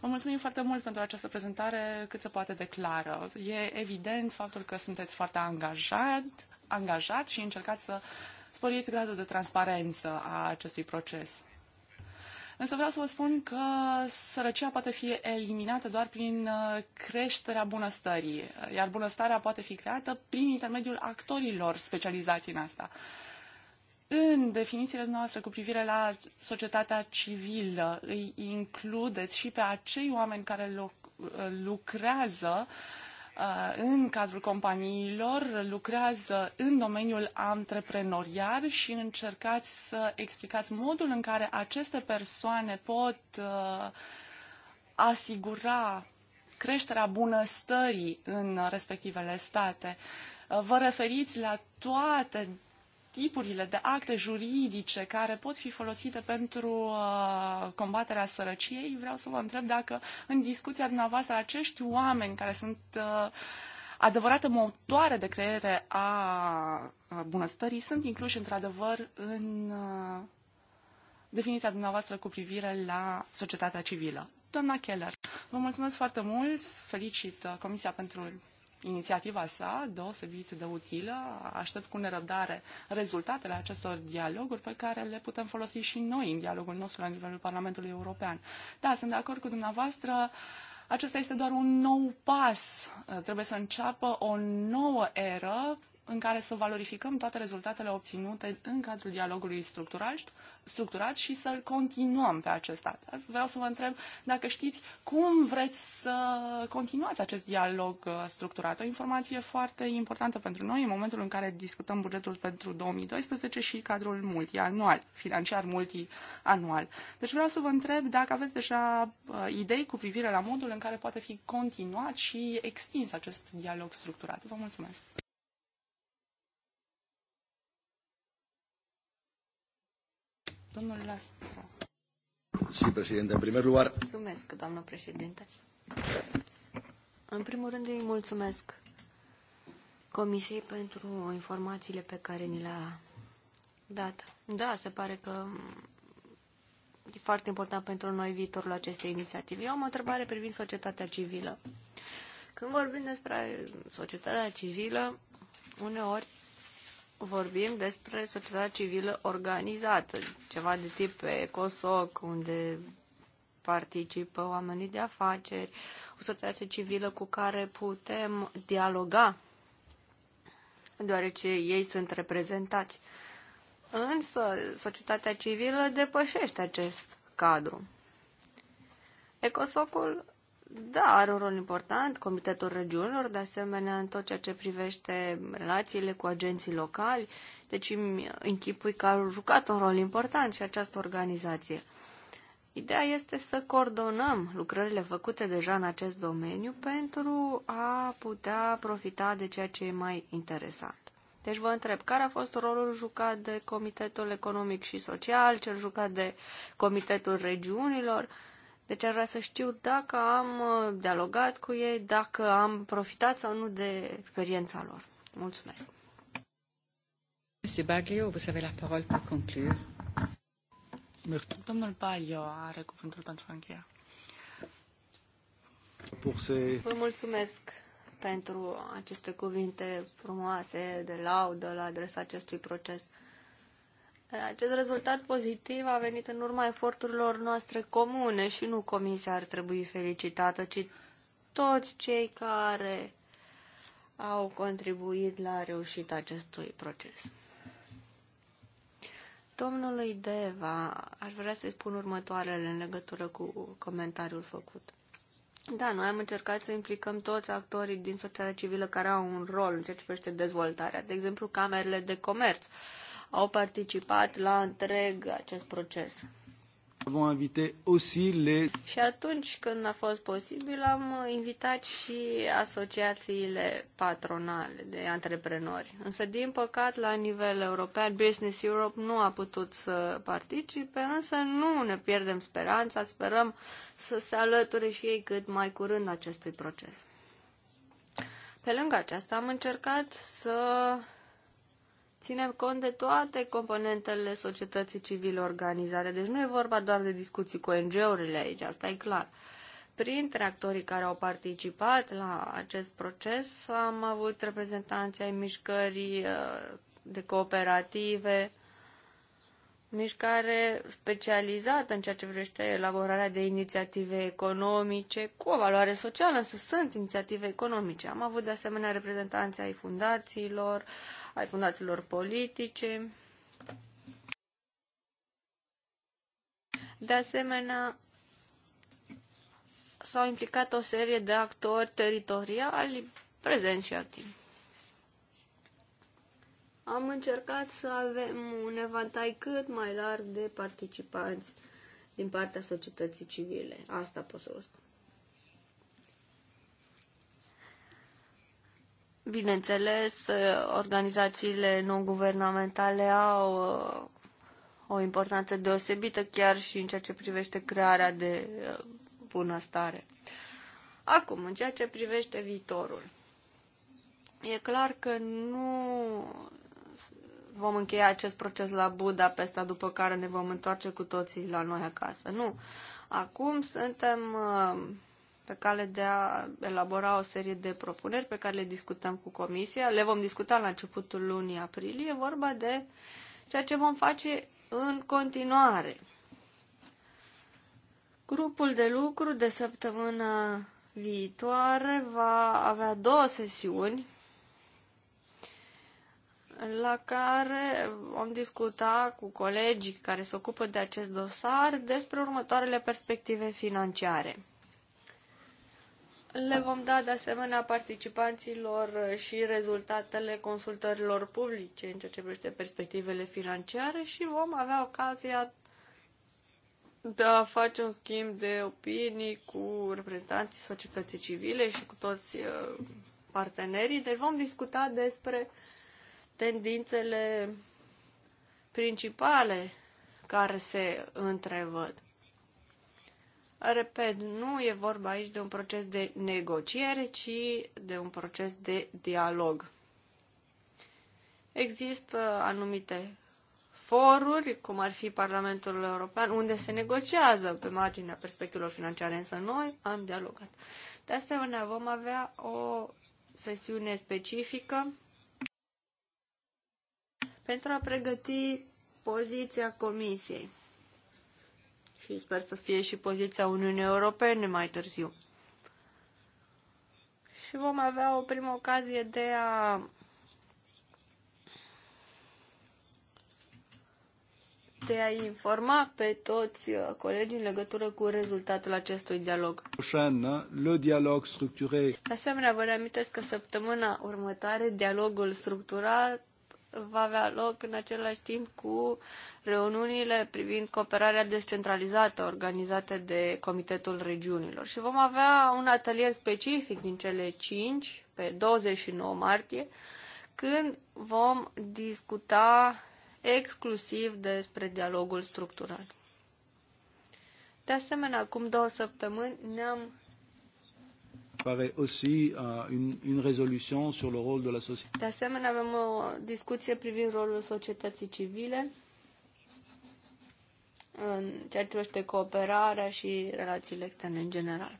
Vă mulțumim foarte mult pentru această prezentare cât se poate de clară. E evident faptul că sunteți foarte angajat, angajat și încercați să sporiți gradul de transparență a acestui proces. Însă vreau să vă spun că sărăcia poate fi eliminată doar prin uh, creșterea bunăstării, uh, iar bunăstarea poate fi creată prin intermediul actorilor specializați în asta. În definițiile noastre cu privire la societatea civilă, îi includeți și pe acei oameni care uh, lucrează uh, Uh, în cadrul companiilor, lucrează în domeniul antreprenorial și încercați să explicați modul în care aceste persoane pot uh, asigura creșterea bunăstării în respectivele state. Uh, vă referiți la toate tipurile de acte juridice care pot fi folosite pentru uh, combaterea sărăciei, vreau să vă întreb dacă în discuția dumneavoastră acești oameni care sunt uh, adevărate motoare de creere a bunăstării sunt incluși într-adevăr în uh, definiția dumneavoastră cu privire la societatea civilă. Doamna Keller, vă mulțumesc foarte mult, felicit Comisia pentru inițiativa sa deosebit de utilă. Aștept cu nerăbdare rezultatele acestor dialoguri pe care le putem folosi și noi în dialogul nostru la nivelul Parlamentului European. Da, sunt de acord cu dumneavoastră. Acesta este doar un nou pas. Trebuie să înceapă o nouă eră în care să valorificăm toate rezultatele obținute în cadrul dialogului structurat și să-l continuăm pe acesta. Vreau să vă întreb dacă știți cum vreți să continuați acest dialog uh, structurat. O informație foarte importantă pentru noi în momentul în care discutăm bugetul pentru 2012 și cadrul multianual, financiar multianual. Deci vreau să vă întreb dacă aveți deja uh, idei cu privire la modul în care poate fi continuat și extins acest dialog structurat. Vă mulțumesc! Domnul președinte. În primul lugar... Mulțumesc, doamnă președinte. În primul rând îi mulțumesc Comisiei pentru informațiile pe care ni le-a dat. Da, se pare că e foarte important pentru noi viitorul acestei inițiative. Eu am o întrebare privind societatea civilă. Când vorbim despre societatea civilă, uneori vorbim despre societatea civilă organizată, ceva de tip ECOSOC, unde participă oamenii de afaceri, o societate civilă cu care putem dialoga, deoarece ei sunt reprezentați. Însă, societatea civilă depășește acest cadru. Ecosocul da, are un rol important, Comitetul Regiunilor, de asemenea, în tot ceea ce privește relațiile cu agenții locali. Deci îmi închipui că a jucat un rol important și această organizație. Ideea este să coordonăm lucrările făcute deja în acest domeniu pentru a putea profita de ceea ce e mai interesant. Deci vă întreb, care a fost rolul jucat de Comitetul Economic și Social, cel jucat de Comitetul Regiunilor? Deci ar vrea să știu dacă am uh, dialogat cu ei, dacă am profitat sau nu de experiența lor. Mulțumesc. Monsieur Baglio, vous avez la parole pour conclure. Domnul Baglio are cuvântul pentru a încheia. Vă mulțumesc pentru aceste cuvinte frumoase de laudă la adresa acestui proces. Acest rezultat pozitiv a venit în urma eforturilor noastre comune și nu comisia ar trebui felicitată, ci toți cei care au contribuit la reușita acestui proces. Domnului Deva, aș vrea să-i spun următoarele în legătură cu comentariul făcut. Da, noi am încercat să implicăm toți actorii din societatea civilă care au un rol în ceea ce privește dezvoltarea, de exemplu camerele de comerț. Uh, au participat la întreg acest proces. Am invitat aussi les... Și atunci când a fost posibil, am invitat și asociațiile patronale de antreprenori. Însă, din păcat, la nivel european, Business Europe nu a putut să participe, însă nu ne pierdem speranța, sperăm să se alăture și ei cât mai curând acestui proces. Pe lângă aceasta, am încercat să ținem cont de toate componentele societății civile organizate. Deci nu e vorba doar de discuții cu ONG-urile aici, asta e clar. Printre actorii care au participat la acest proces am avut reprezentanții ai mișcării uh, de cooperative, mișcare specializată în ceea ce privește elaborarea de inițiative economice cu o valoare socială, însă sunt inițiative economice. Am avut de asemenea reprezentanții ai fundațiilor, ai fundațiilor politice. De asemenea, s-au implicat o serie de actori teritoriali prezenți și activi am încercat să avem un evantai cât mai larg de participanți din partea societății civile. Asta pot să vă spun. Bineînțeles, organizațiile non-guvernamentale au uh, o importanță deosebită chiar și în ceea ce privește crearea de uh, bunăstare. Acum, în ceea ce privește viitorul, e clar că nu vom încheia acest proces la Budapesta, după care ne vom întoarce cu toții la noi acasă. Nu. Acum suntem uh, pe cale de a elabora o serie de propuneri pe care le discutăm cu Comisia. Le vom discuta la începutul lunii aprilie. E vorba de ceea ce vom face în continuare. Grupul de lucru de săptămână viitoare va avea două sesiuni la care vom discuta cu colegii care se ocupă de acest dosar despre următoarele perspective financiare. Le vom da de asemenea participanților și rezultatele consultărilor publice în ceea ce privește perspectivele financiare și vom avea ocazia de a face un schimb de opinii cu reprezentanții societății civile și cu toți uh, partenerii. Deci vom discuta despre uh, tendințele principale care se întrevăd. Repet, nu e vorba aici de un proces de negociere, ci de un proces de dialog. Există anumite foruri, cum ar fi Parlamentul European, unde se negociază pe marginea perspectivelor financiare, însă noi am dialogat. De asemenea, vom avea o sesiune specifică pentru a pregăti poziția Comisiei. Și sper să fie și poziția Uniunii Europene mai târziu. Și vom avea o primă ocazie de a de a informa pe toți uh, colegii în legătură cu rezultatul acestui dialog. Le dialog De asemenea, vă reamintesc că săptămâna următoare dialogul structurat va avea loc în același timp cu reuniunile privind cooperarea descentralizată organizate de Comitetul Regiunilor. Și vom avea un atelier specific din cele 5 pe 29 martie, când vom discuta exclusiv despre dialogul structural. De asemenea, acum două săptămâni ne-am paraît aussi euh, une, une résolution sur le rôle de la société. De asemenea, avem o discuție privind rolul societății civile în ceea ce privește cooperarea și relațiile externe în general.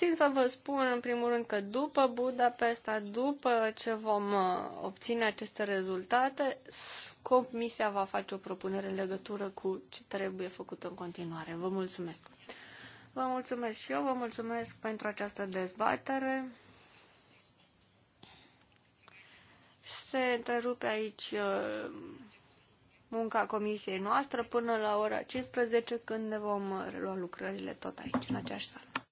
Țin să vă spun, în primul rând, că după Budapesta, după ce vom uh, obține aceste rezultate, Comisia va face o propunere în legătură cu ce trebuie făcut în continuare. Vă mulțumesc! Vă mulțumesc și eu, vă mulțumesc pentru această dezbatere. Se întrerupe aici uh, munca comisiei noastre până la ora 15, când ne vom relua lucrările tot aici, în aceeași sală.